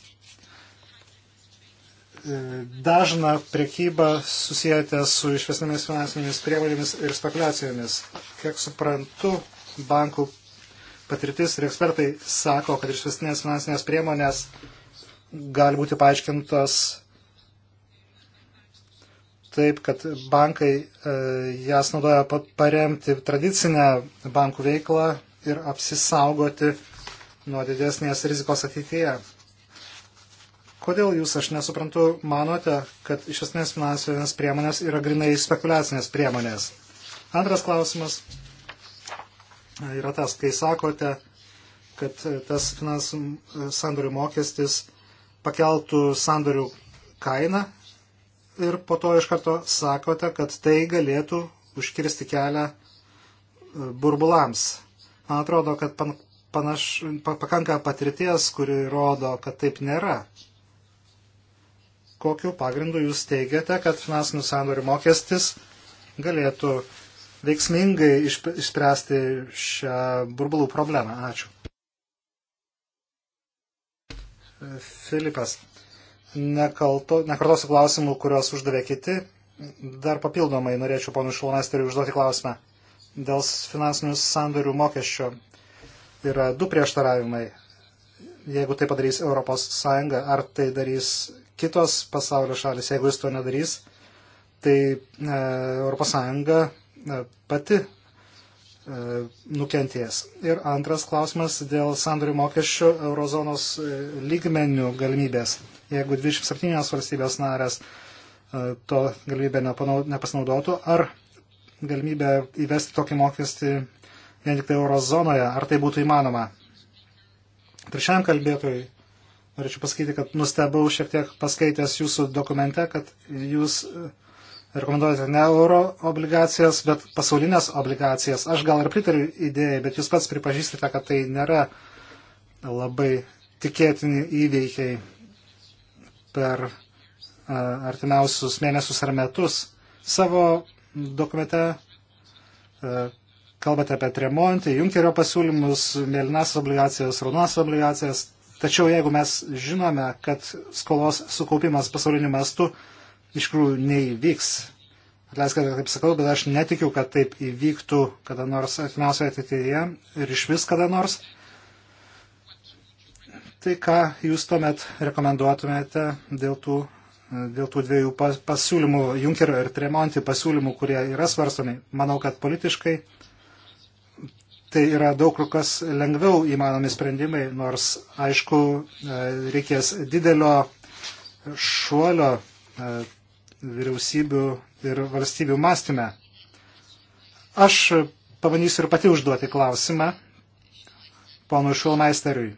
dažną prekybą susijęte su išvesnėmis finansinėmis priemonėmis ir spekulacijomis. Kiek suprantu, bankų patirtis ir ekspertai sako, kad išvesnės finansinės priemonės gali būti paaiškintos taip, kad bankai e, jas naudoja paremti tradicinę bankų veiklą ir apsisaugoti nuo didesnės rizikos ateityje. Kodėl jūs, aš nesuprantu, manote, kad iš esmės finansinės priemonės yra grinai spekulacinės priemonės? Antras klausimas yra tas, kai sakote, kad tas finansų sandorių mokestis pakeltų sandorių kainą ir po to iš karto sakote, kad tai galėtų užkirsti kelią e, burbulams. Man atrodo, kad pan, panaš, pakanka patirties, kuri rodo, kad taip nėra kokiu pagrindu jūs teigiate, kad finansinių sandorių mokestis galėtų veiksmingai išspręsti šią burbulų problemą. Ačiū. Filipas, nekalto, nekartosiu klausimų, kuriuos uždavė kiti. Dar papildomai norėčiau ponui Šilonasteriui užduoti klausimą. Dėl finansinių sandorių mokesčio yra du prieštaravimai. Jeigu tai padarys ES, ar tai darys kitos pasaulio šalis. Jeigu jis to nedarys, tai ES e, pati e, nukentės. Ir antras klausimas dėl sandorių mokesčių eurozonos e, lygmenių galimybės. Jeigu 27 valstybės narės to galimybę nepasinaudotų, ar galimybę įvesti tokį mokestį vien tik tai eurozonoje, ar tai būtų įmanoma. Trečiam kalbėtojui norėčiau pasakyti, kad nustebau šiek tiek paskaitęs jūsų dokumente, kad jūs e, rekomenduojate ne euro obligacijas, bet pasaulinės obligacijas. Aš gal ir pritariu idėjai, bet jūs pats pripažįstate, kad tai nėra labai tikėtini įveikiai per e, artimiausius mėnesius ar metus. Savo dokumente e, kalbate apie Tremontį, Junkerio pasiūlymus, mėlynas obligacijas, raudonas obligacijas. Tačiau jeigu mes žinome, kad skolos sukaupimas pasauliniu mastu iš tikrųjų neįvyks, atleiskite, kad taip sakau, bet aš netikiu, kad taip įvyktų kada nors artimiausioje ateityje ir iš vis kada nors, tai ką jūs tuomet rekomenduotumėte dėl tų, dėl tų dviejų pasiūlymų, Junkerio ir Tremonti pasiūlymų, kurie yra svarstomi? Manau, kad politiškai tai yra daug kas lengviau įmanomi sprendimai, nors aišku e, reikės didelio šuolio e, vyriausybių ir valstybių mąstyme. Aš pabandysiu ir pati užduoti klausimą ponui Šulmeisteriui.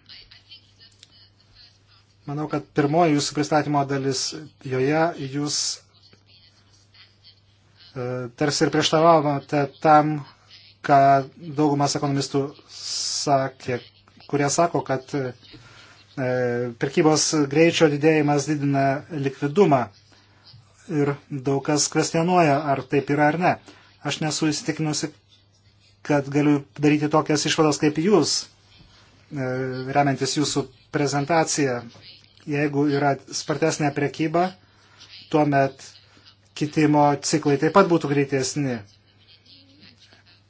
Manau, kad pirmoji jūsų pristatymo dalis, joje jūs e, tarsi ir prieštaravomate tam, ką daugumas ekonomistų sakė, kurie sako, kad e, pirkybos greičio didėjimas didina likvidumą ir daug kas kvestionuoja, ar taip yra ar ne. Aš nesu įsitikinusi, kad galiu daryti tokias išvadas kaip jūs, e, remiantis jūsų prezentaciją. Jeigu yra spartesnė prekyba, tuomet kitimo ciklai taip pat būtų greitesni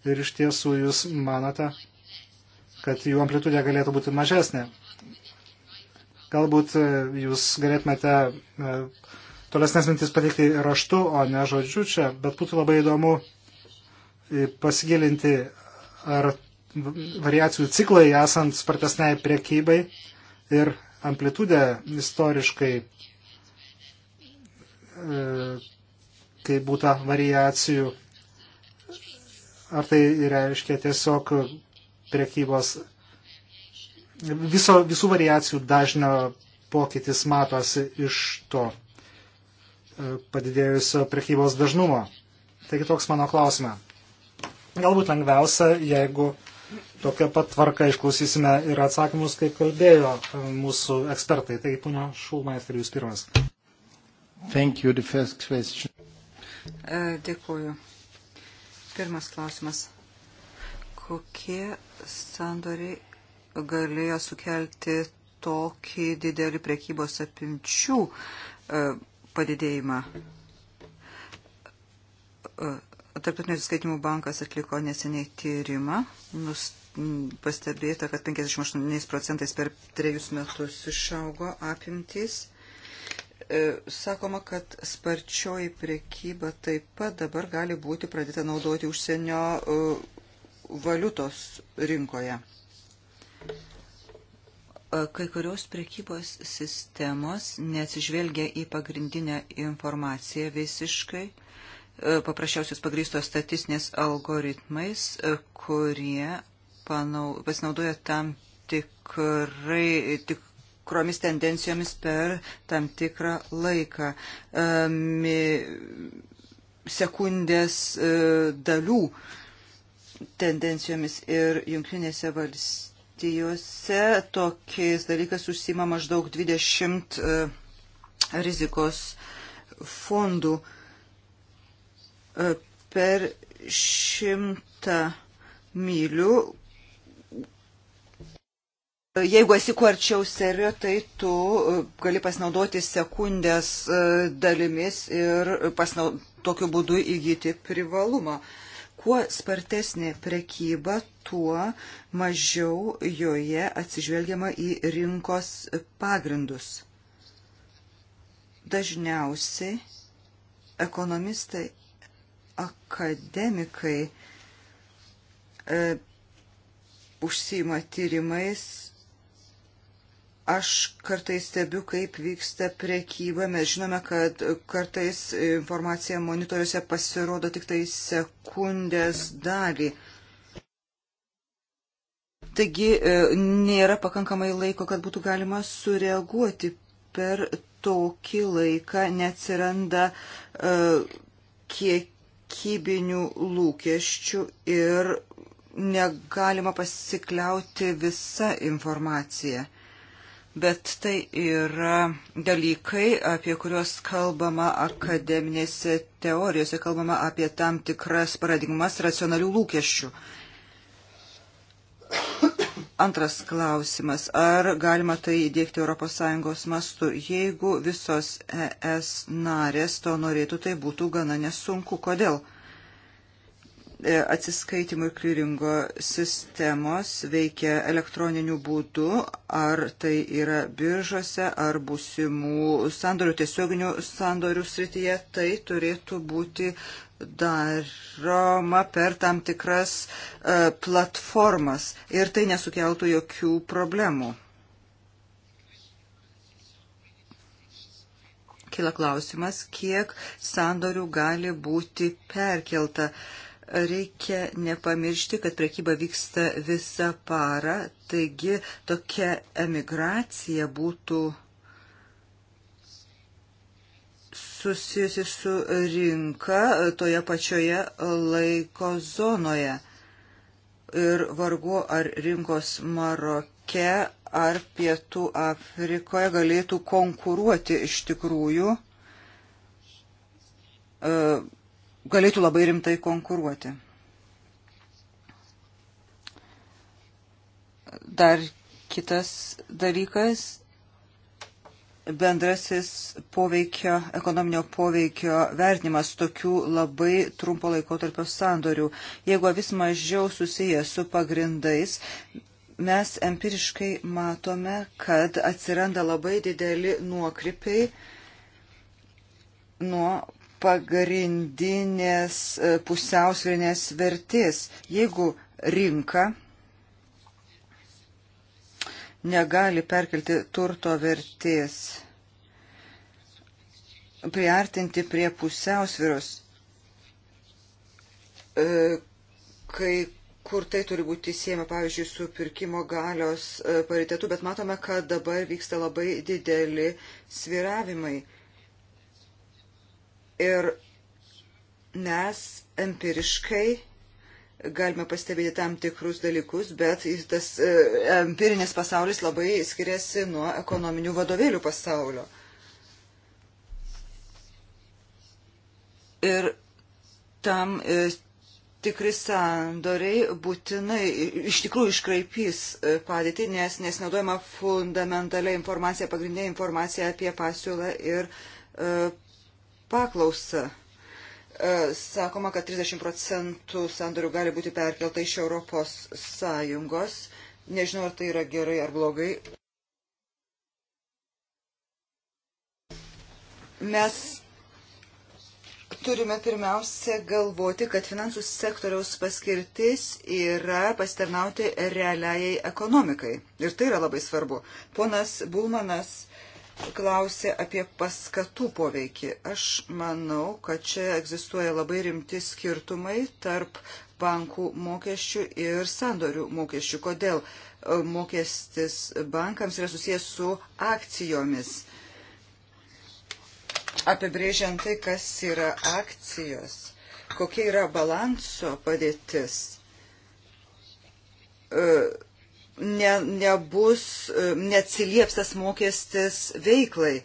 ir iš tiesų jūs manote, kad jų amplitudė galėtų būti mažesnė. Galbūt e, jūs galėtumėte e, tolesnės mintis pateikti raštu, o ne žodžiu čia, bet būtų labai įdomu e, pasigilinti, ar variacijų ciklai esant spartesniai priekybai ir amplitudė istoriškai, kai būta variacijų Ar tai reiškia tiesiog priekybos viso, visų variacijų dažnio pokytis matosi iš to e, padidėjusio priekybos dažnumo. Taigi toks mano klausime. Galbūt lengviausia, jeigu tokia pat tvarka išklausysime ir atsakymus, kaip kalbėjo e, mūsų ekspertai. Tai pana Šulmais ir jūs pirmas. Thank you, the first question. E, dėkuoju. Pirmas klausimas. Kokie sandoriai galėjo sukelti tokį didelį prekybos apimčių e, padidėjimą? E, Tarptautinis skaitimų bankas atliko neseniai tyrimą. Nust pastebėta, kad 58 procentais per trejus metus išaugo apimtys E, sakoma, kad sparčioji prekyba taip pat dabar gali būti pradėta naudoti užsienio e, valiutos rinkoje. E, kai kurios prekybos sistemos neatsižvelgia į pagrindinę informaciją visiškai, paprasčiausios pagrįstos statistinės algoritmais, kurie pasinaudoja tam tikrai, tik tikromis tendencijomis per tam tikrą laiką. E, sekundės e, dalių tendencijomis ir jungtinėse valstijose tokiais dalykas užsima maždaug 20 e, rizikos fondų per šimtą mylių Jeigu esi kuo arčiau serio, tai tu e, gali pasinaudoti sekundės e, dalimis ir pasinau, tokiu būdu įgyti privalumą. Kuo spartesnė prekyba, tuo mažiau joje atsižvelgiama į rinkos pagrindus. Dažniausiai ekonomistai, akademikai e, užsima tyrimais Aš kartais stebiu, kaip vyksta prekyba. Mes žinome, kad kartais informacija monitoriuose pasirodo tik tai sekundės dalį. Taigi e, nėra pakankamai laiko, kad būtų galima sureaguoti per tokį laiką, neatsiranda e, kiekybinių lūkesčių ir negalima pasikliauti visą informaciją bet tai yra dalykai, apie kuriuos kalbama akademinėse teorijose, kalbama apie tam tikras paradigmas racionalių lūkesčių. Antras klausimas. Ar galima tai įdėkti ES mastu? Jeigu visos ES narės to norėtų, tai būtų gana nesunku. Kodėl? E, atsiskaitimų ir kliringo sistemos veikia elektroniniu būdu, ar tai yra biržose, ar būsimų sandorių, tiesioginių sandorių srityje, tai turėtų būti daroma per tam tikras e, platformas ir tai nesukeltų jokių problemų. Kila klausimas, kiek sandorių gali būti perkelta. E, Reikia nepamiršti, kad prekyba vyksta visą parą, taigi tokia emigracija būtų susijusi su rinka toje pačioje laiko zonoje. Ir vargu ar rinkos Maroke ar Pietų Afrikoje galėtų konkuruoti iš tikrųjų. Uh, galėtų labai rimtai konkuruoti. Dar kitas dalykas bendrasis poveikio, ekonominio poveikio vertinimas tokių labai trumpo laiko tarpio sandorių. Jeigu vis mažiau susijęs su pagrindais, mes empiriškai matome, kad atsiranda labai dideli nuokrypiai nuo pagrindinės e, pusiausvėrinės vertės. Jeigu rinka negali perkelti turto vertės, priartinti prie pusiausvėros, e, kai kur tai turi būti siejama, pavyzdžiui, su pirkimo galios e, paritetu, bet matome, kad dabar vyksta labai dideli sviravimai. Ir mes empiriškai galime pastebėti tam tikrus dalykus, bet tas e, empirinis pasaulis labai skiriasi nuo ekonominių vadovėlių pasaulio. Ir tam e, tikri sandoriai būtinai iš tikrųjų iškraipys e, padėtį, nes nesinaudojama fundamentalia informacija, pagrindinė informacija apie pasiūlą ir paklausą. E, sakoma, kad 30 procentų sandorių gali būti perkelta iš Europos Sąjungos. Nežinau, ar tai yra gerai ar blogai. Mes turime pirmiausia galvoti, kad finansų sektoriaus paskirtis yra pasitarnauti realiai ekonomikai. Ir tai yra labai svarbu. Ponas Bulmanas klausė apie paskatų poveikį. Aš manau, kad čia egzistuoja labai rimti skirtumai tarp bankų mokesčių ir sandorių mokesčių. Kodėl mokestis bankams yra susijęs su akcijomis? Apibrėžiant tai, kas yra akcijos, kokia yra balanso padėtis. E, ne, nebus, e, neatsilieps tas mokestis veiklai.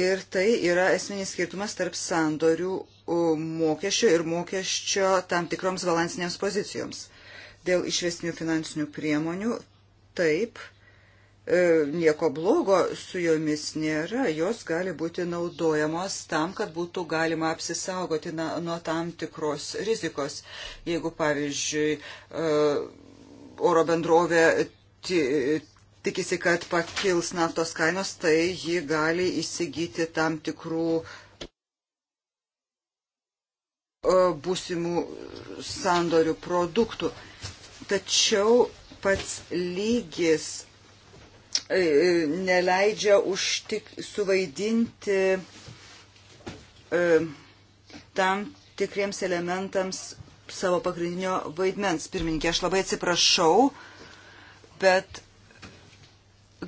Ir tai yra esminis skirtumas tarp sandorių e, mokesčio ir mokesčio tam tikroms balansinėms pozicijoms. Dėl išvesnių finansinių priemonių taip, e, nieko blogo su jomis nėra, jos gali būti naudojamos tam, kad būtų galima apsisaugoti na, nuo tam tikros rizikos. Jeigu, pavyzdžiui, oro bendrovė tikisi, kad pakils naftos kainos, tai ji gali įsigyti tam tikrų e, būsimų sandorių produktų. Tačiau pats lygis e, neleidžia užtik, suvaidinti e, tam tikriems elementams savo pagrindinio vaidmens. Pirmininkė, aš labai atsiprašau, bet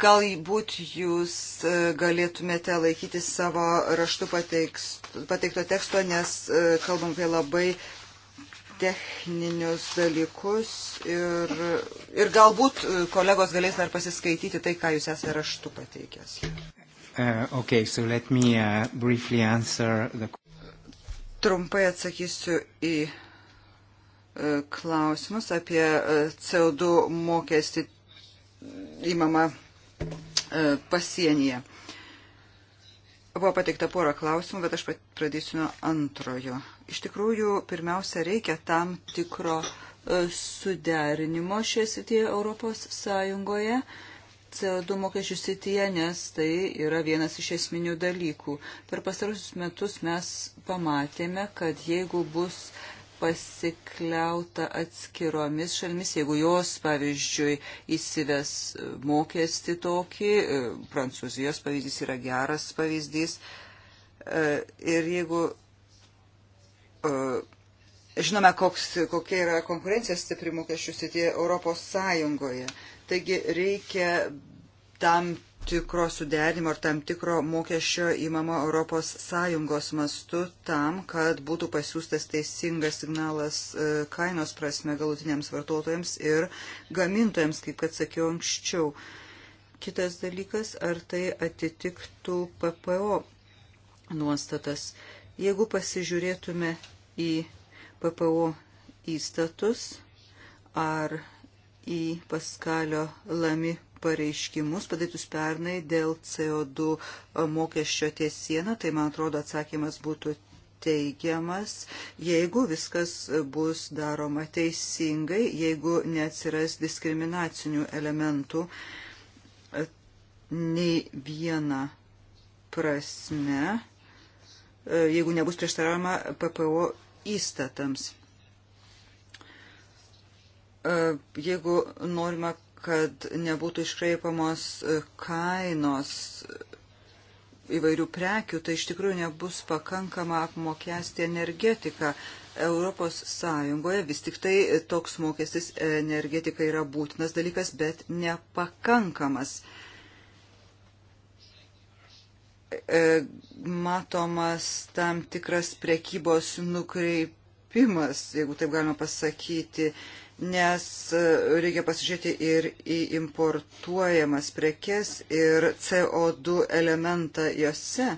galbūt jūs e, galėtumėte laikyti savo raštu pateikto teksto, nes e, kalbam apie labai techninius dalykus ir, ir galbūt e, kolegos galės dar pasiskaityti tai, ką jūs esate raštu pateikęs. Uh, okay, so let me uh, briefly answer the... Trumpai atsakysiu į E, klausimus apie e, CO2 mokestį įmamą e, pasienyje. Buvo pateikta pora klausimų, bet aš pradėsiu nuo antrojo. Iš tikrųjų, pirmiausia, reikia tam tikro suderinimo šioje srityje Europos Sąjungoje. CO2 mokesčių sityje, nes tai yra vienas iš esminių dalykų. Per pastarusius metus mes pamatėme, kad jeigu bus pasikliauta atskiromis šalmis, jeigu jos, pavyzdžiui, įsives mokestį tokį, e, Prancūzijos pavyzdys yra geras pavyzdys, e, ir jeigu e, žinome, koks, kokia yra konkurencija stipri mokesčių srityje Europos Sąjungoje, taigi reikia tam tikro suderinimo ar tam tikro mokesčio įmamo ES mastu tam, kad būtų pasiūstas teisingas signalas e, kainos prasme galutiniams vartotojams ir gamintojams, kaip kad sakiau anksčiau. Kitas dalykas, ar tai atitiktų PPO nuostatas. Jeigu pasižiūrėtume į PPO įstatus ar į Paskalio Lami pareiškimus padarytus pernai dėl CO2 e, mokesčio ties sieną, tai man atrodo atsakymas būtų teigiamas, jeigu viskas bus daroma teisingai, jeigu neatsiras diskriminacinių elementų e, nei vieną prasme, e, jeigu nebus prieštaravama PPO įstatams jeigu norima kad nebūtų iškreipamos e, kainos įvairių prekių, tai iš tikrųjų nebus pakankama apmokesti energetiką. Europos Sąjungoje vis tik tai toks mokestis energetika yra būtinas dalykas, bet nepakankamas. E, matomas tam tikras prekybos nukreipimas, jeigu taip galima pasakyti, nes e, reikia pasižiūrėti ir į importuojamas prekes ir CO2 elementą jose.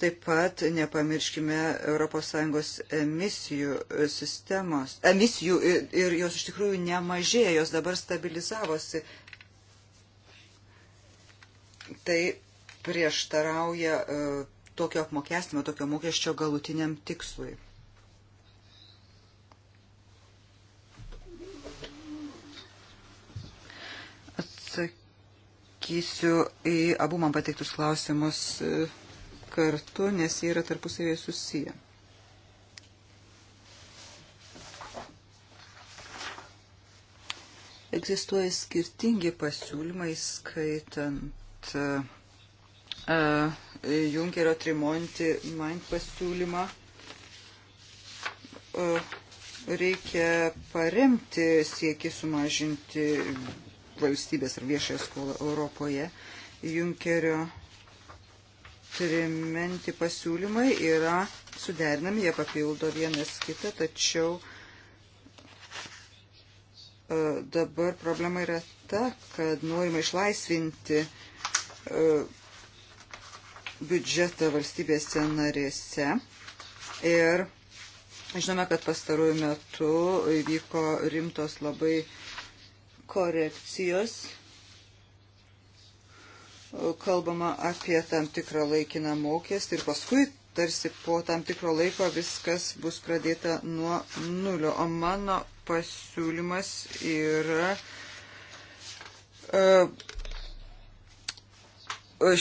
Taip pat nepamirškime ES emisijų sistemos. Emisijų ir, ir jos iš tikrųjų nemažėja, jos dabar stabilizavosi. Tai prieštarauja e, tokio apmokestimo, tokio mokesčio galutiniam tikslui. atsakysiu į abu man pateiktus klausimus e, kartu, nes jie yra tarpusavėje susiję. Egzistuoja skirtingi pasiūlymai, skaitant uh, Junkerio Trimonti Mind pasiūlymą. Uh, reikia paremti siekį sumažinti valstybės ir viešąją skolą Europoje. Junkerio trimenti pasiūlymai yra suderinami, jie papildo vienas kitą, tačiau e, dabar problema yra ta, kad norima išlaisvinti e, biudžetą valstybėse narėse ir žinome, kad pastaruoju metu įvyko rimtos labai uh, korekcijos kalbama apie tam tikrą laikiną mokestį ir paskui tarsi po tam tikro laiko viskas bus pradėta nuo nulio. O mano pasiūlymas yra uh,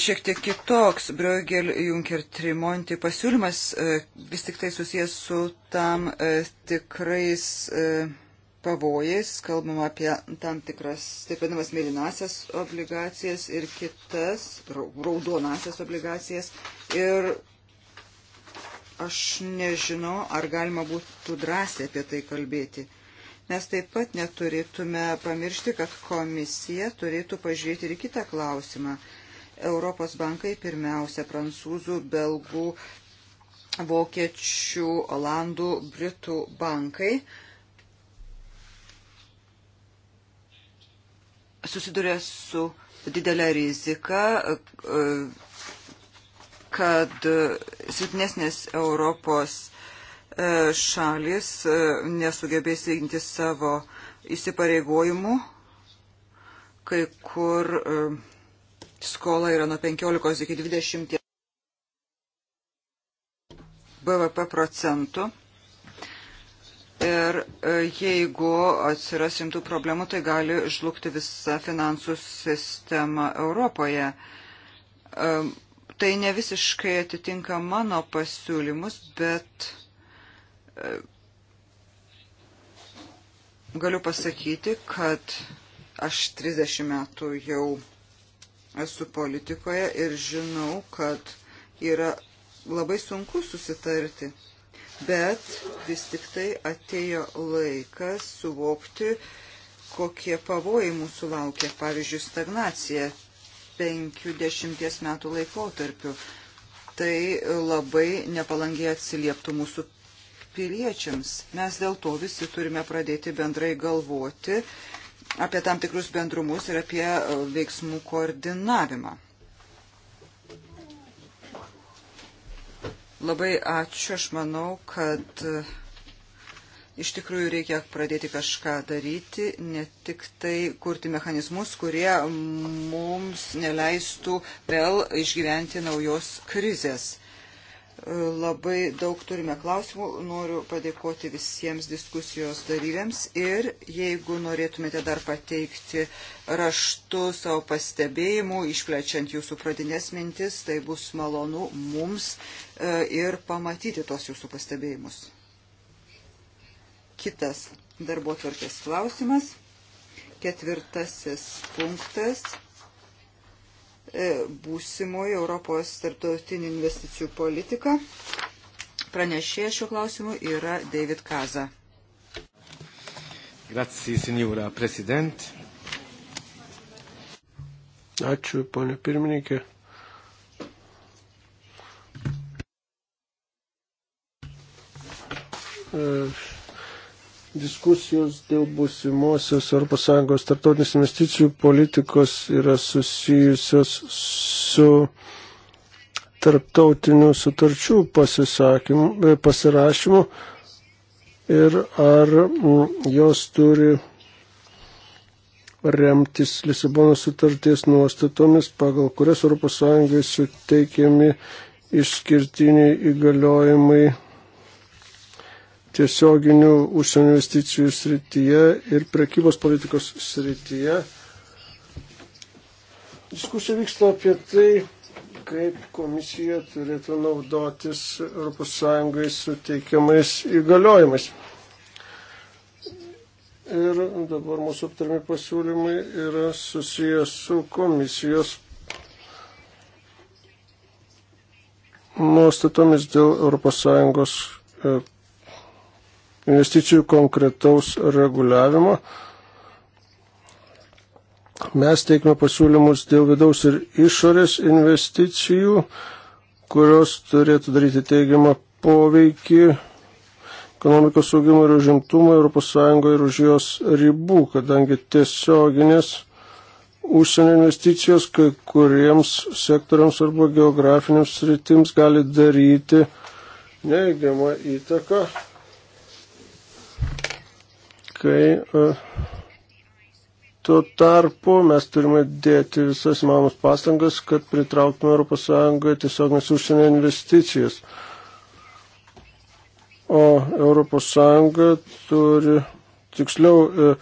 šiek tiek kitoks Bruegel Junker Trimonti pasiūlymas e, vis tik tai susijęs su tam e, tikrais pavojais, kalbam apie tam tikras, taip vadinamas, mėlynasias obligacijas ir kitas, raudonasias obligacijas. Ir aš nežinau, ar galima būtų drąsiai apie tai kalbėti. Mes taip pat neturėtume pamiršti, kad komisija turėtų pažiūrėti ir kitą klausimą. Europos bankai pirmiausia prancūzų, belgų, vokiečių, olandų, britų bankai susiduria su didelė rizika, e, kad e, silpnesnės Europos e, šalis nesugebės įginti savo įsipareigojimų, kai kur skola yra nuo 15 iki 20 BVP procentų. Ir e, jeigu atsiras rimtų problemų, tai gali žlugti visa finansų sistema Europoje. E, tai ne visiškai atitinka mano pasiūlymus, bet e, galiu pasakyti, kad aš 30 metų jau esu politikoje ir žinau, kad yra labai sunku susitarti bet vis tik tai atėjo laikas suvokti, kokie pavojai mūsų laukia, pavyzdžiui, stagnacija 50 metų laikotarpiu. Tai labai nepalangiai atsilieptų mūsų piliečiams. Mes dėl to visi turime pradėti bendrai galvoti apie tam tikrus bendrumus ir apie veiksmų koordinavimą. Labai ačiū, aš manau, kad e, iš tikrųjų reikia pradėti kažką daryti, ne tik tai kurti mechanizmus, kurie mums neleistų vėl išgyventi naujos krizės. Labai daug turime klausimų. Noriu padėkoti visiems diskusijos dalyviams ir jeigu norėtumėte dar pateikti raštu savo pastebėjimų, išplečiant jūsų pradinės mintis, tai bus malonu mums e, ir pamatyti tos jūsų pastebėjimus. Kitas darbo tvarkės klausimas. Ketvirtasis punktas. E, būsimoji Europos tarptautinių investicijų politika. Pranešė šiuo klausimu yra David Kaza. Grazie, signora President. Ačiū, ponė pirmininkė. Uh diskusijos dėl būsimosios ES tarptautinės investicijų politikos yra susijusios su tarptautinių sutarčių e, pasirašymu ir ar mm, jos turi remtis Lisabono sutarties nuostatomis, pagal kurias ES suteikiami išskirtiniai įgaliojimai tiesioginių užsienio investicijų srityje ir prekybos politikos srityje. Diskusija vyksta apie tai, kaip komisija turėtų naudotis ES suteikiamais įgaliojimais. Ir dabar mūsų aptarmi pasiūlymai yra susijęs su komisijos nuostatomis dėl ES investicijų konkretaus reguliavimo. Mes teikime pasiūlymus dėl vidaus ir išorės investicijų, kurios turėtų daryti teigiamą poveikį ekonomikos augimą ir užimtumą ES ir už jos ribų, kadangi tiesioginės užsienio investicijos kai kuriems sektoriams arba geografiniams sritims gali daryti neįgiamą įtaką kai e, tuo tarpu mes turime dėti visas įmanomas pastangas, kad pritrauktume ES tiesiog nes užsienio investicijas. O ES turi, tiksliau, e,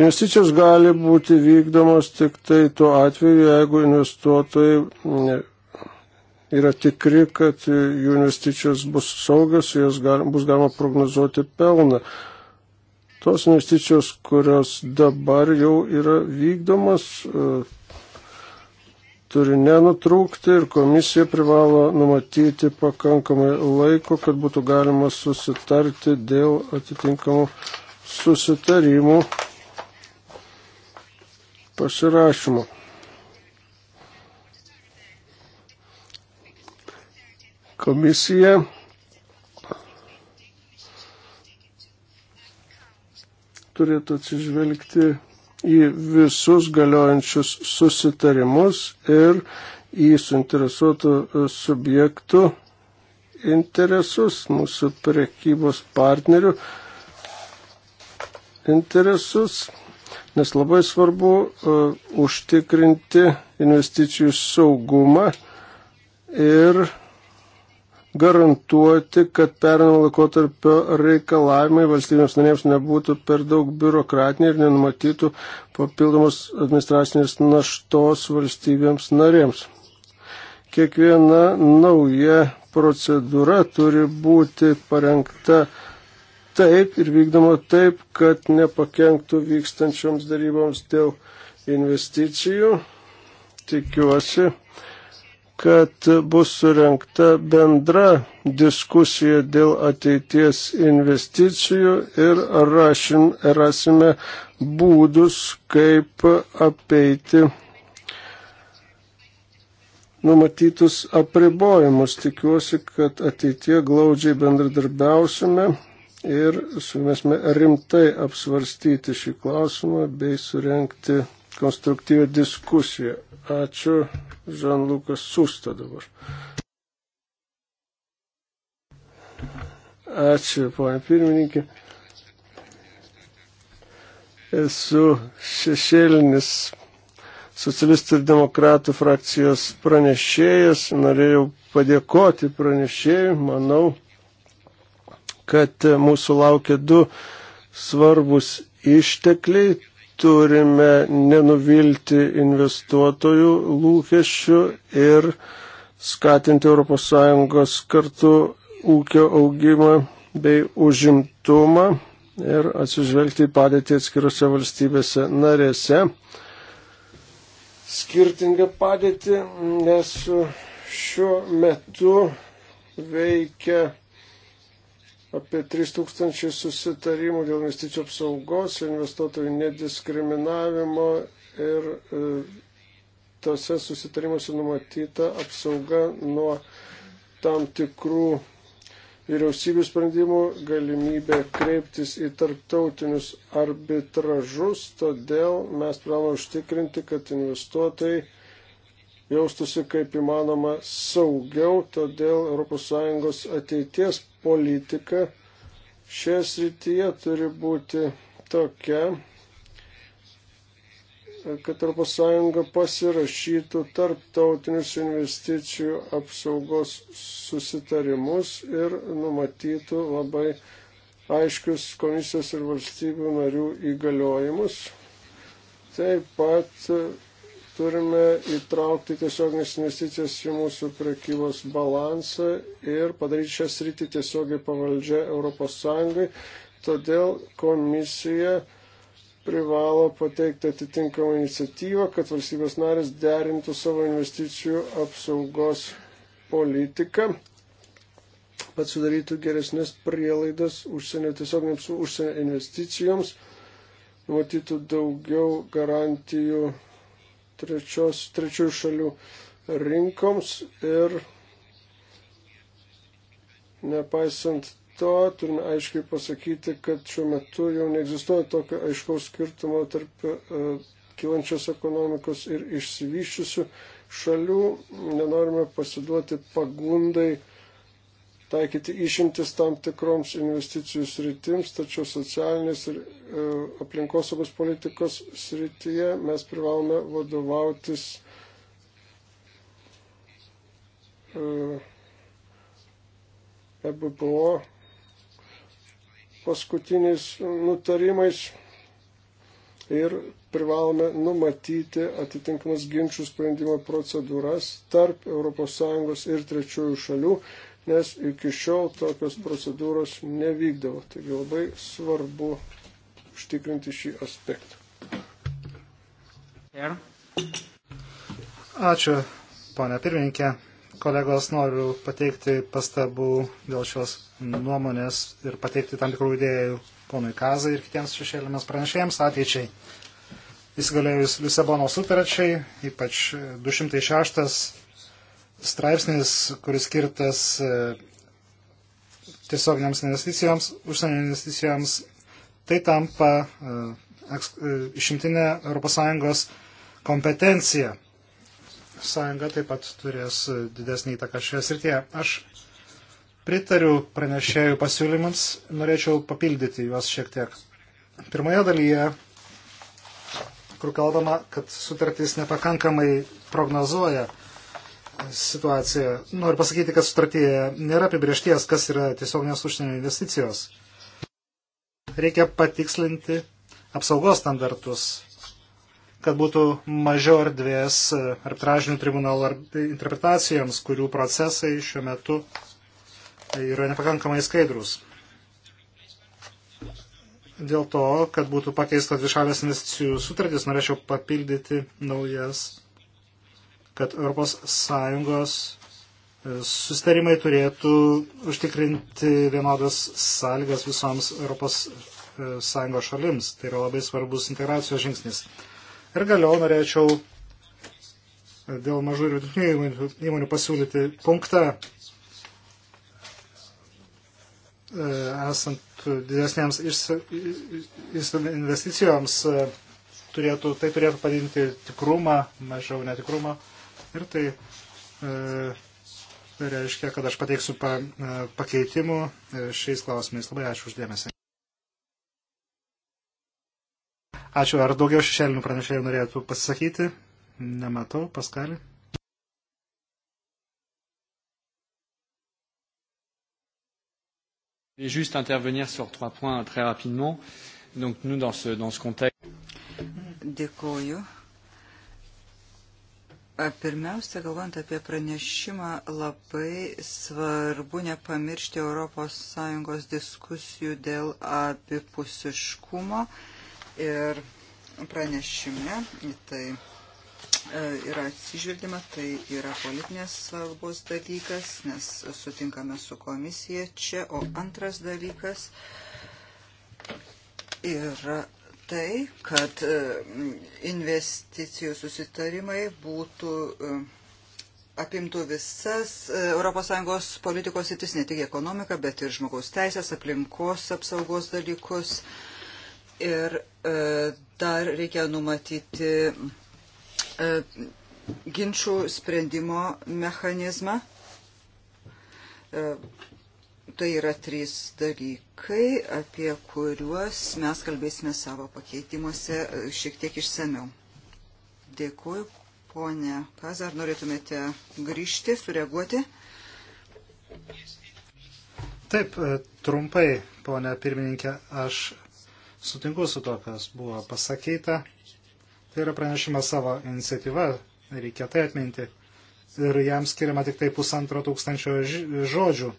investicijos gali būti vykdomos tik tai tuo atveju, jeigu investuotojai yra tikri, kad jų investicijos bus saugios, jas gal, bus galima prognozuoti pelną. Tos investicijos, kurios dabar jau yra vykdomas, e, turi nenutrūkti ir komisija privalo numatyti pakankamai laiko, kad būtų galima susitarti dėl atitinkamų susitarimų pasirašymo. Komisija turėtų atsižvelgti į visus galiojančius susitarimus ir į suinteresuotų e, subjektų interesus, mūsų prekybos partnerių interesus, nes labai svarbu uh, užtikrinti investicijų saugumą ir uh, garantuoti, kad pernamo laikotarpio reikalavimai valstybėms narėms nebūtų per daug biurokratiniai ir nenumatytų papildomos administracinės naštos valstybėms narėms. Kiekviena nauja procedūra turi būti parengta taip ir vykdoma taip, kad nepakenktų vykstančioms daryboms dėl investicijų. Tikiuosi, kad bus surinkta bendra diskusija dėl ateities investicijų ir rašim, rasime būdus, kaip apeiti numatytus apribojimus. Tikiuosi, kad ateitie glaudžiai bendradarbiausime ir suvesime rimtai apsvarstyti šį klausimą bei surenkti konstruktyvę diskusiją. Ačiū, Žanlukas Sūsta dabar. Ačiū, ponia pirmininkė. Esu šešėlinis socialistų ir demokratų frakcijos pranešėjas. Norėjau padėkoti pranešėjui. Manau, kad mūsų laukia du svarbus ištekliai turime nenuvilti investuotojų lūkesčių ir skatinti ES kartu ūkio augimą bei užimtumą ir atsižvelgti į padėtį atskirose valstybėse narėse. Skirtingą padėtį, nes šiuo metu veikia apie 3000 susitarimų dėl investicijų apsaugos, investuotojų nediskriminavimo ir e, tose susitarimuose numatyta apsauga nuo tam tikrų vyriausybių sprendimų, galimybė kreiptis į tarptautinius arbitražus, todėl mes privalome užtikrinti, kad investuotojai jaustųsi kaip įmanoma saugiau, todėl ES ateities politika šioje srityje turi būti tokia, kad ES pasirašytų tarptautinius investicijų apsaugos susitarimus ir numatytų labai aiškius komisijos ir valstybių narių įgaliojimus. Taip pat turime įtraukti tiesioginės investicijas į mūsų prekybos balansą ir padaryti šią sritį tiesiogiai pavaldžią ES. Todėl komisija privalo pateikti atitinkamą iniciatyvą, kad valstybės narės derintų savo investicijų apsaugos politiką, kad sudarytų geresnės prielaidas užsienio tiesioginėms užsienio investicijoms, numatytų daugiau garantijų trečios, trečių šalių rinkoms ir nepaisant to turime aiškiai pasakyti, kad šiuo metu jau neegzistuoja tokio aiškaus skirtumo tarp uh, kylančios ekonomikos ir išsivyščiusių šalių. Nenorime pasiduoti pagundai uh, taikyti išimtis tam tikroms investicijų sritims, tačiau socialinės ir e, aplinkosaugos politikos srityje mes privalome vadovautis EBPO e paskutiniais nutarimais ir privalome numatyti atitinkamas ginčių sprendimo procedūras tarp ES ir trečiųjų šalių, nes iki šiol tokios procedūros nevykdavo. Taigi labai svarbu užtikrinti šį aspektą. Ačiū, ponia pirmininkė. Kolegos, noriu pateikti pastabų dėl šios nuomonės ir pateikti tam tikrų idėjų ponui Kazai ir kitiems šešėlėmės pranešėjams ateičiai. Įsigalėjus Lisabono sutaračiai, ypač 206 straipsnis, kuris skirtas e, tiesioginiams investicijoms, užsienio investicijoms, tai tampa e, e, išimtinė ES kompetencija. Sąjunga taip pat turės didesnį įtaką šioje srityje. Aš pritariu pranešėjų pasiūlymams, norėčiau papildyti juos šiek tiek. Pirmoje dalyje, kur kalbama, kad sutartys nepakankamai prognozuoja situacija. Noriu pasakyti, kad sutartyje nėra apibriešties, kas yra tiesioginės užsienio investicijos. Reikia patikslinti apsaugos standartus, kad būtų mažiau erdvės arbitražinių tribunalų interpretacijoms, kurių procesai šiuo metu yra nepakankamai skaidrus. Dėl to, kad būtų pakeistas dvišalės investicijų sutartis, norėčiau papildyti naujas kad ES e, sustarimai turėtų užtikrinti vienodas sąlygas visoms ES e, šalims. Tai yra labai svarbus integracijos žingsnis. Ir galiau norėčiau e, dėl mažų ir vidutinių įmonių, įmonių pasiūlyti punktą esant didesnėms investicijoms turėtų, tai turėtų padidinti tikrumą, mažiau netikrumą Ir tai e, tai reiškia, kad aš pateiksiu pa, e, pakeitimų e, šiais klausimais. Labai ačiū uždėmesį. Ačiū. Ar daugiau šešėlinių pranešėjų norėtų pasisakyti? Nematau. Paskalį. voulais juste intervenir sur trois points très rapidement. Donc nous, dans ce, dans ce contexte. Dėkoju. Pirmiausia, galvant apie pranešimą, labai svarbu nepamiršti ES diskusijų dėl abipusiškumo ir pranešime į tai e, yra atsižvelgiama, tai yra politinės svarbos dalykas, nes sutinkame su komisija čia, o antras dalykas yra tai, kad e, investicijų susitarimai būtų e, apimtų visas e, ES politikos įtis, ne tik ekonomiką, bet ir žmogaus teisės, aplinkos apsaugos dalykus. Ir dar reikia numatyti ginčių sprendimo mechanizmą Tai yra trys dalykai, apie kuriuos mes kalbėsime savo pakeitimuose e, šiek tiek išsameu. Dėkuoju, ponė Pazar, norėtumėte grįžti, sureaguoti? Taip, e, trumpai, ponė pirmininkė, aš sutinku su to, kas buvo pasakyta. Tai yra pranešimas savo iniciatyva, reikia tai atminti. Ir jam skiriama tik tai pusantro tūkstančio žodžių.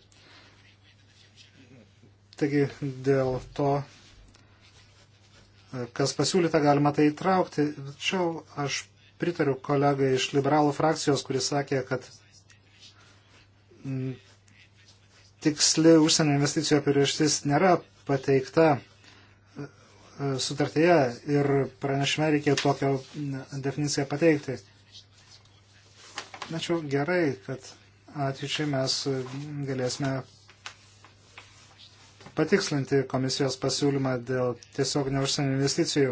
Taigi dėl to, e, kas pasiūlyta, galima tai įtraukti. Tačiau aš pritariu kolegai iš liberalų frakcijos, kuris sakė, kad tiksli užsienio investicijų apibrieštis nėra pateikta e, e, sutartyje ir pranešime reikia tokią definiciją pateikti. Tačiau gerai, kad ateičiai mes galėsime patikslinti komisijos pasiūlymą dėl tiesiog neužsienio investicijų.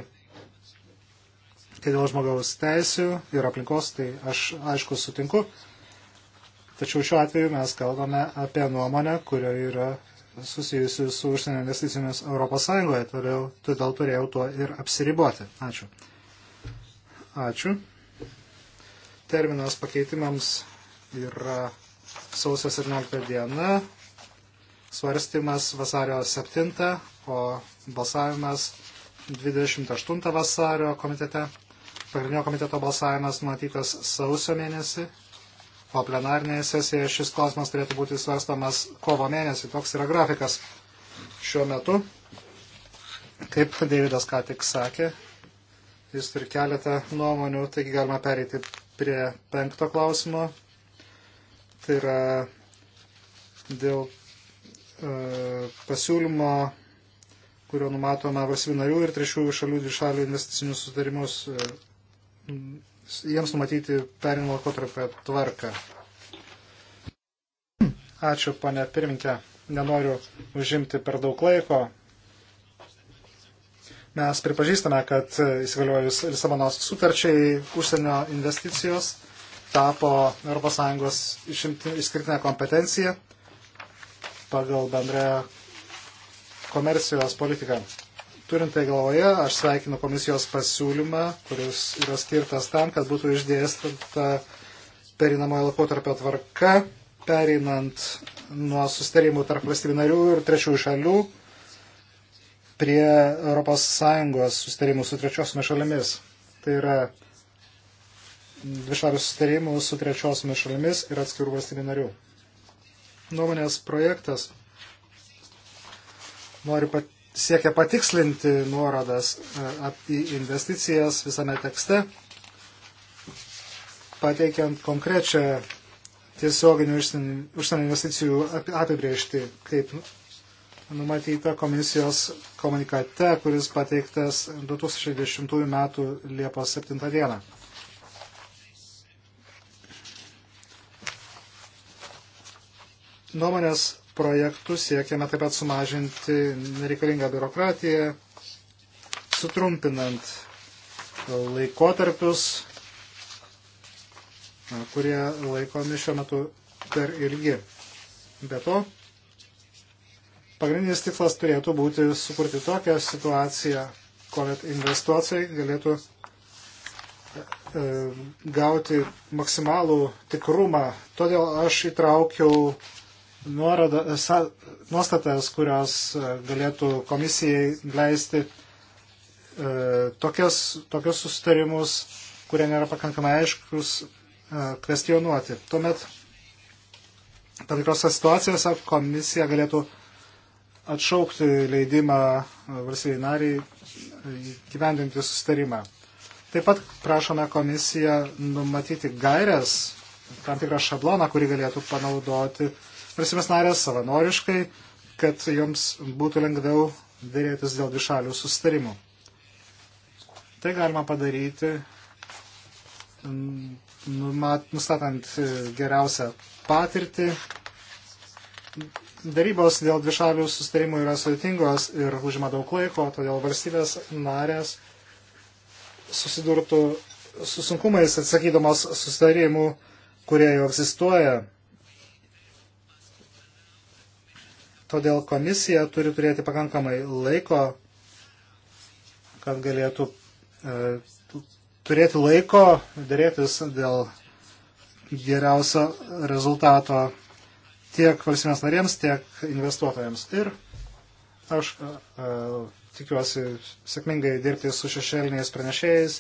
Kai dėl žmogaus teisių ir aplinkos, tai aš aišku sutinku. Tačiau šiuo atveju mes kalbame apie nuomonę, kurio yra susijusi su užsienio investicijomis Europos Sąjungoje, todėl, todėl turėjau tuo ir apsiriboti. Ačiū. Ačiū. Terminas pakeitimams yra sausio 17 diena, svarstymas vasario 7, o balsavimas 28 vasario komitete. Pagrindinio komiteto balsavimas numatytas sausio mėnesį, o plenarnėje sesijoje šis klausimas turėtų būti svarstomas kovo mėnesį. Toks yra grafikas šiuo metu. Kaip Davidas ką tik sakė, jis turi keletą nuomonių, taigi galima pereiti prie penkto klausimo. Tai yra dėl E, pasiūlymo, kurio numatoma valstybių narių ir trečiųjų šalių dvišalių investicinius sutarimus, e, jiems numatyti perinimo laikotarpio tvarką. Ačiū, ponė pirminkė. Nenoriu užimti per daug laiko. Mes pripažįstame, kad įsigaliojus Lisabonos sutarčiai užsienio investicijos tapo ES išskirtinę kompetenciją pagal bendrą komercijos politiką. Turint tai galvoje, aš sveikinu komisijos pasiūlymą, kuris yra skirtas tam, kad būtų išdėstyta perinamojo laikotarpio tvarka, perinant nuo sustarimų tarp valstybių narių ir trečiųjų šalių prie ES sustarimų su trečiosiomis šalimis. Tai yra dvišalių sustarimų su trečiosiomis šalimis ir atskirų valstybių narių. Nuomonės projektas nori pat, siekia patikslinti nuorodas e, į investicijas visame tekste, pateikiant konkrečią tiesioginių užsienio investicijų apibriežti, kaip numatyta komisijos komunikate, kuris pateiktas 2010 m. Liepos 7 d. nuomonės projektų siekiame taip pat sumažinti nereikalingą biurokratiją, sutrumpinant laikotarpius, kurie laikomi šiuo metu per ilgi. Be to, pagrindinis tikslas turėtų būti sukurti tokią situaciją, kuomet investuotojai galėtų e, gauti maksimalų tikrumą. Todėl aš įtraukiau nuoroda, sa, nuostatas, kurios e, galėtų komisijai leisti e, tokios, tokios sustarimus, kurie nėra pakankamai aiškus, e, kvestionuoti. Tuomet tam tikrose situacijose komisija galėtų atšaukti leidimą valstybei nariai e, gyvendinti sustarimą. Taip pat prašome komisiją numatyti gairias, tam tikrą šabloną, kurį galėtų panaudoti valstybės narės savanoriškai, kad joms būtų lengviau dėrėtis dėl dvišalių sustarimų. Tai galima padaryti, nustatant e, geriausią patirtį. Darybos dėl dvišalių sustarimų yra sudėtingos ir užima daug laiko, todėl valstybės narės susidurtų su sunkumais atsakydamos sustarimų, kurie jau egzistuoja Todėl komisija turi turėti pakankamai laiko, kad galėtų e, turėti laiko dėrėtis dėl geriausio rezultato tiek valstybės narėms, tiek investuotojams. Ir aš e, e, tikiuosi sėkmingai dirbti su šešėliniais pranešėjais,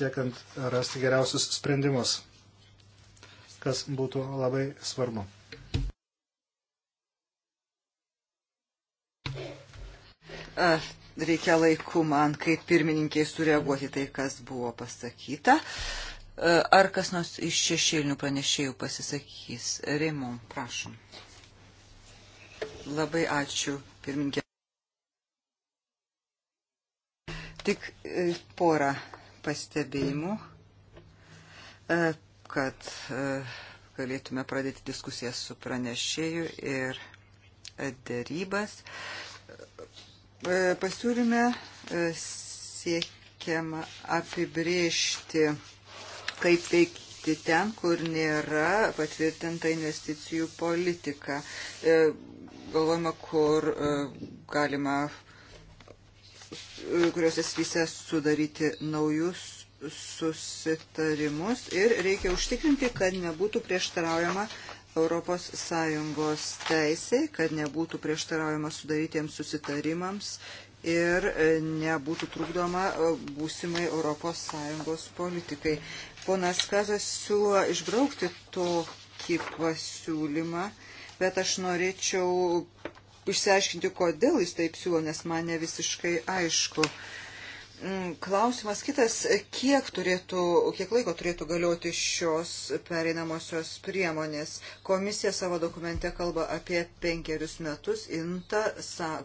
siekiant rasti geriausius sprendimus, kas būtų labai svarbu. Reikia laiku man, kaip pirmininkiai, sureaguoti tai, kas buvo pasakyta. Ar kas nors iš šešėlinių pranešėjų pasisakys? Reimon, prašom. Labai ačiū, pirmininkė. Tik e, porą pastebėjimų, e, kad e, galėtume pradėti diskusiją su pranešėju ir dėrybas. E, pasiūlyme e, siekiama apibriežti, kaip veikti ten, kur nėra patvirtinta investicijų politika. E, galvojama, kur galima kuriuose svyse sudaryti naujus susitarimus ir reikia užtikrinti, kad nebūtų prieštaraujama ES teisė, kad nebūtų prieštaraujama sudarytiems susitarimams ir e, nebūtų trukdoma e, būsimai ES politikai. Ponas Kazas siūlo išbraukti tokį pasiūlymą, bet aš norėčiau išsiaiškinti, kodėl jis taip siūlo, nes man ne visiškai aišku. Uh, Mm, klausimas kitas, kiek, turėtų, kiek laiko turėtų galioti šios pereinamosios priemonės? Komisija savo dokumente kalba apie penkerius metus, INTA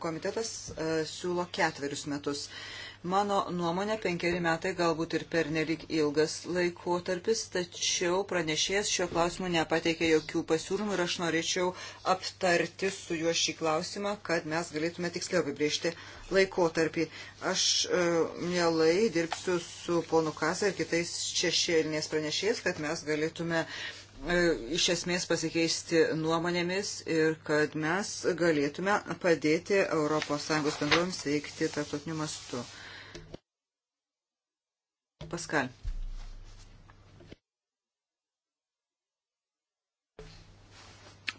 komitetas e, siūlo ketverius metus. Uh, Mano nuomonė, penkeri metai galbūt ir pernelik ilgas laikotarpis, tačiau pranešėjas šio klausimu nepateikė jokių pasiūlymų ir aš norėčiau aptarti su juo šį klausimą, kad mes galėtume tiksliau apibriežti laikotarpį. Aš e, mielai dirbsiu su ponu Kasa ir kitais šešėlinės pranešėjais, kad mes galėtume e, iš esmės pasikeisti nuomonėmis ir kad mes galėtume padėti ES bendrovėms veikti tarptautiniu mastu. Paskal.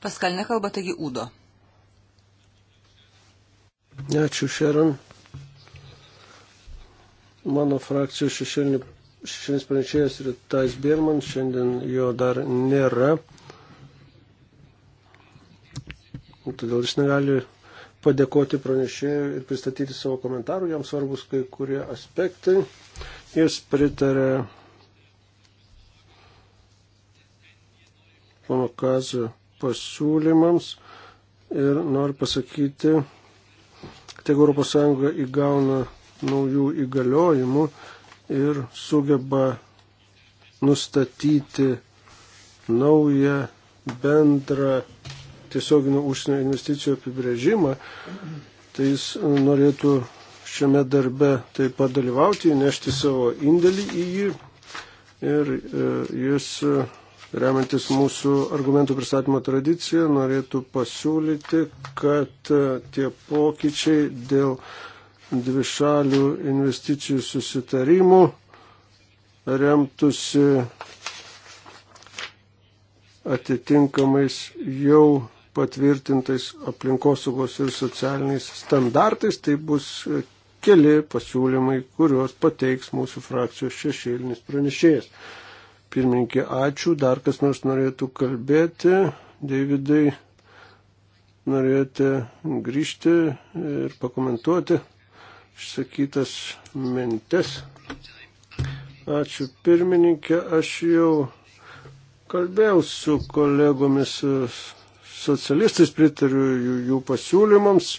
Paskal nekalba, taigi Udo. Ačiū, Šeron. Mano frakcijos šešėlinis pranešėjas yra Tais Birman, šiandien jo dar nėra. Todėl jis negali padėkoti pranešėjui ir pristatyti savo komentarų, jam svarbus kai kurie aspektai. Jis pritarė pono Kazio pasiūlymams ir noriu pasakyti, kad jeigu ES įgauna naujų įgaliojimų ir sugeba nustatyti naują bendrą tiesioginių užsienio investicijų apibrėžimą, tai jis norėtų šiame darbe taip pat dalyvauti, nešti savo indėlį į jį ir e, jis, e, remiantis mūsų argumentų pristatymo tradiciją, norėtų pasiūlyti, kad e, tie pokyčiai dėl dvišalių investicijų susitarimų remtųsi atitinkamais jau patvirtintais aplinkosaugos ir socialiniais standartais, tai bus keli pasiūlymai, kuriuos pateiks mūsų frakcijos šešėlinis pranešėjas. Pirmininkė, ačiū. Dar kas nors norėtų kalbėti. Davidai, norėjote grįžti ir pakomentuoti išsakytas mintis. Ačiū pirmininkė, aš jau kalbėjau su kolegomis socialistais, pritariu jų pasiūlymams,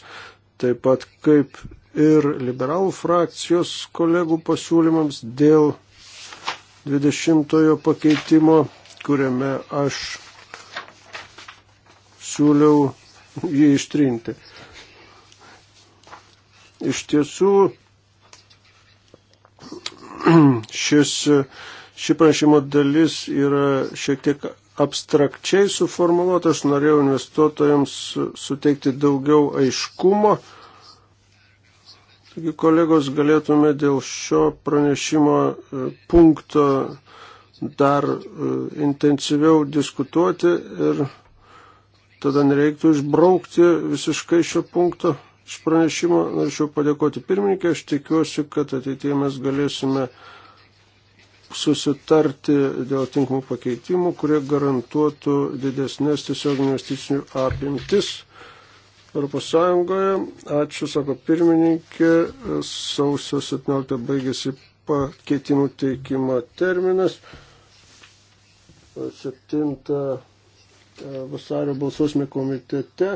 taip pat kaip ir liberalų frakcijos kolegų pasiūlymams dėl 20 pakeitimo, kuriame aš siūliau jį ištrinti. Iš tiesų, šis, ši prašymo dalis yra šiek tiek abstrakčiai suformuoluota. Aš norėjau investuotojams suteikti daugiau aiškumo Taigi, kolegos, galėtume dėl šio pranešimo e, punkto dar e, intensyviau diskutuoti ir tada nereiktų išbraukti visiškai šio punkto iš pranešimo. Norėčiau padėkoti pirmininkė, aš tikiuosi, kad ateitie mes galėsime susitarti dėl tinkamų pakeitimų, kurie garantuotų didesnės tiesiog investicinių apimtis Europos Sąjungoje. Ačiū, sako pirmininkė, sausio 17 baigėsi pakeitimų teikimo terminas. 7 e, vasario balsuosime komitete.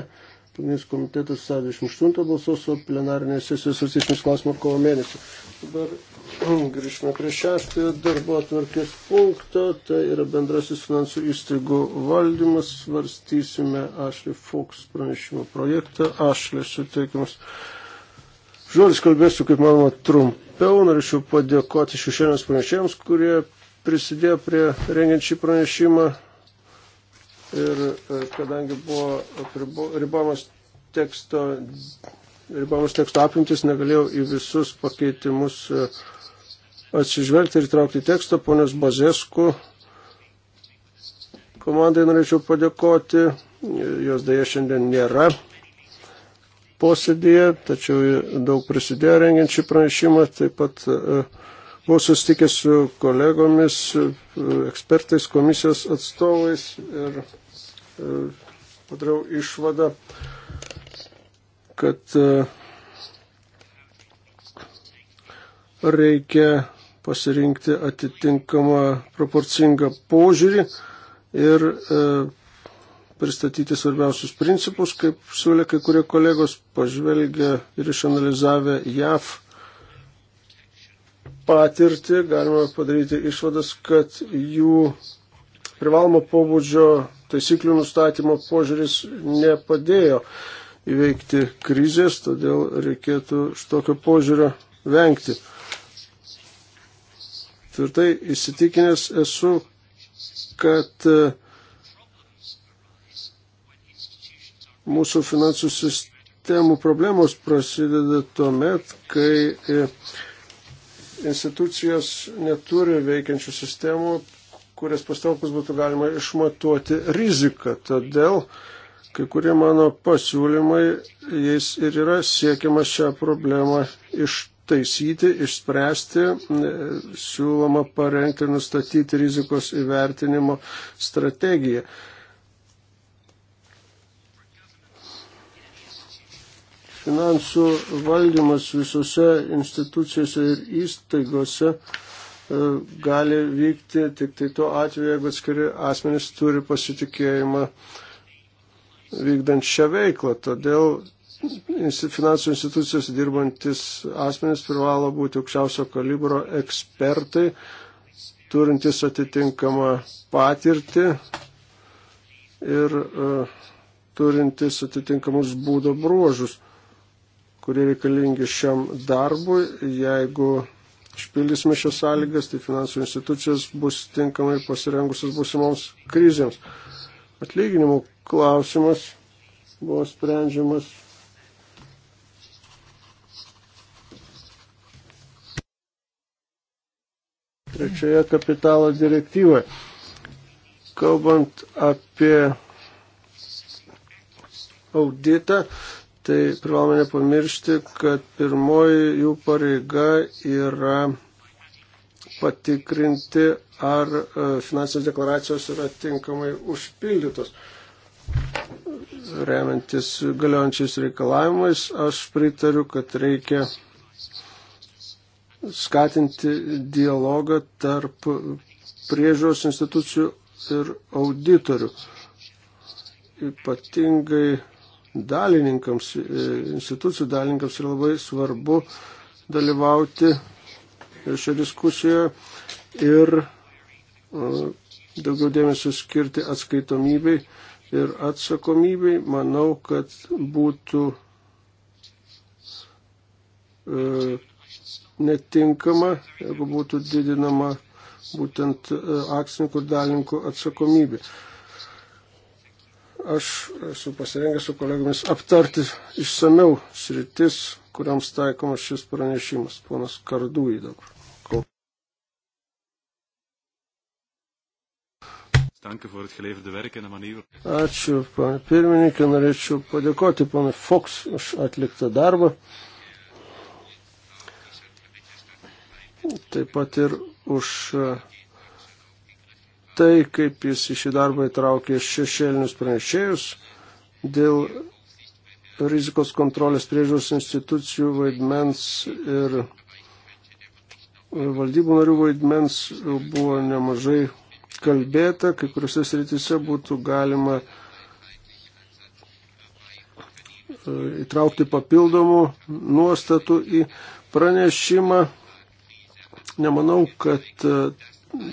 Pagrindinis komitetas 28 balsuos, o plenarinės sesijos atsišmės klausimą kovo mėnesį. Dabar Hm, Grįžtume prie šeštojo darbo atvarkės punkto, tai yra bendrasis finansų įstaigų valdymas, svarstysime Ašlį Fox pranešimo projektą, Ašlį suteikimas. Žodis kalbėsiu, kaip manoma, trumpiau, norėčiau padėkoti šešienės pranešėjams, kurie prisidėjo prie rengiant šį pranešimą ir e, kadangi buvo ribojamas teksto, ribojamas teksto apimtis, negalėjau į visus pakeitimus uh, atsižvelgti ir traukti tekstą. Ponios Bazesku komandai norėčiau padėkoti, jos dėja šiandien nėra posėdėje, tačiau daug prisidėjo rengiant šį pranešimą, taip pat e, buvau susitikęs su kolegomis, e, ekspertais, komisijos atstovais ir e, padariau išvadą, kad reikia pasirinkti atitinkamą proporcingą požiūrį ir e, pristatyti svarbiausius principus, kaip siūlė kai kurie kolegos, pažvelgę ir išanalizavę JAV patirtį, galima padaryti išvadas, kad jų privalomo pobūdžio taisyklių nustatymo požiūris nepadėjo įveikti krizės, todėl reikėtų šitokio požiūrio vengti. Tvirtai įsitikinęs esu, kad e, mūsų finansų sistemų problemos prasideda tuo met, kai e, institucijos neturi veikiančių sistemų, kurias pastaukus būtų galima išmatuoti riziką. Todėl kai kurie mano pasiūlymai, jais ir yra siekiama šią problemą iš taisyti, išspręsti, e, siūloma parengti ir nustatyti rizikos įvertinimo strategiją. Finansų valdymas visose institucijose ir įstaigose e, gali vykti tik tai tuo atveju, jeigu atskiri asmenys turi pasitikėjimą vykdant šią veiklą. Todėl finansų institucijos dirbantis asmenys privalo būti aukščiausio kalibro ekspertai, turintys atitinkamą patirtį ir uh, turintys atitinkamus būdo bruožus, kurie reikalingi šiam darbui. Jeigu išpildysime šias sąlygas, tai finansų institucijos bus tinkamai pasirengusios būsimoms krizėms. Atlyginimų klausimas buvo sprendžiamas trečioje kapitalo direktyvoje. Kalbant apie auditą, tai privalome nepamiršti, kad pirmoji jų pareiga yra patikrinti, ar e, finansinės deklaracijos yra tinkamai užpildytos. Remiantis galiojančiais reikalavimais, aš pritariu, kad reikia skatinti dialogą tarp priežiūros institucijų ir auditorių. Ypatingai dalininkams, e, institucijų dalininkams yra labai svarbu dalyvauti šioje diskusijoje ir e, daugiau dėmesio skirti atskaitomybei ir atsakomybei. Manau, kad būtų e, netinkama, jeigu būtų didinama būtent e, akcininkų ir dalininkų atsakomybė. Aš esu pasirengęs su kolegomis aptarti išsameu sritis, kuriams taikomas šis pranešimas. Ponas Kardų įdabar. Danke voor het geleverde werk en de manier. Ačiū, pane pirmininkė, norėčiau padėkoti pane Fox už atliktą darbą. taip pat ir už e, tai, kaip jis į šį darbą įtraukė šešėlinius pranešėjus dėl rizikos kontrolės priežiūros institucijų vaidmens ir valdybų narių vaidmens buvo nemažai kalbėta, kai kuriuose srityse būtų galima e, įtraukti papildomų nuostatų į pranešimą Nemanau, kad e,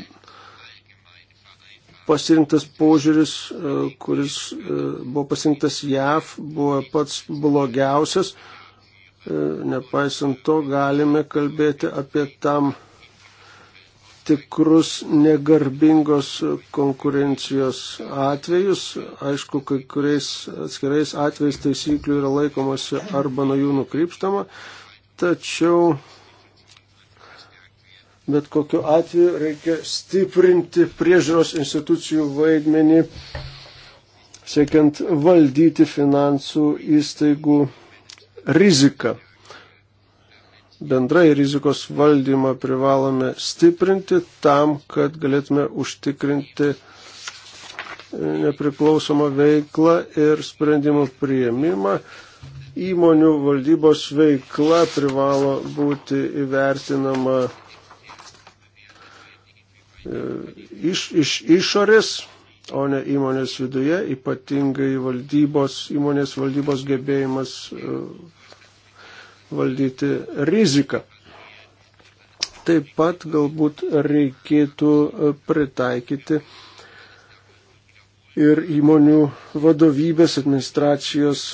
pasirinktas požiūris, e, kuris e, buvo pasirinktas JAV, buvo pats blogiausias. Nepaisant to, galime kalbėti apie tam tikrus negarbingos konkurencijos atvejus. Aišku, kai kuriais atskirais atvejais taisyklių yra laikomasi arba nuo jų nukrypstama, tačiau bet kokiu atveju reikia stiprinti priežiūros institucijų vaidmenį, siekiant valdyti finansų įstaigų riziką. Bendrai rizikos valdymą privalome stiprinti tam, kad galėtume užtikrinti e, nepriklausomą veiklą ir sprendimų prieimimą įmonių valdybos veikla privalo būti įvertinama E, iš, iš išorės, o ne įmonės viduje, ypatingai valdybos, įmonės valdybos gebėjimas e, valdyti riziką. Taip pat galbūt reikėtų e, pritaikyti ir įmonių vadovybės administracijos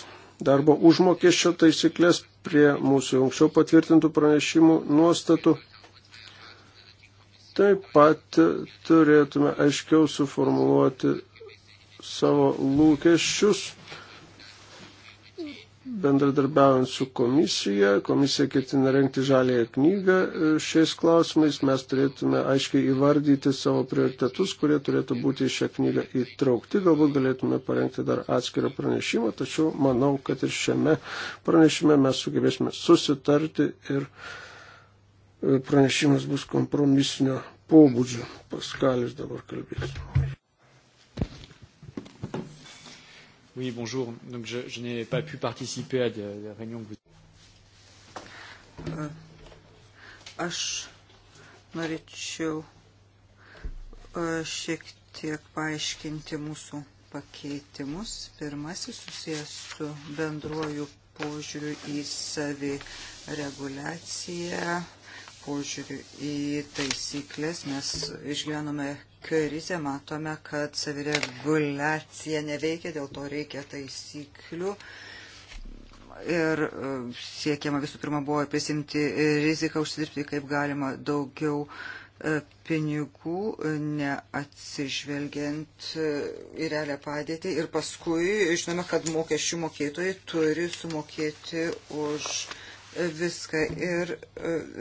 darbo užmokesčio taisyklės prie mūsų anksčiau patvirtintų pranešimų nuostatų. Taip pat turėtume aiškiau suformuoluoti savo lūkesčius, bendradarbiaujant su komisija. Komisija ketina renkti žalėją knygą e, šiais klausimais. Mes turėtume aiškiai įvardyti savo prioritetus, kurie turėtų būti į šią knygą įtraukti. Galbūt galėtume parengti dar atskirą pranešimą, tačiau manau, kad ir šiame pranešime mes sugebėsime susitarti ir pranešimas bus kompromisinio pobūdžio. Paskalis dabar kalbės. Oui, bonjour. Donc, je, je n'ai pas pu participer à la réunion que vous. Euh, aš norėčiau euh, šiek tiek paaiškinti mūsų pakeitimus. Pirmasis susijęs su bendruoju požiūriu į savi reguliaciją, požiūriu į taisyklės. Mes išgyvenome krizę, matome, kad savireguliacija neveikia, dėl to reikia taisyklių. Ir e, siekiama visų pirma buvo prisimti riziką, užsidirbti kaip galima daugiau e, pinigų, e, neatsižvelgiant į realią padėtį. Ir paskui žinome, kad mokesčių mokėtojai turi sumokėti už uh, viską ir e,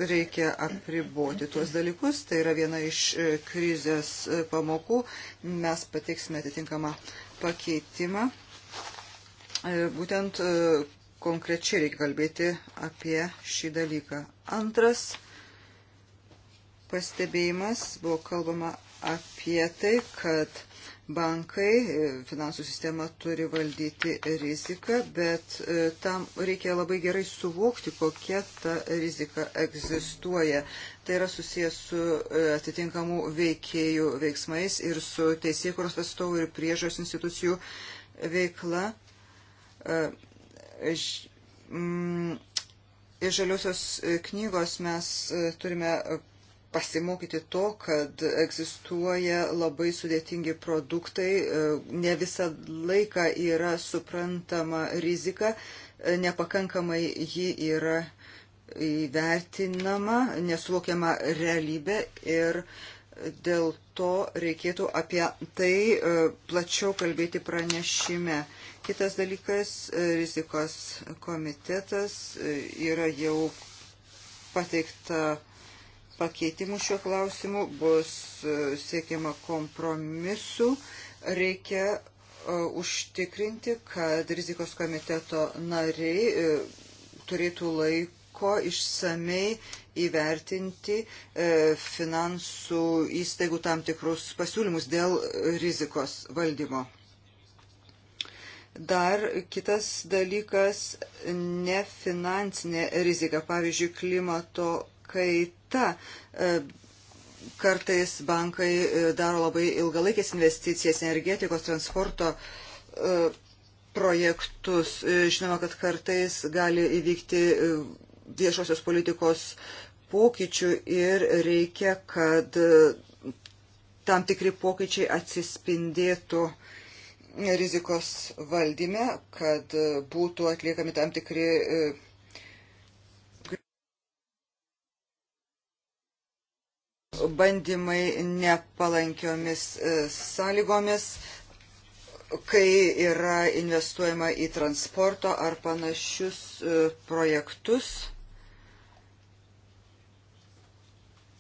reikia apriboti tuos dalykus. Tai yra viena iš e, krizės e, pamokų. Mes pateiksime atitinkamą pakeitimą. Būtent konkrečiai reikia kalbėti apie šį dalyką. Antras pastebėjimas buvo kalbama apie tai, kad bankai, e, finansų sistema turi valdyti riziką, bet e, tam reikia labai gerai suvokti, kokia ta rizika egzistuoja. Tai yra susijęs su e, atitinkamų veikėjų veiksmais ir su teisėkuros atstovų ir priežos institucijų veikla. Mm, iš žaliosios knygos mes turime pasimokyti to, kad egzistuoja labai sudėtingi produktai, e, ne visą laiką yra suprantama rizika, e, nepakankamai ji yra įvertinama, nesuvokiama realybė ir dėl to reikėtų apie tai e, plačiau kalbėti pranešime. Kitas dalykas, rizikos komitetas yra jau pateikta pakeitimų šiuo klausimu, bus e, siekiama kompromisu, reikia e, užtikrinti, kad rizikos komiteto nariai e, turėtų laiko išsamei įvertinti finansų įstaigų tam tikrus pasiūlymus dėl rizikos valdymo. Dar kitas dalykas - nefinansinė rizika, pavyzdžiui, klimato kaita vieta. E, kartais bankai e, daro labai ilgalaikės investicijas energetikos, transporto e, projektus. Žinoma, kad kartais gali įvykti viešosios politikos pokyčių ir reikia, kad tam tikri pokyčiai atsispindėtų rizikos valdyme, kad būtų atliekami tam tikri bandymai nepalankiomis e, sąlygomis, kai yra investuojama į transporto ar panašius e, projektus.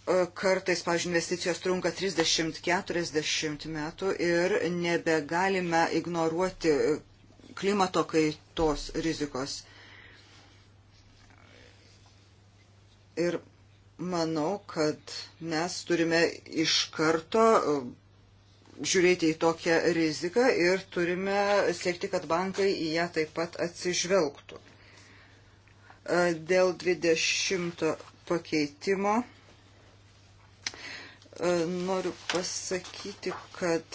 E, kartais, pavyzdžiui, investicijos trunka 30-40 metų ir nebegalime ignoruoti klimato kaitos rizikos. Ir manau, kad mes turime iš karto uh, žiūrėti į tokią riziką ir turime siekti, kad bankai į ją taip pat atsižvelgtų. Uh, dėl 20 pakeitimo uh, noriu pasakyti, kad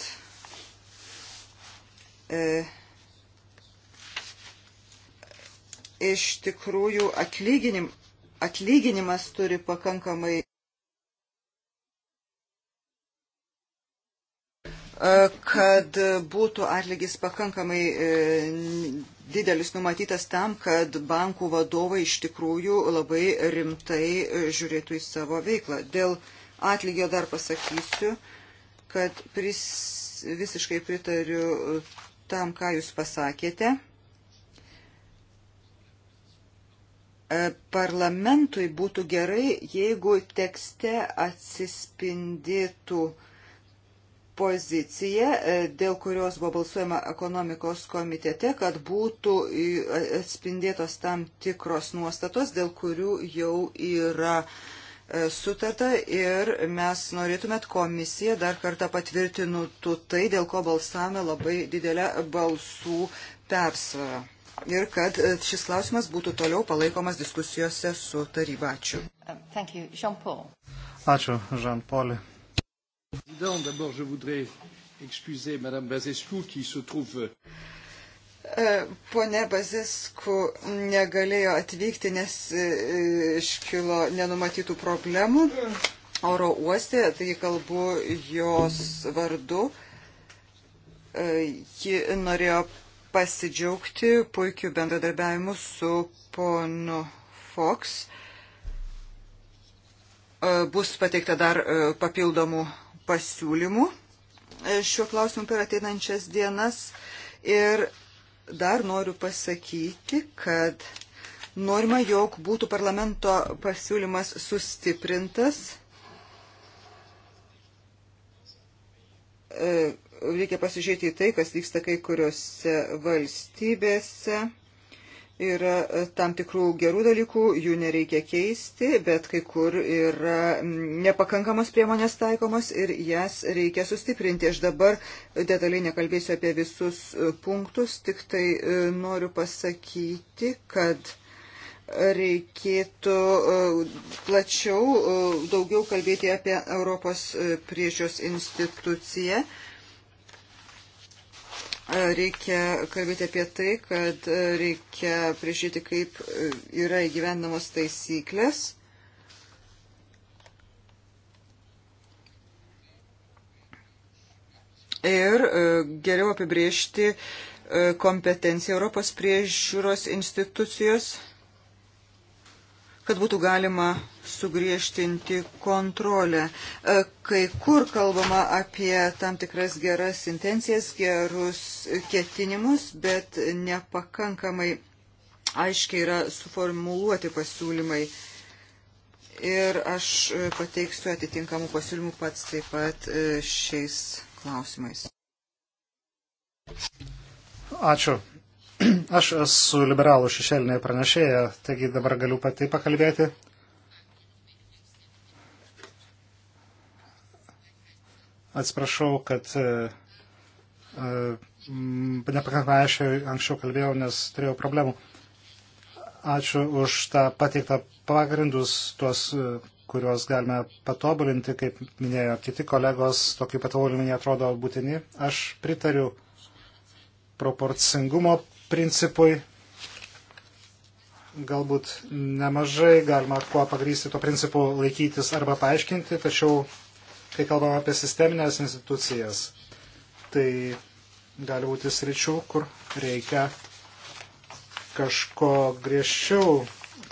e, iš tikrųjų atlyginim, atlyginimas turi pakankamai e, kad būtų atlygis pakankamai e, didelis numatytas tam, kad bankų vadovai iš tikrųjų labai rimtai žiūrėtų į savo veiklą. Dėl atlygio dar pasakysiu, kad pris, visiškai pritariu tam, ką jūs pasakėte. E, parlamentui būtų gerai, jeigu tekste atsispindėtų pozicija, e, dėl kurios buvo balsuojama ekonomikos komitete, kad būtų e, atspindėtos tam tikros nuostatos, dėl kurių jau yra sutarta ir mes norėtumėt komisiją dar kartą patvirtintų tai, dėl ko balsavome labai didelę balsų persvarą ir kad e, šis klausimas būtų toliau palaikomas diskusijose su taryba. Ačiū. Um, Jean Ačiū, Žan-Poli. Euh, e, pone Bazisku negalėjo atvykti, nes e, iškilo nenumatytų problemų oro uoste, tai kalbu jos vardu. Ji norėjo pasidžiaugti puikiu bendradarbiavimu su ponu Fox. E, bus pateikta dar e, papildomų pasiūlymų e, šiuo klausimu per ateinančias dienas. Ir dar noriu pasakyti, kad norima, jog būtų parlamento pasiūlymas sustiprintas. E, reikia pasižiūrėti į tai, kas vyksta kai kuriuose valstybėse. Yra e, tam tikrų gerų dalykų, jų nereikia keisti, bet kai kur yra nepakankamos priemonės taikomos ir jas reikia sustiprinti. Aš dabar detaliai nekalbėsiu apie visus e, punktus, tik tai e, noriu pasakyti, kad reikėtų plačiau daugiau kalbėti apie Europos priežios instituciją. Reikia kalbėti apie tai, kad reikia prižiūrėti, kaip yra įgyvendamos taisyklės. Ir e, geriau apibriežti e, kompetenciją Europos priežiūros institucijos kad būtų galima sugriežtinti kontrolę. E, kai kur kalbama apie tam tikras geras intencijas, gerus ketinimus, bet nepakankamai aiškiai yra suformuluoti pasiūlymai. Ir aš pateiksiu atitinkamų pasiūlymų pats taip pat e, šiais klausimais. Ačiū. Aš esu liberalų šešėlinė pranešėja, taigi dabar galiu pati pakalbėti. Atsiprašau, kad e, e, nepakankamai aiškiai anksčiau kalbėjau, nes turėjau problemų. Ačiū už tą pateiktą pagrindus, tuos, e, kuriuos galime patobulinti, kaip minėjo kiti kolegos, tokie patobulinimai atrodo būtini. Aš pritariu proporcingumo principui. Galbūt nemažai galima kuo pagrysti tuo principu laikytis arba paaiškinti, tačiau kai kalbame apie sisteminės institucijas, tai gali būti sričių, kur reikia kažko griežčiau,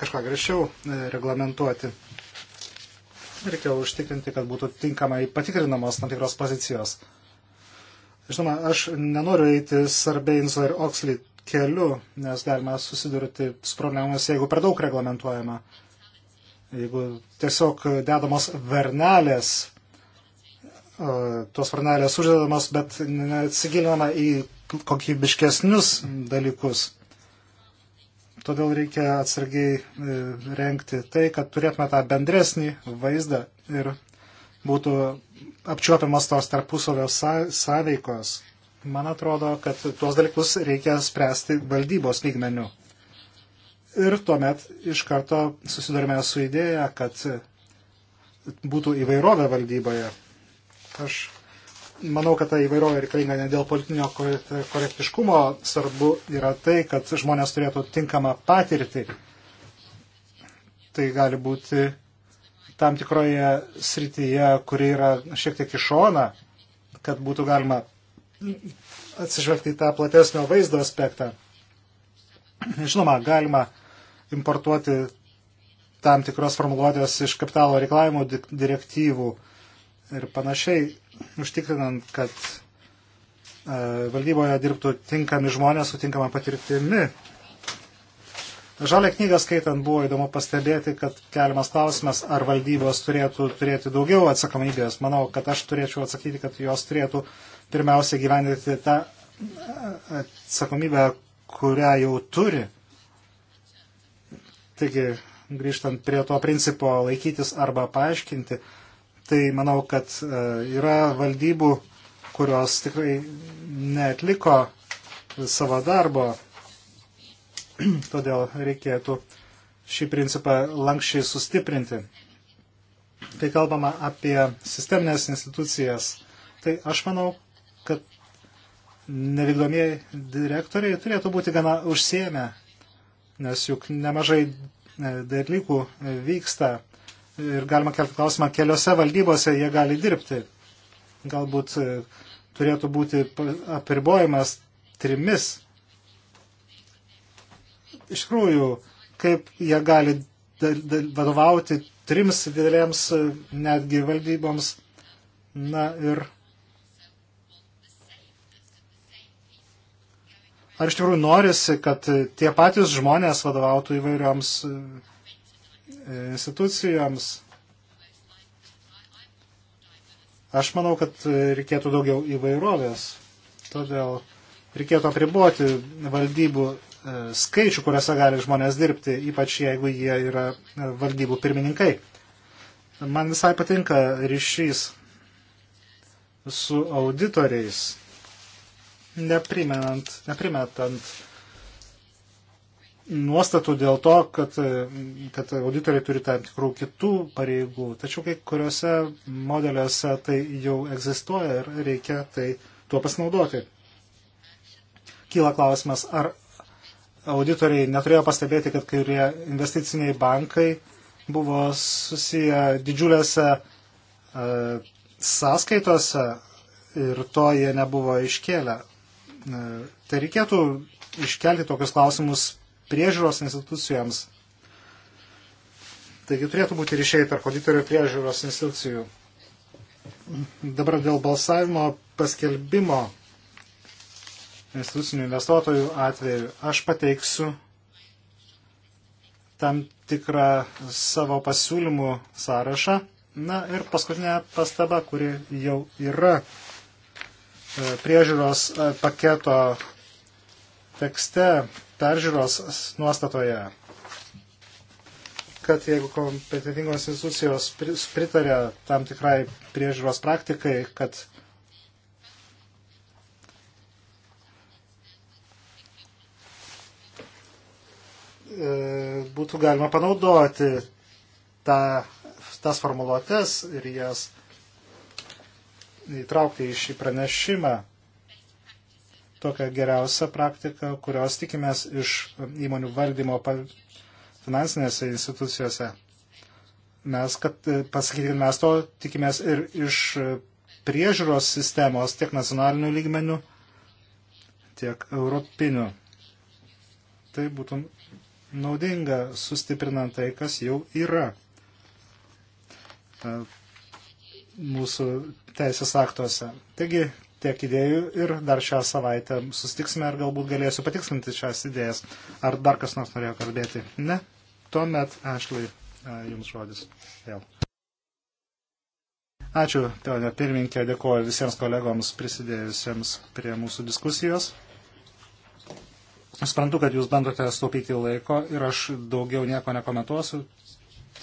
kažką griežčiau e, reglamentuoti. Reikia užtikrinti, kad būtų tinkamai patikrinamos tam tikros pozicijos. Žinoma, aš nenoriu eiti Sarbainso ir Oxley keliu, nes galima susidurti su problemas, jeigu per daug reglamentuojama. Jeigu tiesiog dedamos vernelės, tos vernelės uždedamos, bet neatsigilinama į kokybiškesnius dalykus. Todėl reikia atsargiai e, renkti tai, kad turėtume tą bendresnį vaizdą ir būtų apčiuopiamas tos tarpusavio sąveikos. Man atrodo, kad tuos dalykus reikia spręsti valdybos lygmenių. Ir tuomet iš karto susidurime su idėja, kad būtų įvairovė valdyboje. Aš manau, kad ta įvairovė reikalinga ne dėl politinio korektiškumo, svarbu yra tai, kad žmonės turėtų tinkamą patirtį. Tai gali būti tam tikroje srityje, kuri yra šiek tiek iš šona, kad būtų galima atsižvelgti į tą platesnio vaizdo aspektą. Žinoma, galima importuoti tam tikros formuluotės iš kapitalo reikalavimų direktyvų ir panašiai, užtikrinant, kad e, valdyboje dirbtų tinkami žmonės su tinkama patirtimi. Žalę knygą skaitant buvo įdomu pastebėti, kad keliamas klausimas, ar valdybos turėtų turėti daugiau atsakomybės. Manau, kad aš turėčiau atsakyti, kad jos turėtų pirmiausia gyvendinti tą e, atsakomybę, kurią jau turi. Taigi, grįžtant prie to principo laikytis arba paaiškinti, tai manau, kad e, yra valdybų, kurios tikrai neatliko savo darbo. Todėl reikėtų šį principą lankščiai sustiprinti. Kai kalbama apie sisteminės institucijas, tai aš manau, kad nevykdomieji direktoriai turėtų būti gana užsiemę, nes juk nemažai e, dalykų e, vyksta ir galima kelti klausimą, keliose valdybose jie gali dirbti. Galbūt e, turėtų būti apribojimas trimis. Iš tikrųjų, kaip jie gali vadovauti trims didelėms netgi valdyboms. Na ir Ar iš tikrųjų norisi, kad tie patys žmonės vadovautų įvairioms e, institucijoms? Aš manau, kad reikėtų daugiau įvairovės. Todėl reikėtų apriboti valdybų e, skaičių, kuriuose gali žmonės dirbti, ypač jeigu jie yra e, valdybų pirmininkai. Man visai patinka ryšys su auditoriais neprimenant, neprimetant nuostatų dėl to, kad, kad auditoriai turi tam tikrų kitų pareigų. Tačiau kai kuriuose modeliuose tai jau egzistuoja ir reikia tai tuo pasinaudoti. Kyla klausimas, ar auditoriai neturėjo pastebėti, kad kai kurie investiciniai bankai buvo susiję didžiulėse e, sąskaitose ir to jie nebuvo iškėlę. E, tai reikėtų iškelti tokius klausimus priežiūros institucijoms. Taigi turėtų būti ryšiai tarp auditorių priežiūros institucijų. Dabar dėl balsavimo paskelbimo institucinių investuotojų atveju aš pateiksiu tam tikrą savo pasiūlymų sąrašą. Na ir paskutinė pastaba, kuri jau yra E, priežiūros e, paketo tekste, peržiūros nuostatoje, kad jeigu kompetitingos institucijos pritarė tam tikrai priežiūros praktikai, kad e, būtų galima panaudoti tą, tas formuluotės ir jas įtraukti į šį pranešimą tokią geriausią praktiką, kurios tikimės iš įmonių valdymo finansinėse institucijose. Mes, kad e, pasakyti, kad mes to tikimės ir iš priežiūros sistemos tiek nacionalinių lygmenių, tiek europinių. Tai būtų naudinga sustiprinant tai, kas jau yra e, mūsų teisės aktuose. Taigi tiek idėjų ir dar šią savaitę sustiksime ir galbūt galėsiu patikslinti šias idėjas. Ar dar kas nors norėjo kalbėti? Ne? Tuomet, Ašlai, jums žodis vėl. Ačiū, Teonė pirmininkė, dėkuoju visiems kolegoms prisidėjusiems prie mūsų diskusijos. Sprantu, kad jūs bandote staupyti laiko ir aš daugiau nieko nekomentuosiu.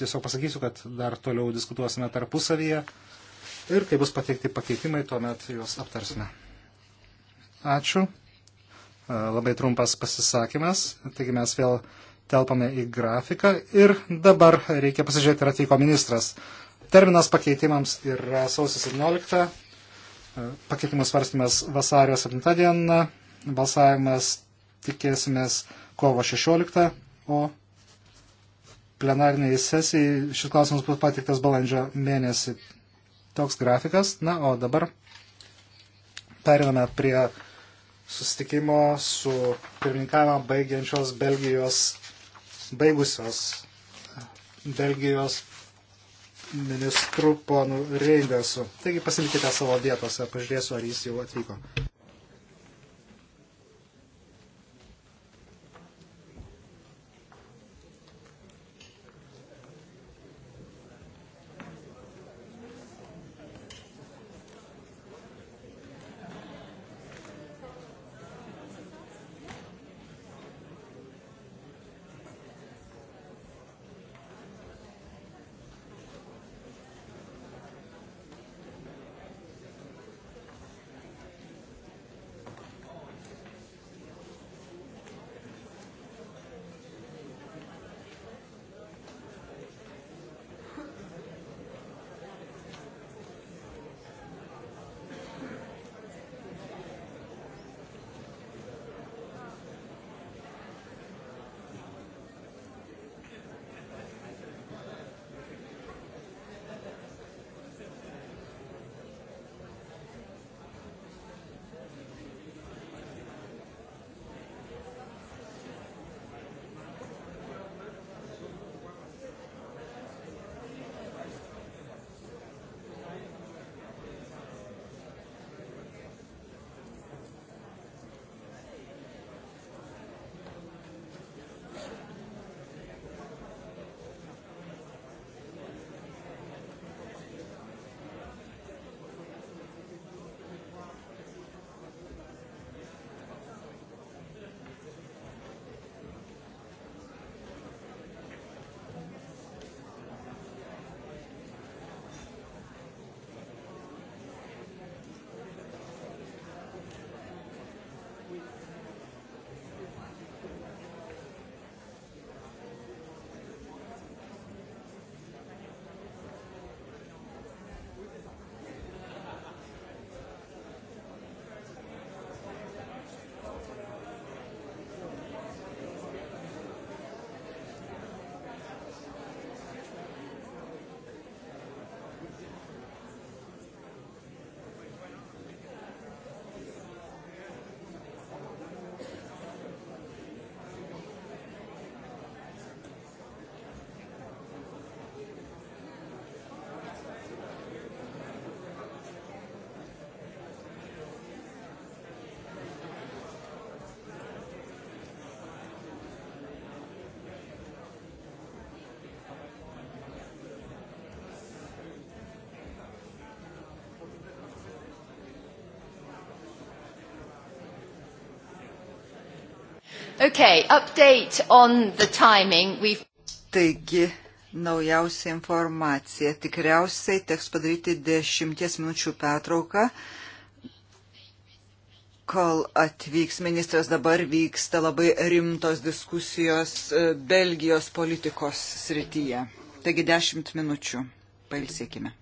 Tiesiog pasakysiu, kad dar toliau diskutuosime tarpusavyje ir kai bus pateikti pakeitimai, tuomet juos aptarsime. Ačiū. E, labai trumpas pasisakymas, taigi mes vėl telpame į grafiką ir dabar reikia pasižiūrėti, ar atvyko ministras. Terminas pakeitimams yra sausio 17, e, pakeitimų svarstymas vasario 7 dieną, balsavimas tikėsimės kovo 16, o plenariniai sesijai šis klausimas bus patiktas balandžio mėnesį toks grafikas. Na, o dabar periname prie susitikimo su pirmininkavimą baigiančios Belgijos, baigusios e, Belgijos ministru ponu Reindersu. Taigi pasilikite savo vietose, pažiūrėsiu, ar jis jau atvyko. Okay, update on the timing. We've... Taigi, naujausia informacija. Tikriausiai teks padaryti dešimties minučių pertrauką, kol atvyks ministras. Dabar vyksta labai rimtos diskusijos e, Belgijos politikos srityje. Taigi, dešimt minučių. Pailsėkime.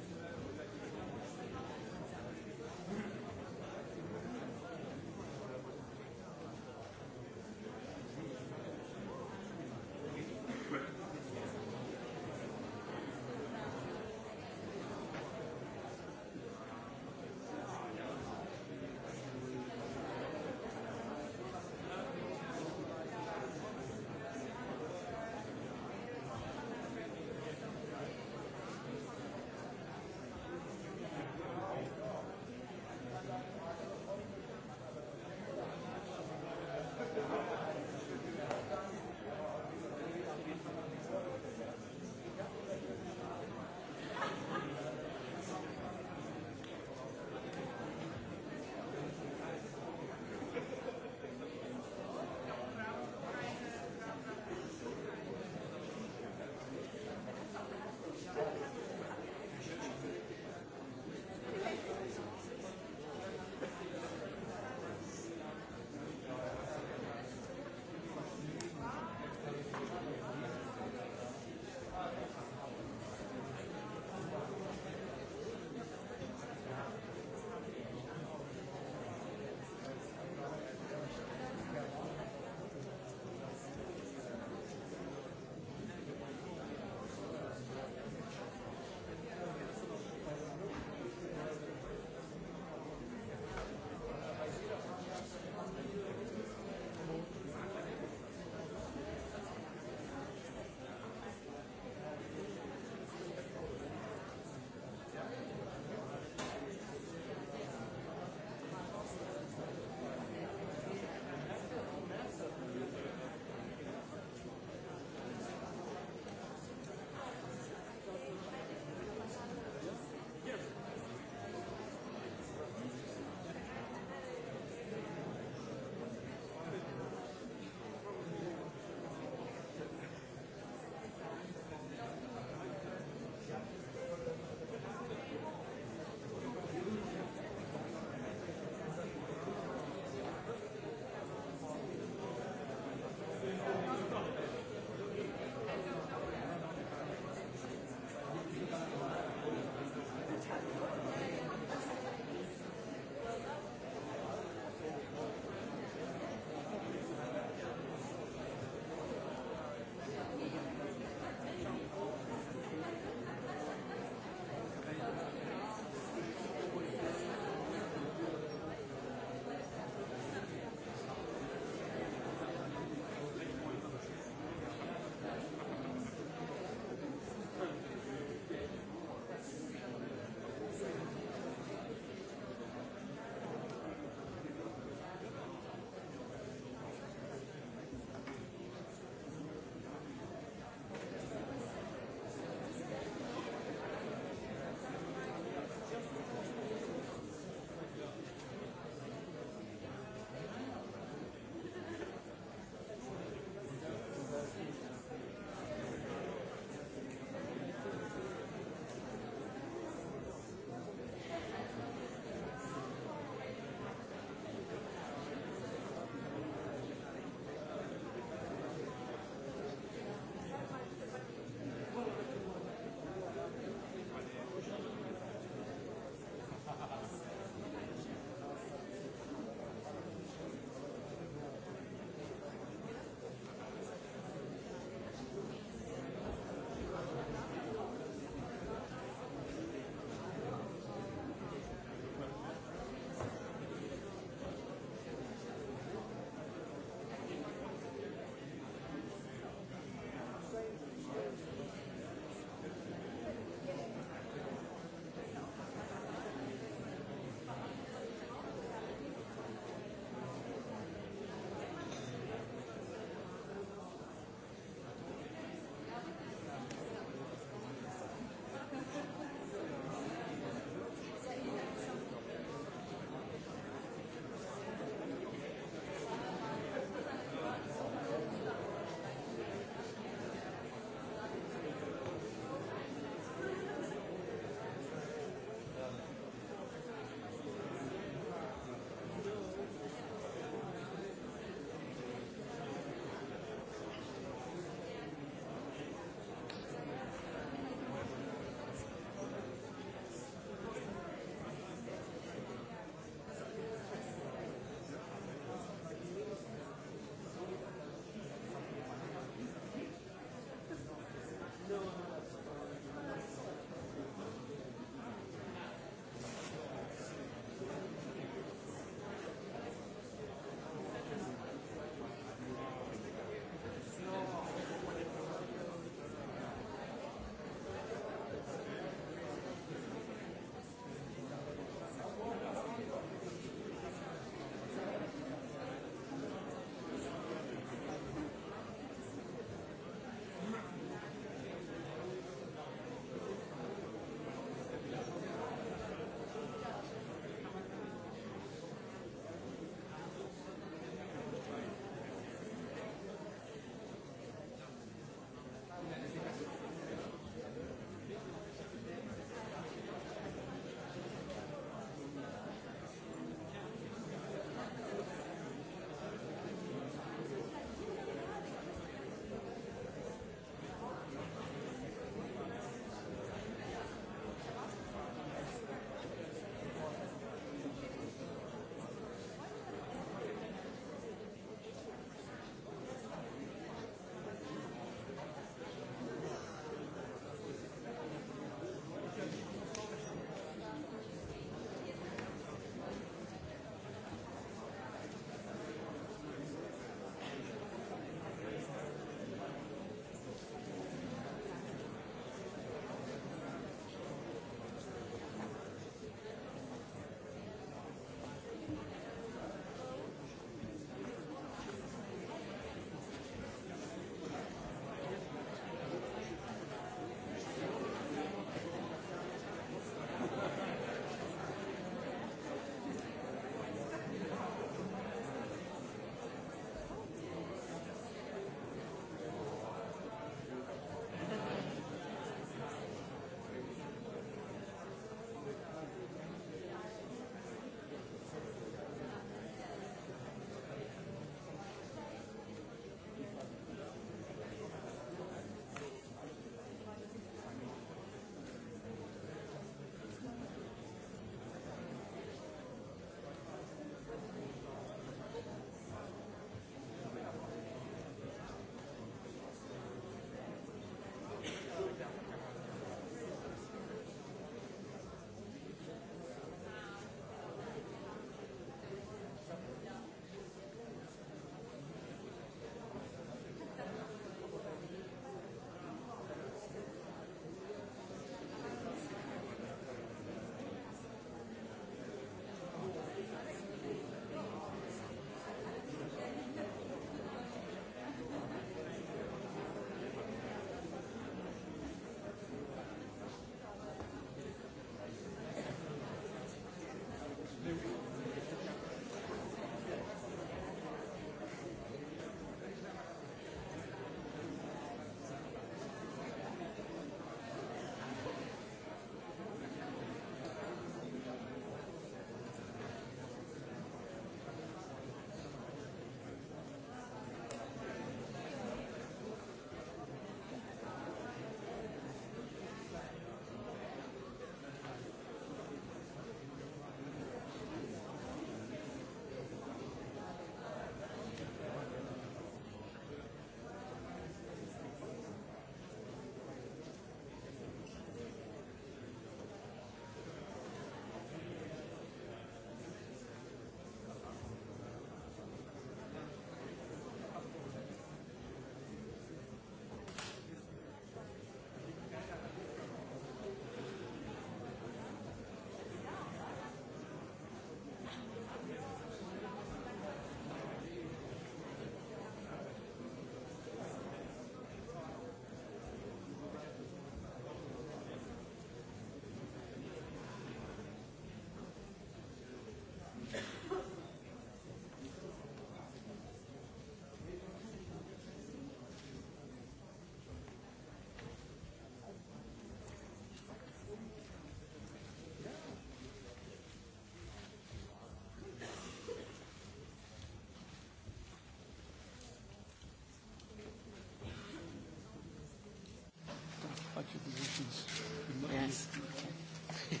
Yes. Okay.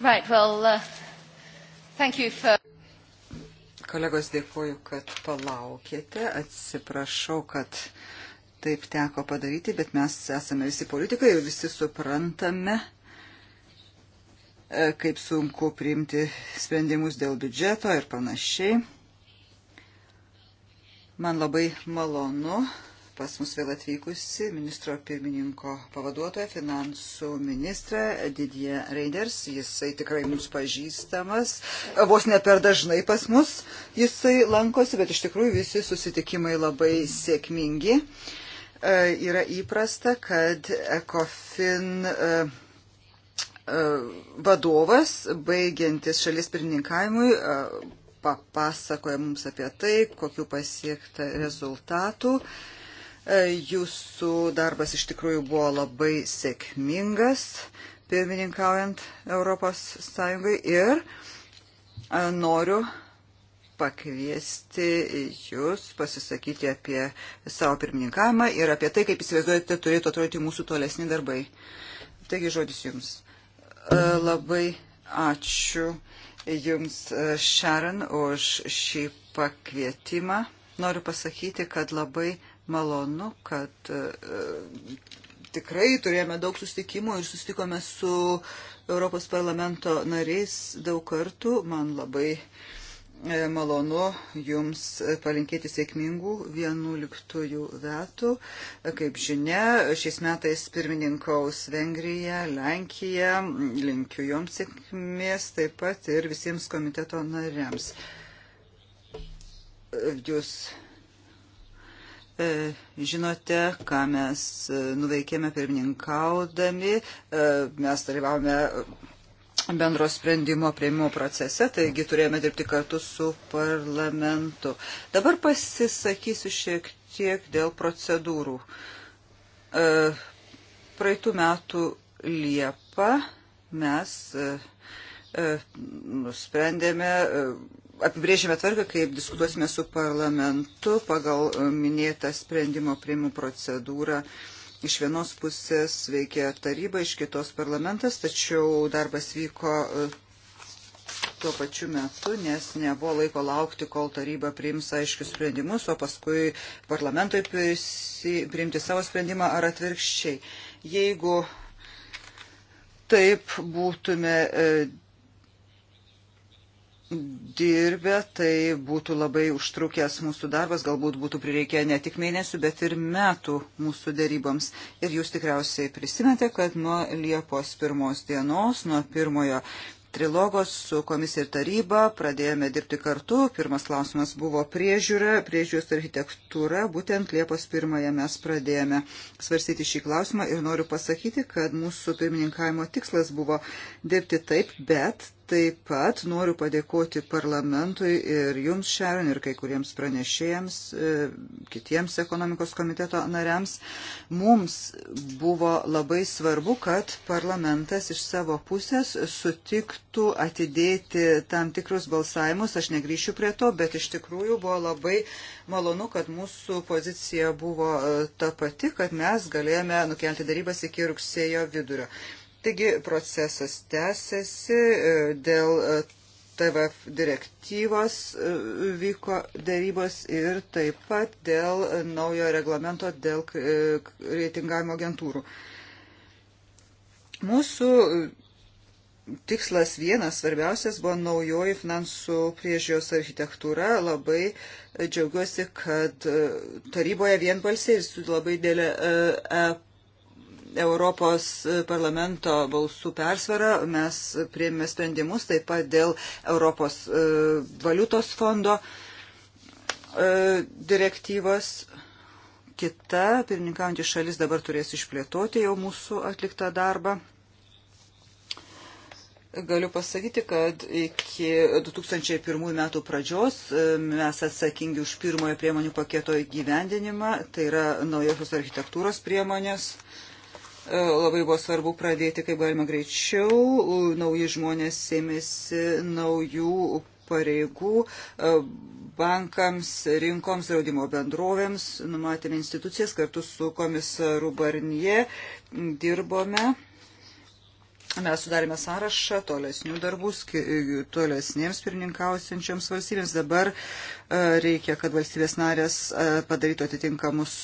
Right, well, uh, thank you for... Kolegos, dėkoju, kad palaukėte. Atsiprašau, kad taip teko padaryti, bet mes esame visi politikai ir visi suprantame, e, kaip sunku priimti sprendimus dėl biudžeto ir panašiai. Man labai malonu pas mus vėl atvykusi ministro pirmininko pavaduotoja, finansų ministrą Didie Reiders. Jisai tikrai mums pažįstamas. Vos ne per dažnai pas mus jisai lankosi, bet iš tikrųjų visi susitikimai labai sėkmingi. E, yra įprasta, kad ECOFIN e, e, vadovas, baigiantis šalies pirmininkavimui, papasakoja mums apie tai, kokiu pasiekta rezultatų. Uh, E, jūsų darbas iš tikrųjų buvo labai sėkmingas, pirmininkaujant Europos Sąjungai ir e, noriu pakviesti jūs pasisakyti apie savo pirmininkavimą ir apie tai, kaip įsivaizduojate, turėtų atrodyti mūsų tolesni darbai. Taigi žodis jums. E, labai ačiū jums, Sharon, už šį pakvietimą. Noriu pasakyti, kad labai malonu, kad e, tikrai turėjome daug susitikimų ir susitikome su Europos parlamento nariais daug kartų. Man labai e, malonu Jums palinkėti sėkmingų 11 metų. Kaip žinia, šiais metais pirmininkaus Vengrija, Lenkija. Linkiu Jums sėkmės taip pat ir visiems komiteto nariams. Jūs E, žinote, ką mes e, nuveikėme pirmininkaudami, e, mes dalyvavome bendro sprendimo prieimimo procese, taigi turėjome dirbti kartu su parlamentu. Dabar pasisakysiu šiek tiek dėl procedūrų. Praeitų metų Liepą mes nusprendėme apibrėžėme tvarką, kaip diskutuosime su parlamentu pagal e, minėtą sprendimo prieimų procedūrą. Iš vienos pusės veikia taryba, iš kitos parlamentas, tačiau darbas vyko e, tuo pačiu metu, nes nebuvo laiko laukti, kol taryba priims aiškius sprendimus, o paskui parlamentui priimti savo sprendimą ar atvirkščiai. Jeigu taip būtume e, dirbę, tai būtų labai užtrukęs mūsų darbas, galbūt būtų prireikę ne tik mėnesių, bet ir metų mūsų dėryboms. Ir jūs tikriausiai prisimete, kad nuo Liepos pirmos dienos, nuo pirmojo trilogos su komisija ir taryba pradėjome dirbti kartu. Pirmas klausimas buvo priežiūra, priežiūros architektūra. Būtent Liepos pirmąją mes pradėjome svarstyti šį klausimą ir noriu pasakyti, kad mūsų pirmininkavimo tikslas buvo dirbti taip, bet Taip pat noriu padėkoti parlamentui ir jums, Šeron, ir kai kuriems pranešėjams, e, kitiems ekonomikos komiteto nariams. Mums buvo labai svarbu, kad parlamentas iš savo pusės sutiktų atidėti tam tikrus balsavimus. Aš negryšiu prie to, bet iš tikrųjų buvo labai malonu, kad mūsų pozicija buvo e, ta pati, kad mes galėjome nukelti darybas iki rugsėjo vidurio. Taigi procesas tęsiasi e, dėl e, TVF direktyvos e, vyko darybos ir taip pat dėl naujo reglamento dėl reitingavimo agentūrų. Mūsų tikslas vienas svarbiausias buvo naujoji finansų priežiūros architektūra. Labai džiaugiuosi, kad taryboje vienbalsiai ir su labai dėlė EP Europos parlamento balsų persvarą mes prieimėme sprendimus taip pat dėl Europos e, valiutos fondo e, direktyvos. Kita pirmininkaujantys šalis dabar turės išplėtoti jau mūsų atliktą darbą. Galiu pasakyti, kad iki 2001 metų pradžios e, mes atsakingi už pirmojo priemonių paketo įgyvendinimą, tai yra naujosios architektūros priemonės, E, labai buvo svarbu pradėti kaip galima greičiau. Nauji žmonės ėmėsi naujų pareigų e, bankams, rinkoms, draudimo bendrovėms, numatėme institucijas kartu su komisaru Barnie, dirbome. Mes sudarėme sąrašą tolesnių darbų, e, tolesniems pirmininkausiančioms valstybėms. Dabar reikia, kad valstybės narės padarytų atitinkamus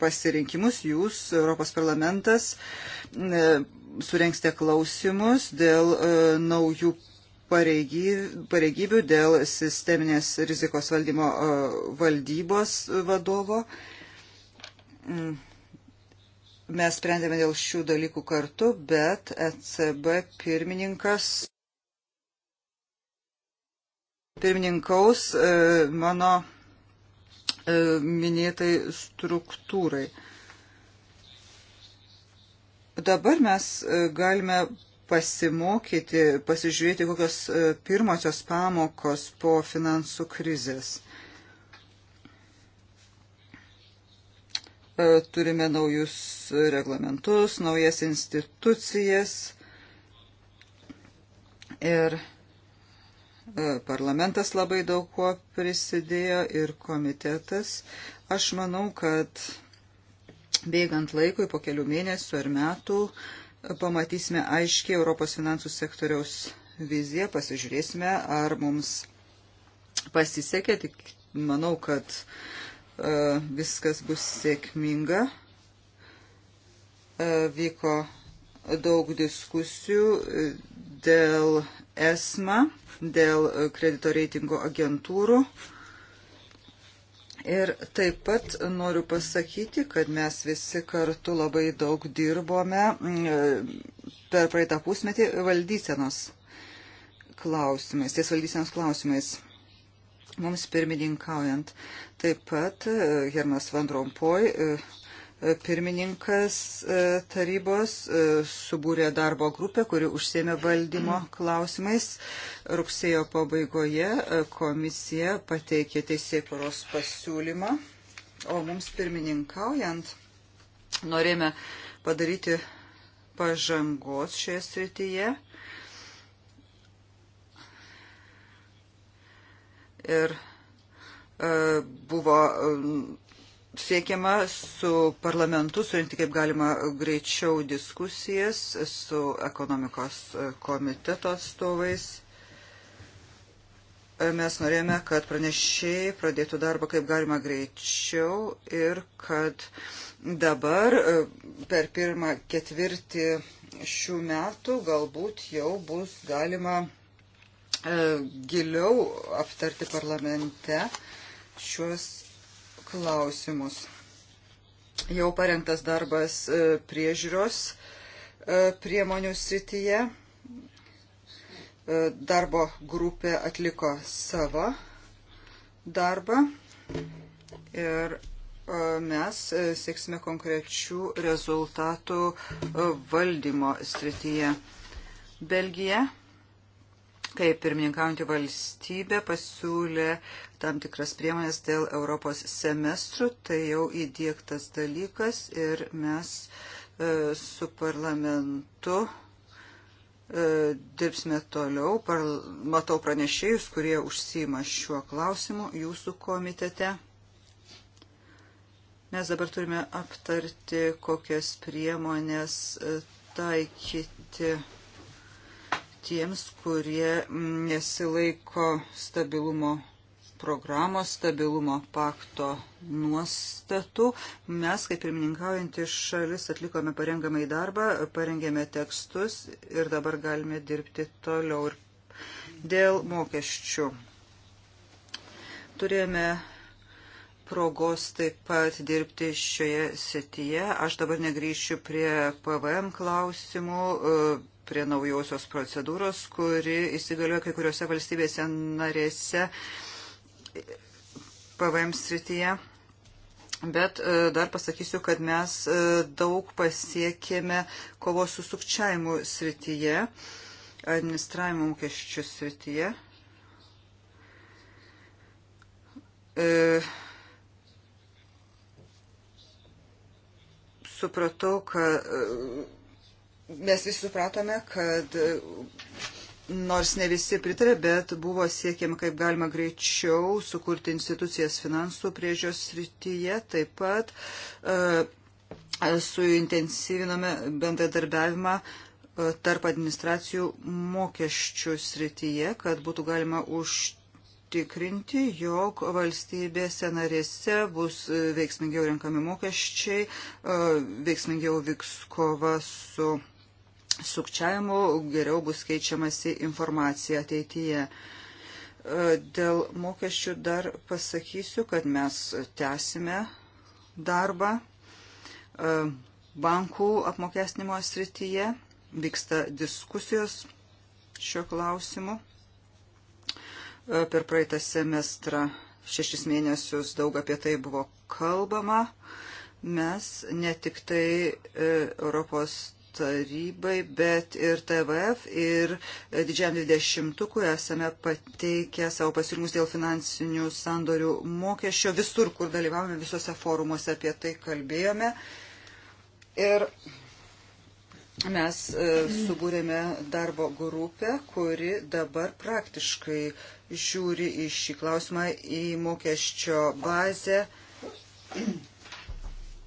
pasirinkimus. Jūs, Europos parlamentas, e, surenksite klausimus dėl e, naujų pareigybių, dėl sisteminės rizikos valdymo e, valdybos vadovo. Mm. Mes sprendėme dėl šių dalykų kartu, bet ECB pirmininkas pirmininkaus mano E, minėtai struktūrai. Dabar mes e, galime pasimokyti, pasižiūrėti, kokios e, pirmosios pamokos po finansų krizės. Turime naujus reglamentus, naujas institucijas ir parlamentas labai daug kuo prisidėjo ir komitetas. Aš manau, kad bėgant laikui po kelių mėnesių ar metų pamatysime aiškiai Europos finansų sektoriaus viziją, pasižiūrėsime, ar mums pasisekė, tik manau, kad e, viskas bus sėkminga. E, vyko daug diskusijų e, dėl ESMA, dėl kredito reitingo agentūrų. Ir taip pat noriu pasakyti, kad mes visi kartu labai daug dirbome mm, e, per praeitą pusmetį valdysenos klausimais, ties valdysenos klausimais mums pirmininkaujant. Taip pat e, Hermas Van Rompoj pirmininkas e, tarybos e, subūrė darbo grupę, kuri užsėmė valdymo klausimais. Rugsėjo pabaigoje e, komisija pateikė teisėkuros pasiūlymą, o mums pirmininkaujant norėjome padaryti pažangos šioje srityje. Ir buvo siekiama su parlamentu surinkti kaip galima greičiau diskusijas su ekonomikos komiteto atstovais. Mes norėjome, kad pranešėjai pradėtų darbą kaip galima greičiau ir kad dabar per pirmą ketvirtį šių metų galbūt jau bus galima e, giliau aptarti parlamente šiuos klausimus. Jau parengtas darbas e, priežiūros e, priemonių srityje. E, darbo grupė atliko savo darbą ir mes sieksime konkrečių rezultatų valdymo srityje. Belgija kaip pirmininkaujantį valstybę pasiūlė tam tikras priemonės dėl Europos semestrų, tai jau įdėktas dalykas ir mes e, su parlamentu e, dirbsime toliau. Par, matau pranešėjus, kurie užsima šiuo klausimu jūsų komitete. Mes dabar turime aptarti, kokias priemonės e, taikyti tiems, kurie nesilaiko stabilumo programos, stabilumo pakto nuostatų. Mes, kaip pirmininkaujantį šalis, atlikome parengamą į darbą, parengėme tekstus ir dabar galime dirbti toliau ir dėl mokesčių. Turėjome progos taip pat dirbti šioje sityje. Aš dabar negryšiu prie PVM klausimų, prie naujosios procedūros, kuri įsigalioja kai kuriuose valstybėse narėse PVM srityje. Bet e, dar pasakysiu, kad mes e, daug pasiekėme kovos su sukčiavimu srityje, administravimo mokesčių srityje. E, supratau, kad e, mes visi supratome, kad e, nors ne visi pritarė, bet buvo siekiama kaip galima greičiau sukurti institucijas finansų priežios srityje, taip pat e, suintensyviname bendradarbiavimą e, tarp administracijų mokesčių srityje, kad būtų galima užtikrinti, jog valstybėse narėse bus e, veiksmingiau renkami mokesčiai, veiksmingiau vyks kova su mokesčiai sukčiavimu, geriau bus keičiamasi informacija ateityje. E, dėl mokesčių dar pasakysiu, kad mes tęsime darbą e, bankų apmokestinimo srityje. Vyksta diskusijos šiuo klausimu. E, per praeitą semestrą šešis mėnesius daug apie tai buvo kalbama. Mes ne tik tai Europos tarybai, bet ir TVF ir didžiam 20-ukui esame pateikę savo pasiūlymus dėl finansinių sandorių mokesčio visur, kur dalyvavome, visose forumuose apie tai kalbėjome. Ir mes e, subūrėme darbo grupę, kuri dabar praktiškai žiūri į šį klausimą į mokesčio bazę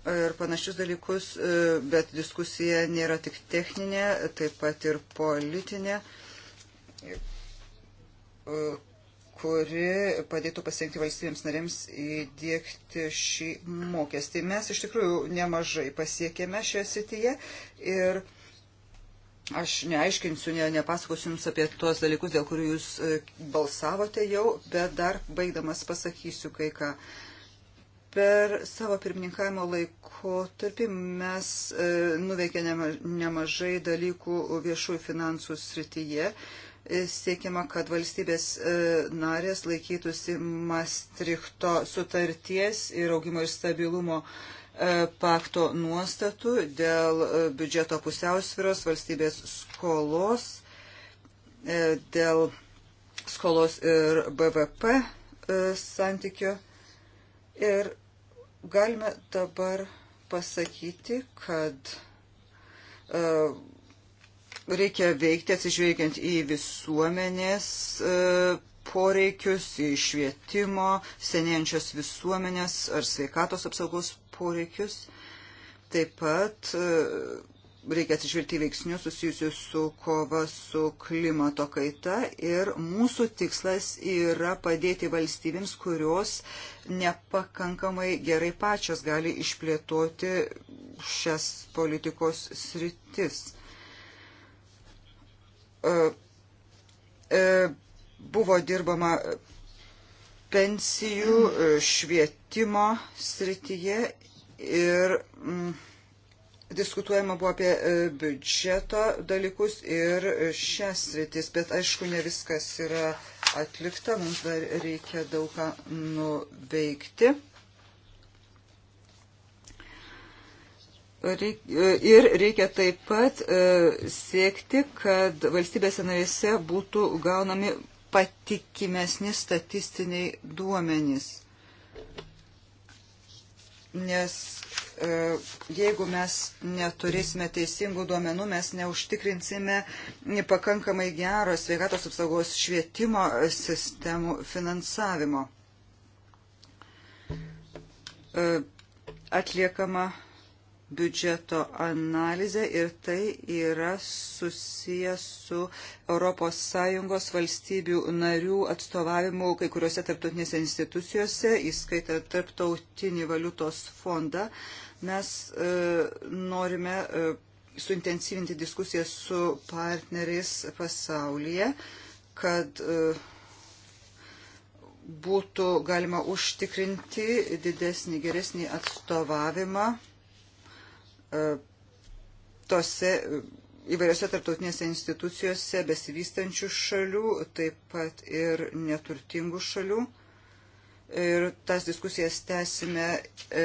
ir panašius dalykus, e, bet diskusija nėra tik techninė, taip pat ir politinė, e, kuri padėtų pasirinkti valstybėms narėms įdėkti šį mokestį. Mes iš tikrųjų nemažai pasiekėme šioje sityje ir aš neaiškinsiu, ne, nepasakosiu Jums apie tuos dalykus, dėl kurių Jūs e, balsavote jau, bet dar baigdamas pasakysiu kai ką. Ka Per savo pirmininkavimo laikotarpį mes e, nuveikėme nemažai dalykų viešųjų finansų srityje. E, siekiama, kad valstybės e, narės laikytųsi Mastrichto sutarties ir augimo ir stabilumo e, pakto nuostatų dėl e, biudžeto pusiausviros valstybės skolos, e, dėl skolos ir BVP santykio Ir galime dabar pasakyti, kad uh, reikia veikti atsižvelgiant į visuomenės uh, poreikius, į švietimo, senėjančios visuomenės ar sveikatos apsaugos poreikius. Taip pat uh, reikia atsižvelgti veiksnius susijusius su kova su klimato kaita ir mūsų tikslas yra padėti valstybėms, kurios nepakankamai gerai pačios gali išplėtoti šias politikos sritis. E, e, buvo dirbama pensijų e, švietimo srityje ir mm, diskutuojama buvo apie e, biudžeto dalykus ir šias rytis, bet aišku, ne viskas yra atlikta, mums dar reikia daug ką nuveikti. Reik, e, ir reikia taip pat e, siekti, kad valstybėse narėse būtų gaunami patikimesni statistiniai duomenys nes e, jeigu mes neturėsime teisingų duomenų, mes neužtikrinsime pakankamai gero sveikatos apsaugos švietimo sistemų finansavimo. E, atliekama biudžeto analizę ir tai yra susijęs su ES valstybių narių atstovavimu kai kuriuose tarptautinėse institucijose, įskaitant tarptautinį valiutos fondą. Mes e, norime e, suintensyvinti diskusiją su partneriais pasaulyje, kad e, būtų galima užtikrinti didesnį, geresnį atstovavimą E, tose e, įvairiose tarptautinėse institucijose besivystančių šalių, taip pat ir neturtingų šalių. Ir tas diskusijas tęsime e,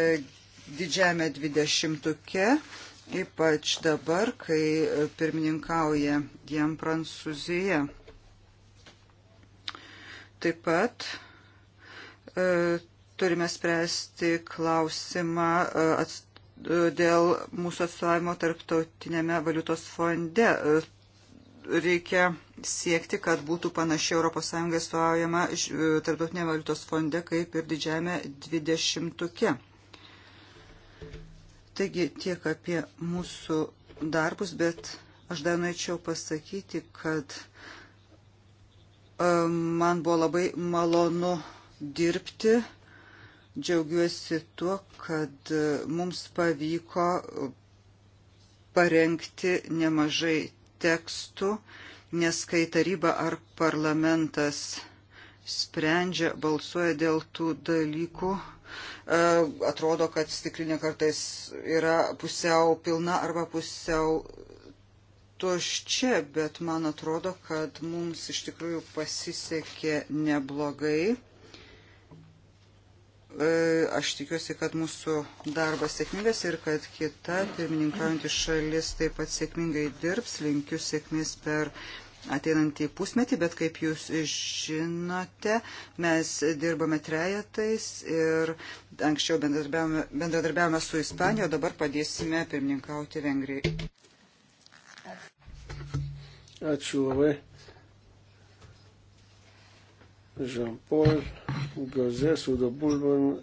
didžiame dvidešimtuke, ypač dabar, kai pirmininkauja jiem Prancūzija. Taip pat turime spręsti klausimą atstovų dėl mūsų atstovavimo tarptautinėme valiutos fonde. Reikia siekti, kad būtų panaši ES atstovaujama e, tarptautinėme valiutos fonde kaip ir didžiame dvidešimtuke. Taigi tiek apie mūsų darbus, bet aš dar norėčiau pasakyti, kad e, man buvo labai malonu dirbti Džiaugiuosi tuo, kad mums pavyko parengti nemažai tekstų, nes kai taryba ar parlamentas sprendžia, balsuoja dėl tų dalykų, e, atrodo, kad stiklinė kartais yra pusiau pilna arba pusiau tuščia, bet man atrodo, kad mums iš tikrųjų pasisekė neblogai. E, aš tikiuosi, kad mūsų darbas sėkmingas ir kad kita pirmininkaujantį šalis taip pat sėkmingai dirbs. Linkiu sėkmės per ateinantį pusmetį, bet kaip jūs žinote, mes dirbame trejetais ir anksčiau bendradarbiavome, bendradarbiavome su Ispanijoje, dabar padėsime pirmininkauti Vengrijai. Ačiū labai. Jean-Paul Gozes, Udo Bulman,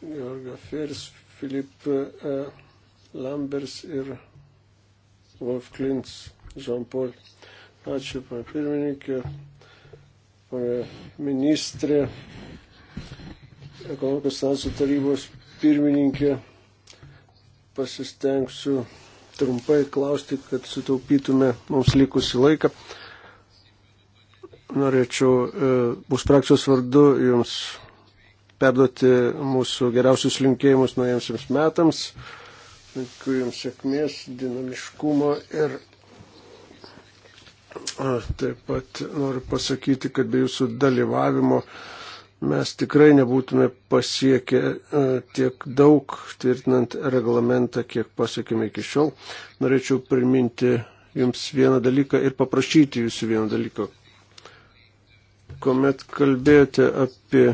Georga Firs, Filip eh, Lambers ir Wolf Klintz, Jean-Paul. Ačiū, pana pirmininkė, pana ministrė, ekonomikos finansų tarybos pirmininkė. Pasistengsiu trumpai klausti, kad sutaupytume mums likusi laiką norėčiau e, mūsų frakcijos vardu Jums perduoti mūsų geriausius linkėjimus naujamsiams metams. Linkiu Jums sėkmės, dinamiškumo ir taip pat noriu pasakyti, kad be Jūsų dalyvavimo mes tikrai nebūtume pasiekę e, tiek daug, tvirtinant reglamentą, kiek pasiekėme iki šiol. Norėčiau priminti Jums vieną dalyką ir paprašyti Jūsų vieną dalyką, kuomet kalbėjote apie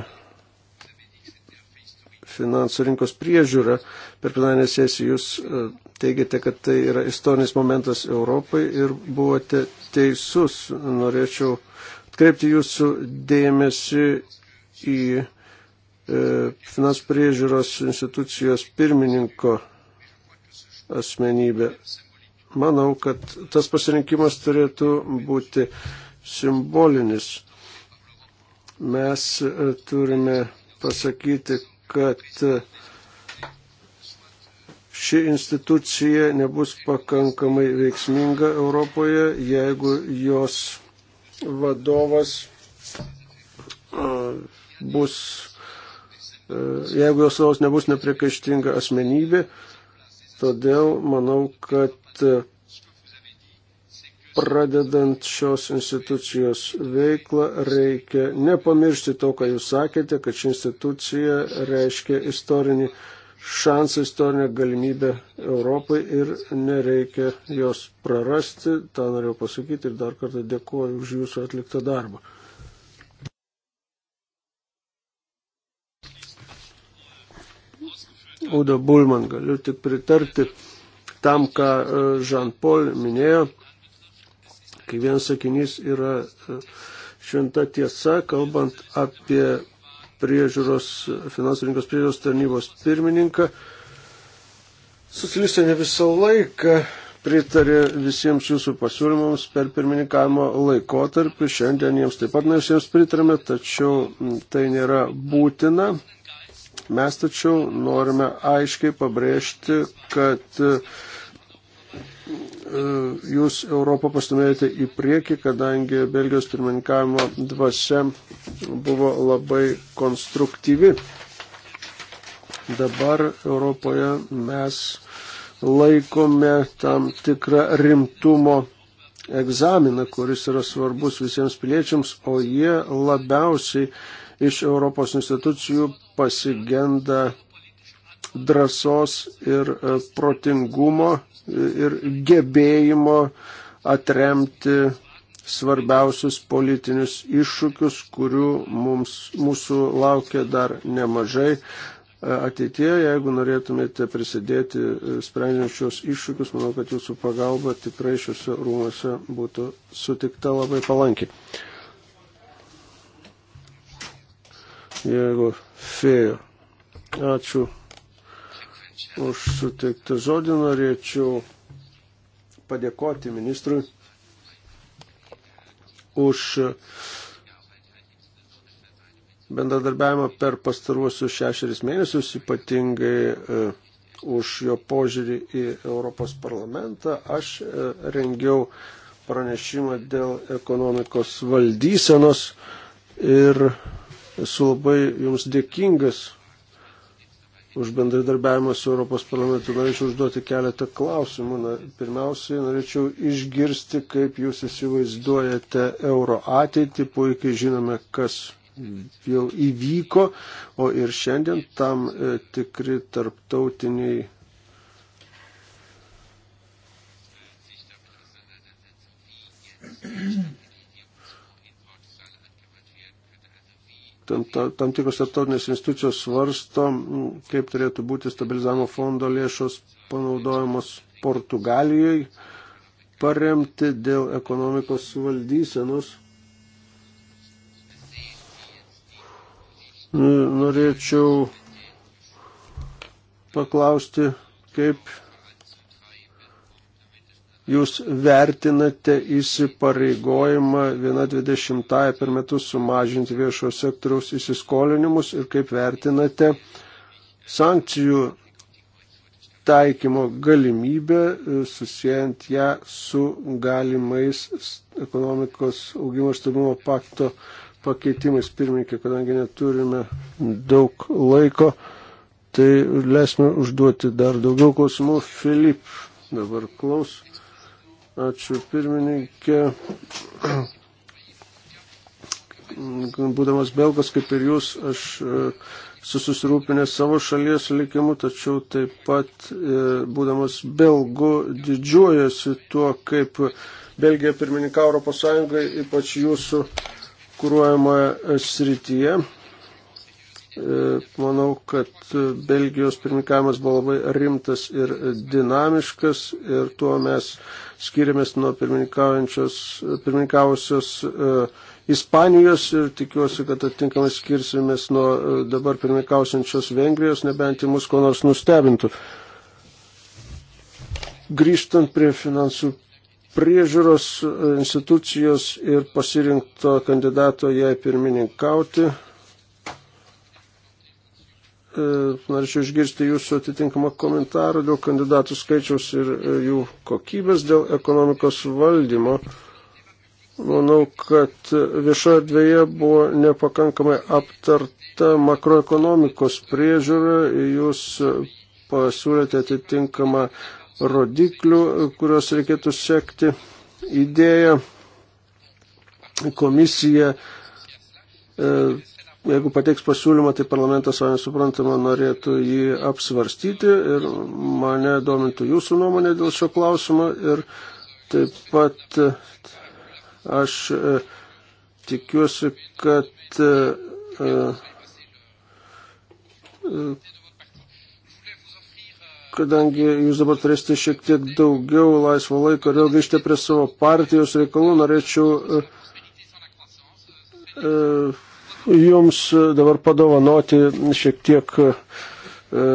finansų rinkos priežiūrą per plenarinę sesiją, jūs e, teigiate, kad tai yra istorinis momentas Europai ir buvote teisus. Norėčiau atkreipti jūsų dėmesį į e, finansų priežiūros institucijos pirmininko asmenybę. Manau, kad tas pasirinkimas turėtų būti simbolinis mes e, turime pasakyti, kad e, ši institucija nebus pakankamai veiksminga Europoje, jeigu jos vadovas e, bus, jeigu jos vadovas nebus nepriekaištinga asmenybė. Todėl manau, kad pradedant šios institucijos veiklą, reikia nepamiršti to, ką jūs sakėte, kad ši institucija reiškia istorinį šansą, istorinę galimybę Europai ir nereikia jos prarasti. Ta norėjau pasakyti ir dar kartą dėkuoju už jūsų atliktą darbą. Udo Bulman, galiu tik pritarti tam, ką Žan e, Paul minėjo kai vienas sakinys yra e, šventa tiesa, kalbant apie priežiūros, finansų rinkos priežiūros tarnybos pirmininką. Socialistė ne visą laiką pritarė visiems jūsų pasiūlymams per pirmininkavimo laikotarpį. Šiandien jiems taip pat ne visiems pritarėme, tačiau tai nėra būtina. Mes tačiau norime aiškiai pabrėžti, kad uh, E, jūs Europą pastumėjote į priekį, kadangi Belgijos pirmininkavimo dvasia buvo labai konstruktyvi. Dabar Europoje mes laikome tam tikrą rimtumo egzaminą, kuris yra svarbus visiems piliečiams, o jie labiausiai iš Europos institucijų pasigenda drąsos ir e, protingumo ir gebėjimo atremti svarbiausius politinius iššūkius, kurių mums, mūsų laukia dar nemažai. Ateitie, jeigu norėtumėte prisidėti e, sprendžiant šios iššūkius, manau, kad jūsų pagalba tikrai šiuose rūmose būtų sutikta labai palankiai. Jeigu fėjo. Ačiū už suteiktą žodį. Norėčiau padėkoti ministrui už bendradarbiavimą per pastaruosius šešeris mėnesius, ypatingai e, už jo požiūrį į Europos parlamentą. Aš e, rengiau pranešimą dėl ekonomikos valdysenos ir esu labai jums dėkingas už bendradarbiavimą su Europos parlamentu. Norėčiau užduoti keletą klausimų. Na, pirmiausiai, norėčiau išgirsti, kaip jūs įsivaizduojate euro ateitį. Puikiai žinome, kas jau įvyko, o ir šiandien tam e, tikri tarptautiniai tam, tam tikros tarptautinės institucijos svarsto, kaip turėtų būti stabilizavimo fondo lėšos panaudojamos Portugalijoje paremti dėl ekonomikos valdysenos. Norėčiau paklausti, kaip jūs vertinate įsipareigojimą 1,20 per metus sumažinti viešo sektoriaus įsiskolinimus ir kaip vertinate sankcijų taikymo galimybę, e, susijęjant ją su galimais ekonomikos augimo stabilumo pakto pakeitimais. Pirmininkė, kadangi neturime daug laiko, tai leisime užduoti dar daugiau klausimų. Filip dabar klaus. Ačiū pirmininkė. Būdamas belgas kaip ir jūs, aš e, susirūpinęs savo šalies likimu, tačiau taip pat e, būdamas belgu didžiuojasi tuo, kaip Belgija pirmininkavo Europos Sąjungai, ypač jūsų kūruojamoje srityje. E, manau, kad Belgijos pirmininkavimas buvo labai rimtas ir dinamiškas ir tuo mes skiriamės nuo pirmininkavusios e, Ispanijos ir tikiuosi, kad atitinkamai skirsimės nuo e, dabar pirmininkausiančios Vengrijos, nebent į mus ko nors nustebintų. Grįžtant prie finansų priežiūros institucijos ir pasirinkto kandidato jai pirmininkauti, E, norėčiau išgirsti jūsų atitinkamą komentarą dėl kandidatų skaičiaus ir e, jų kokybės, dėl ekonomikos valdymo. Manau, kad viešoje erdvėje buvo nepakankamai aptarta makroekonomikos priežiūra, jūs pasiūlėte atitinkamą rodiklių, kuriuos reikėtų sekti idėją. Komisija e, jeigu pateiks pasiūlymą, tai parlamentas, savai suprantama, norėtų jį apsvarstyti ir mane domintų jūsų nuomonė dėl šio klausimo ir taip pat e, aš e, tikiuosi, kad e, kadangi jūs dabar turėsite šiek tiek daugiau laisvo laiko ir vėl grįžti prie savo partijos reikalų, norėčiau uh, uh, jums e, dabar padovanoti šiek tiek e, e,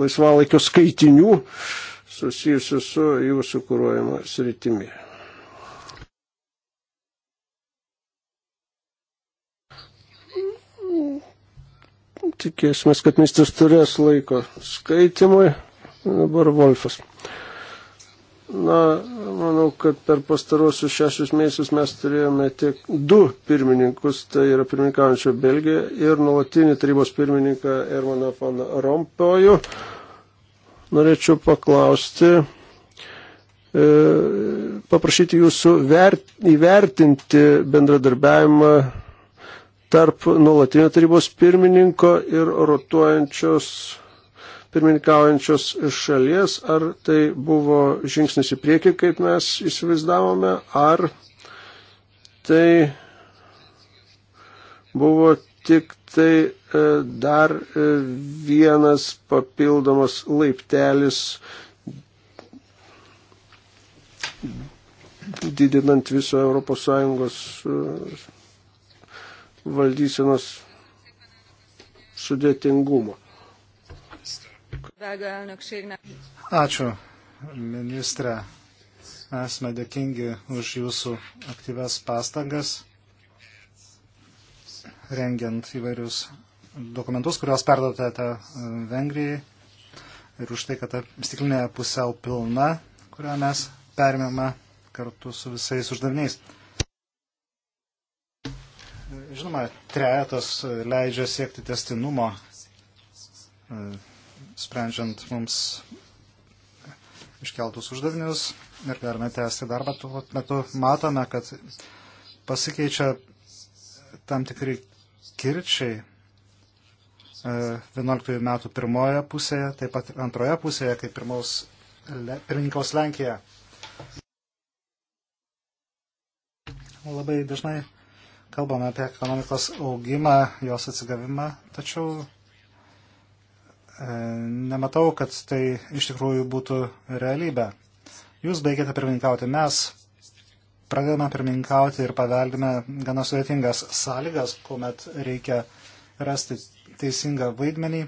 laisvalaikio skaitinių susijusių su jūsų kūruojama sritimi. Tikėsime, kad ministras turės laiko skaitimui. Dabar Wolfas. Na, manau, kad per pastarosius šešius mėnesius mes turėjome tiek du pirmininkus, tai yra pirmininkaujančio Belgiją ir nuolatinį tarybos pirmininką Ermaną von Rompojų. Norėčiau paklausti, e, paprašyti jūsų vert, įvertinti bendradarbiavimą tarp nuolatinio tarybos pirmininko ir rotuojančios pirmininkaujančios šalies, ar tai buvo žingsnis į priekį, kaip mes įsivaizdavome, ar tai buvo tik tai e, dar e, vienas papildomas laiptelis didinant viso ES e, valdysenos sudėtingumo. Ačiū, ministrė. Esame dėkingi už jūsų aktyves pastangas, rengiant įvairius dokumentus, kuriuos perduotėte e, Vengrijai ir už tai, kad ta stiklinė pusiau pilna, kurią mes permėme kartu su visais uždaviniais. Žinoma, trejetas leidžia siekti testinumo e, sprendžiant mums iškeltus uždavinius ir galime tęsti darbą tuo metu. Matome, kad pasikeičia tam tikri kirčiai 11 e, metų pirmoje pusėje, taip pat antroje pusėje, kaip pirmaus pirmininkos Lenkija. Labai dažnai kalbame apie ekonomikos augimą, jos atsigavimą, tačiau E, nematau, kad tai iš tikrųjų būtų realybė. Jūs baigėte pirmininkauti, mes pradedame pirmininkauti ir paveldime gana sudėtingas sąlygas, kuomet reikia rasti teisingą vaidmenį,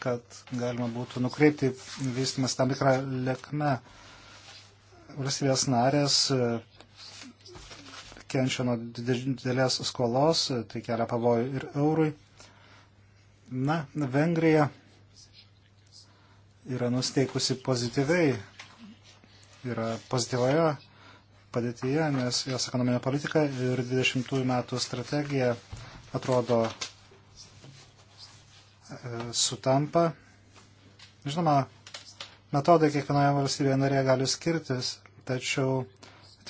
kad galima būtų nukreipti vystimas tam tikrą lėkmę. Valstybės narės e, kenčia nuo didelės skolos, tai kelia pavojų ir eurui. Na, Vengrija yra nusteikusi pozityviai, yra pozityvoje padėtyje, nes jos ekonominė politika ir 20 metų strategija atrodo e, sutampa. Žinoma, metodai kiekvienoje valstybėje narėje gali skirtis, tačiau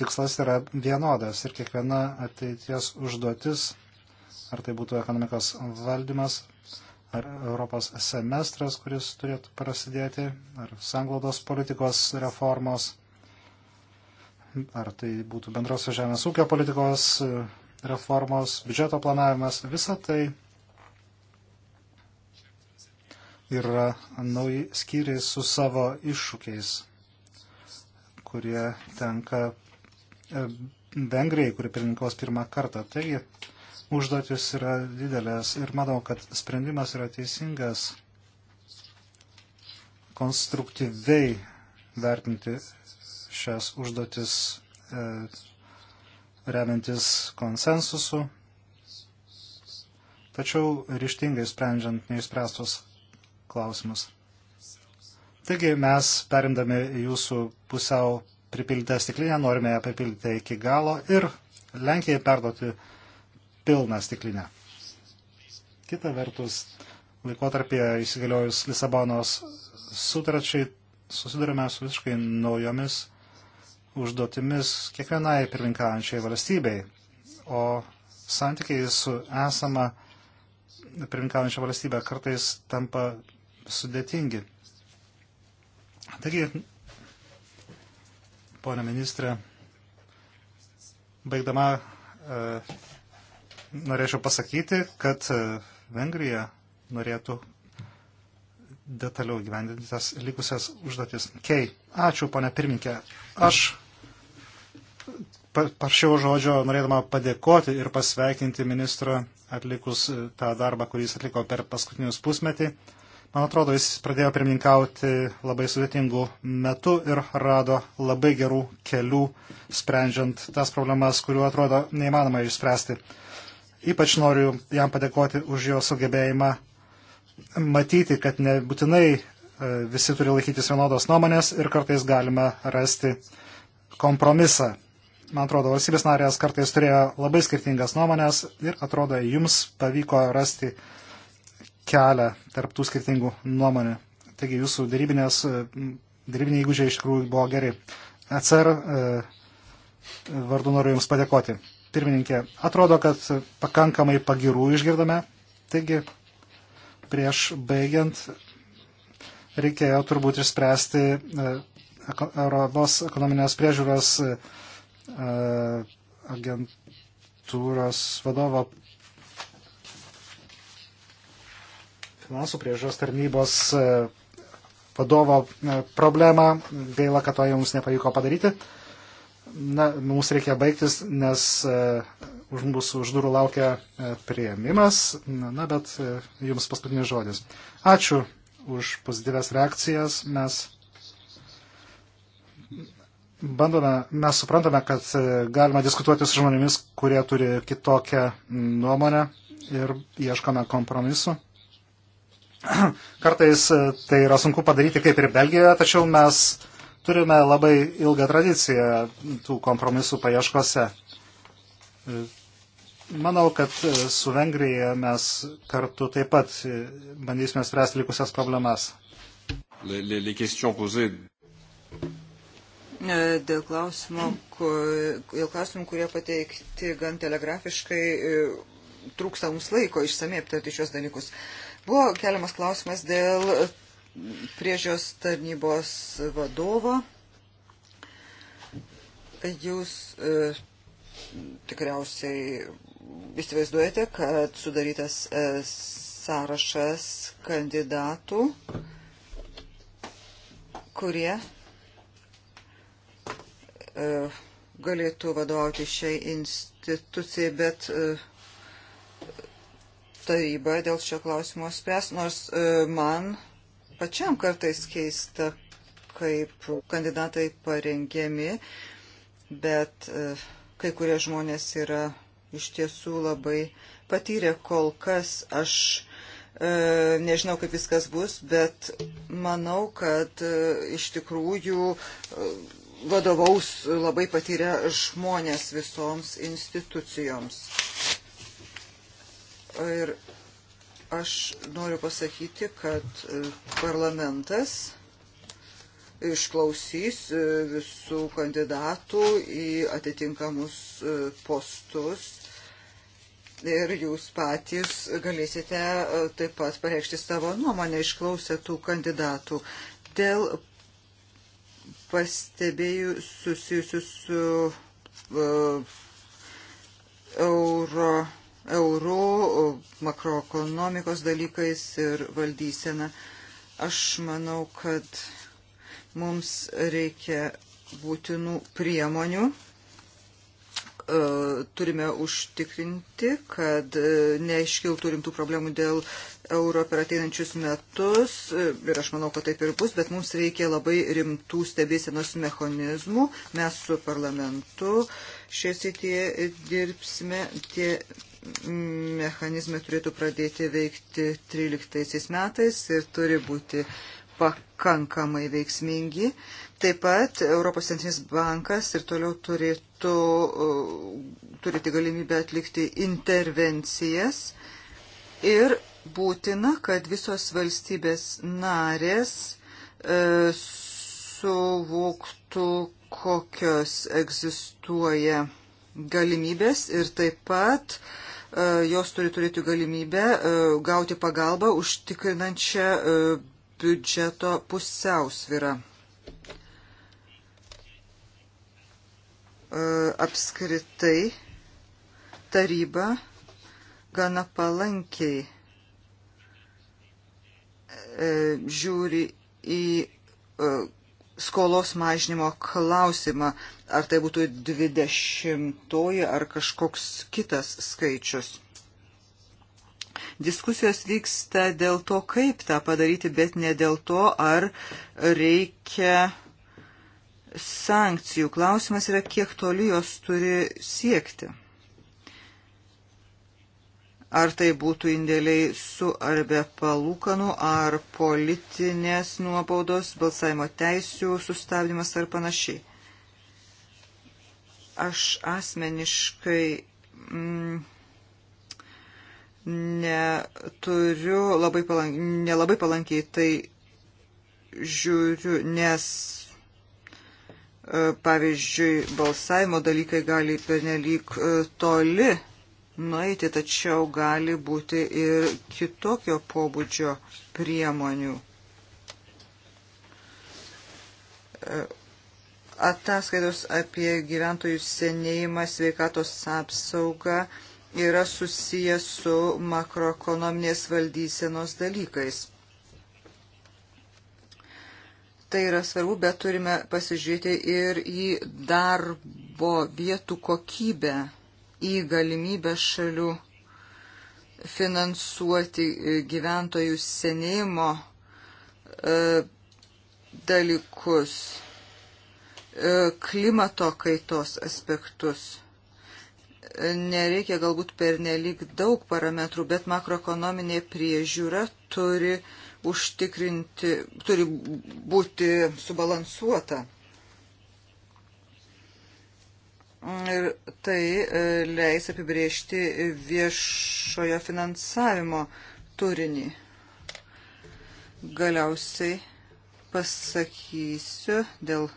tikslas yra vienodas ir kiekviena ateities užduotis, ar tai būtų ekonomikos valdymas, ar Europos semestras, kuris turėtų prasidėti, ar sanglaudos politikos reformos, ar tai būtų bendrosios žemės ūkio politikos reformos, biudžeto planavimas, visa tai yra nauji skyriai su savo iššūkiais, kurie tenka e, Vengrijai, kuri pirmininkos pirmą kartą. Taigi, užduotis yra didelės ir manau, kad sprendimas yra teisingas konstruktyviai vertinti šias užduotis e, remiantis konsensusu, tačiau ryštingai sprendžiant neįspręstus klausimus. Taigi mes, perimdami jūsų pusiau pripildytą stiklinę, norime ją pripildyti iki galo ir Lenkijai perduoti pilną stiklinę. Kita vertus, laikotarpėje įsigaliojus Lisabonos sutračiai susidurime su visiškai naujomis užduotimis kiekvienai pirminkaujančiai valstybei, o santykiai su esama pirminkaujančia valstybė kartais tampa sudėtingi. Taigi, ponė ministrė, baigdama e, norėčiau pasakyti, kad e, Vengrija norėtų detaliau gyvendinti tas likusias užduotis. Kei, ačiū, ponia pirminkė. Aš paršiau žodžio norėdama padėkoti ir pasveikinti ministrą atlikus e, tą darbą, kurį jis atliko per paskutinius pusmetį. Man atrodo, jis pradėjo pirmininkauti labai sudėtingų metų ir rado labai gerų kelių, sprendžiant tas problemas, kurių atrodo neįmanoma išspręsti. Ypač noriu jam padėkoti už jo sugebėjimą matyti, kad nebūtinai e, visi turi laikytis vienodos nuomonės ir kartais galima rasti kompromisą. Man atrodo, valstybės narės kartais turėjo labai skirtingas nuomonės ir atrodo, jums pavyko rasti kelią tarptų skirtingų nuomonių. Taigi jūsų dėrybinės, e, dėrybiniai įgūdžiai iš tikrųjų buvo geri. ECR e, vardu noriu Jums padėkoti pirmininkė. Atrodo, kad pakankamai pagirų išgirdome. Taigi, prieš baigiant, reikėjo turbūt išspręsti e, Europos ekonominės priežiūros e, agentūros vadovo finansų priežiūros tarnybos e, vadovo problemą. Gaila, kad to jums nepavyko padaryti. Na, mums reikia baigtis, nes e, už mūsų už durų laukia e, prieimimas. Na, bet e, jums paskutinis žodis. Ačiū už pozityves reakcijas. Mes bandome, mes suprantame, kad galima diskutuoti su žmonėmis, kurie turi kitokią nuomonę ir ieškome kompromisu. Kartais tai yra sunku padaryti kaip ir Belgijoje, tačiau mes Turime labai ilgą tradiciją tų kompromisų paieškose. Manau, kad su Vengrija mes kartu taip pat bandysime spręsti likusias problemas. Les, les, les e, Dėl klausimų, dėl klausimų, kurie pateikti gan telegrafiškai, e, trūksta mums laiko išsamei aptarti šios dalykus. Buvo keliamas klausimas dėl priežios tarnybos vadovo. Jūs e, tikriausiai įsivaizduojate, kad sudarytas e, sąrašas kandidatų, kurie e, galėtų vadovauti šiai institucijai, bet e, taryba dėl šio klausimo spręs, nors e, man pačiam kartais keista, kaip kandidatai parengiami, bet e, kai kurie žmonės yra iš tiesų labai patyrę kol kas. Aš e, nežinau, kaip viskas bus, bet manau, kad e, iš tikrųjų vadovaus labai patyrę žmonės visoms institucijoms. Ir Aš noriu pasakyti, kad e, parlamentas išklausys e, visų kandidatų į atitinkamus e, postus ir jūs patys galėsite taip pat pareikšti savo nuomonę išklausę tų kandidatų. Dėl pastebėjų susijusių su uh, euro eurų, makroekonomikos dalykais ir valdysena. Aš manau, kad mums reikia būtinų priemonių. E, turime užtikrinti, kad e, neiškiltų rimtų problemų dėl euro per ateinančius metus. E, ir aš manau, kad taip ir bus, bet mums reikia labai rimtų stebėsienos mechanizmų. Mes su parlamentu šie sitie dirbsime. Tie mechanizmai turėtų pradėti veikti 13 metais ir turi būti pakankamai veiksmingi. Taip pat Europos centrinis bankas ir toliau turėtų uh, turėti galimybę atlikti intervencijas ir būtina, kad visos valstybės narės e, suvoktų, kokios egzistuoja galimybės ir taip pat e, E, jos turi turėti galimybę e, gauti pagalbą užtikrinančią e, biudžeto pusiausvyrą. Apskritai taryba gana palankiai žiūri į skolos mažinimo klausimą, ar tai būtų 20 ar kažkoks kitas skaičius. Diskusijos vyksta dėl to, kaip tą padaryti, bet ne dėl to, ar reikia sankcijų. Klausimas yra, kiek toli jos turi siekti ar tai būtų indėliai su ar be palūkanų, ar politinės nuobaudos, balsavimo teisių sustabdymas ar panašiai. Aš asmeniškai mm, neturiu labai palankiai, nelabai palankiai tai žiūriu, nes e, pavyzdžiui, balsavimo dalykai gali pernelyg e, toli nueiti, tačiau gali būti ir kitokio pobūdžio priemonių. E, ataskaitos apie gyventojų senėjimą, sveikatos apsaugą yra susijęs su makroekonominės valdysenos dalykais. Tai yra svarbu, bet turime pasižiūrėti ir į darbo vietų kokybę į galimybę šalių finansuoti e, gyventojų senėjimo e, dalykus, e, klimato kaitos aspektus nereikia galbūt pernelik daug parametrų, bet makroekonominė priežiūra turi užtikrinti, turi būti subalansuota. Ir tai e, leis apibriežti viešojo finansavimo turinį. Galiausiai pasakysiu dėl,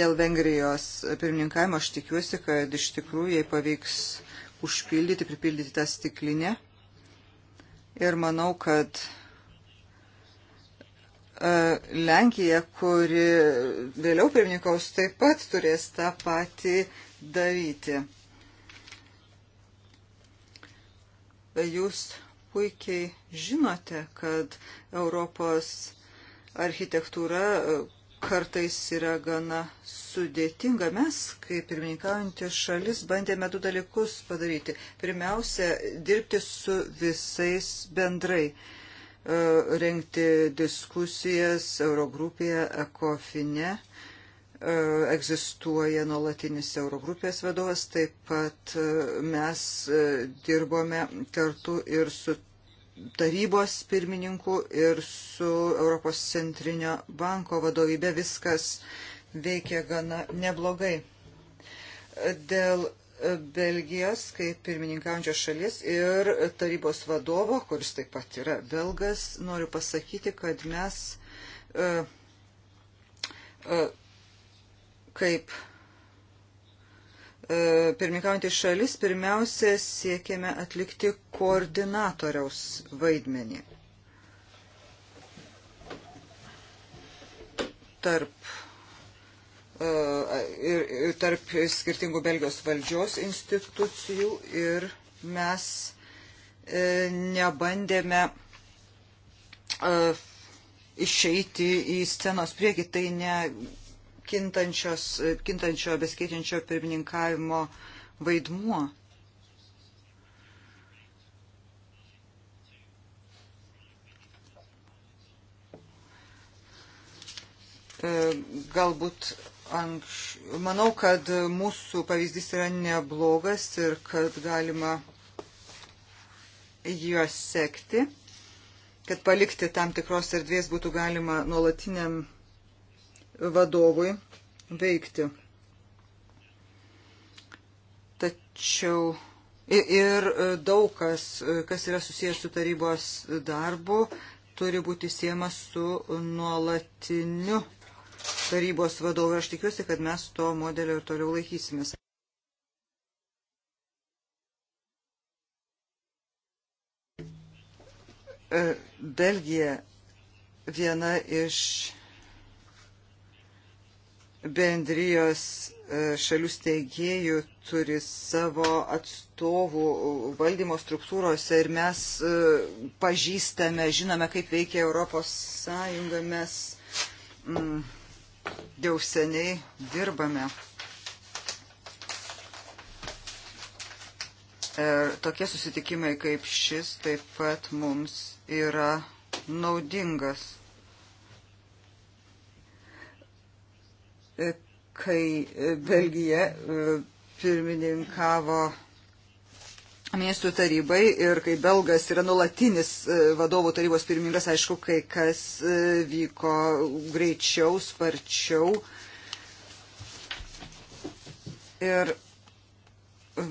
dėl Vengrijos pirmininkavimo. Aš tikiuosi, kad iš tikrųjų jai pavyks užpildyti, pripildyti tą stiklinę. Ir manau, kad E, Lenkija, kuri vėliau pirmininkaus taip pat turės tą patį daryti. Jūs puikiai žinote, kad Europos architektūra e, kartais yra gana sudėtinga. Mes, kaip pirmininkaujantė šalis, bandėme du dalykus padaryti. Pirmiausia, dirbti su visais bendrai. Uh, E, rengti diskusijas Eurogrupėje, Ekofine. E, egzistuoja nuolatinis Eurogrupės vadovas, taip pat e, mes dirbome kartu ir su tarybos pirmininku ir su Europos centrinio banko vadovybė viskas veikia gana neblogai. Dėl Belgijos kaip pirmininkaujančios šalies ir tarybos vadovo, kuris taip pat yra belgas, noriu pasakyti, kad mes e, e, kaip e, pirmininkaujantis šalis pirmiausia siekėme atlikti koordinatoriaus vaidmenį tarp E, ir, ir tarp skirtingų Belgijos valdžios institucijų ir mes e, nebandėme e, išeiti į scenos priekį, tai ne kintančio, beskeitinčio pirmininkavimo vaidmuo. Galbūt Anks... Manau, kad mūsų pavyzdys yra neblogas ir kad galima juos sekti, kad palikti tam tikros erdvės būtų galima nuolatiniam vadovui veikti. Tačiau ir daug kas, kas yra susijęs su tarybos darbu, turi būti siemas su nuolatiniu tarybos vadovė. Aš tikiuosi, kad mes to modelio ir toliau laikysimės. E, Belgija viena iš bendrijos e, šalių steigėjų turi savo atstovų valdymo struktūrose ir mes e, pažįstame, žinome, kaip veikia Europos Sąjunga, mes mm, jau seniai dirbame. Ir e, tokie susitikimai kaip šis taip pat mums yra naudingas. E, kai Belgija e, pirmininkavo miestų tarybai ir kai Belgas yra nulatinis e, vadovų tarybos pirmininkas, aišku, kai kas e, vyko greičiau, sparčiau. Ir e,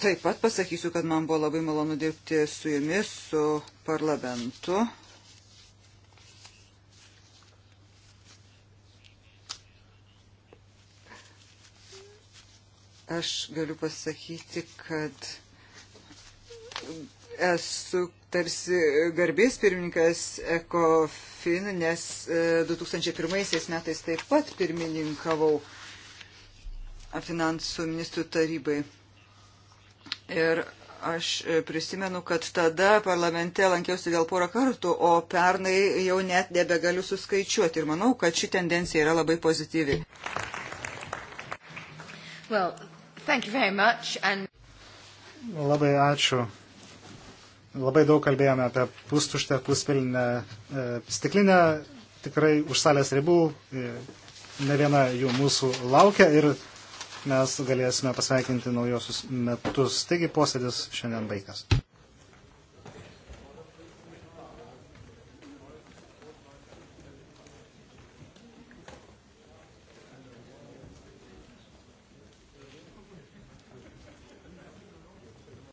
taip pat pasakysiu, kad man buvo labai malonu dirbti su jumis, su parlamentu. Aš galiu pasakyti, kad esu tarsi garbės pirmininkas ECOFIN, nes 2001 e, metais taip pat pirmininkavau finansų ministrų tarybai. Ir aš e, prisimenu, kad tada parlamente lankiausi gal porą kartų, o pernai jau net nebegaliu suskaičiuoti. Ir manau, kad ši tendencija yra labai pozityvi. Well, Thank you very much. And... Labai ačiū. Labai daug kalbėjome apie pustuštę, puspilinę e, stiklinę. Tikrai už salės ribų e, ne viena jų mūsų laukia ir mes galėsime pasveikinti naujosius metus. Taigi posėdis šiandien baigtas.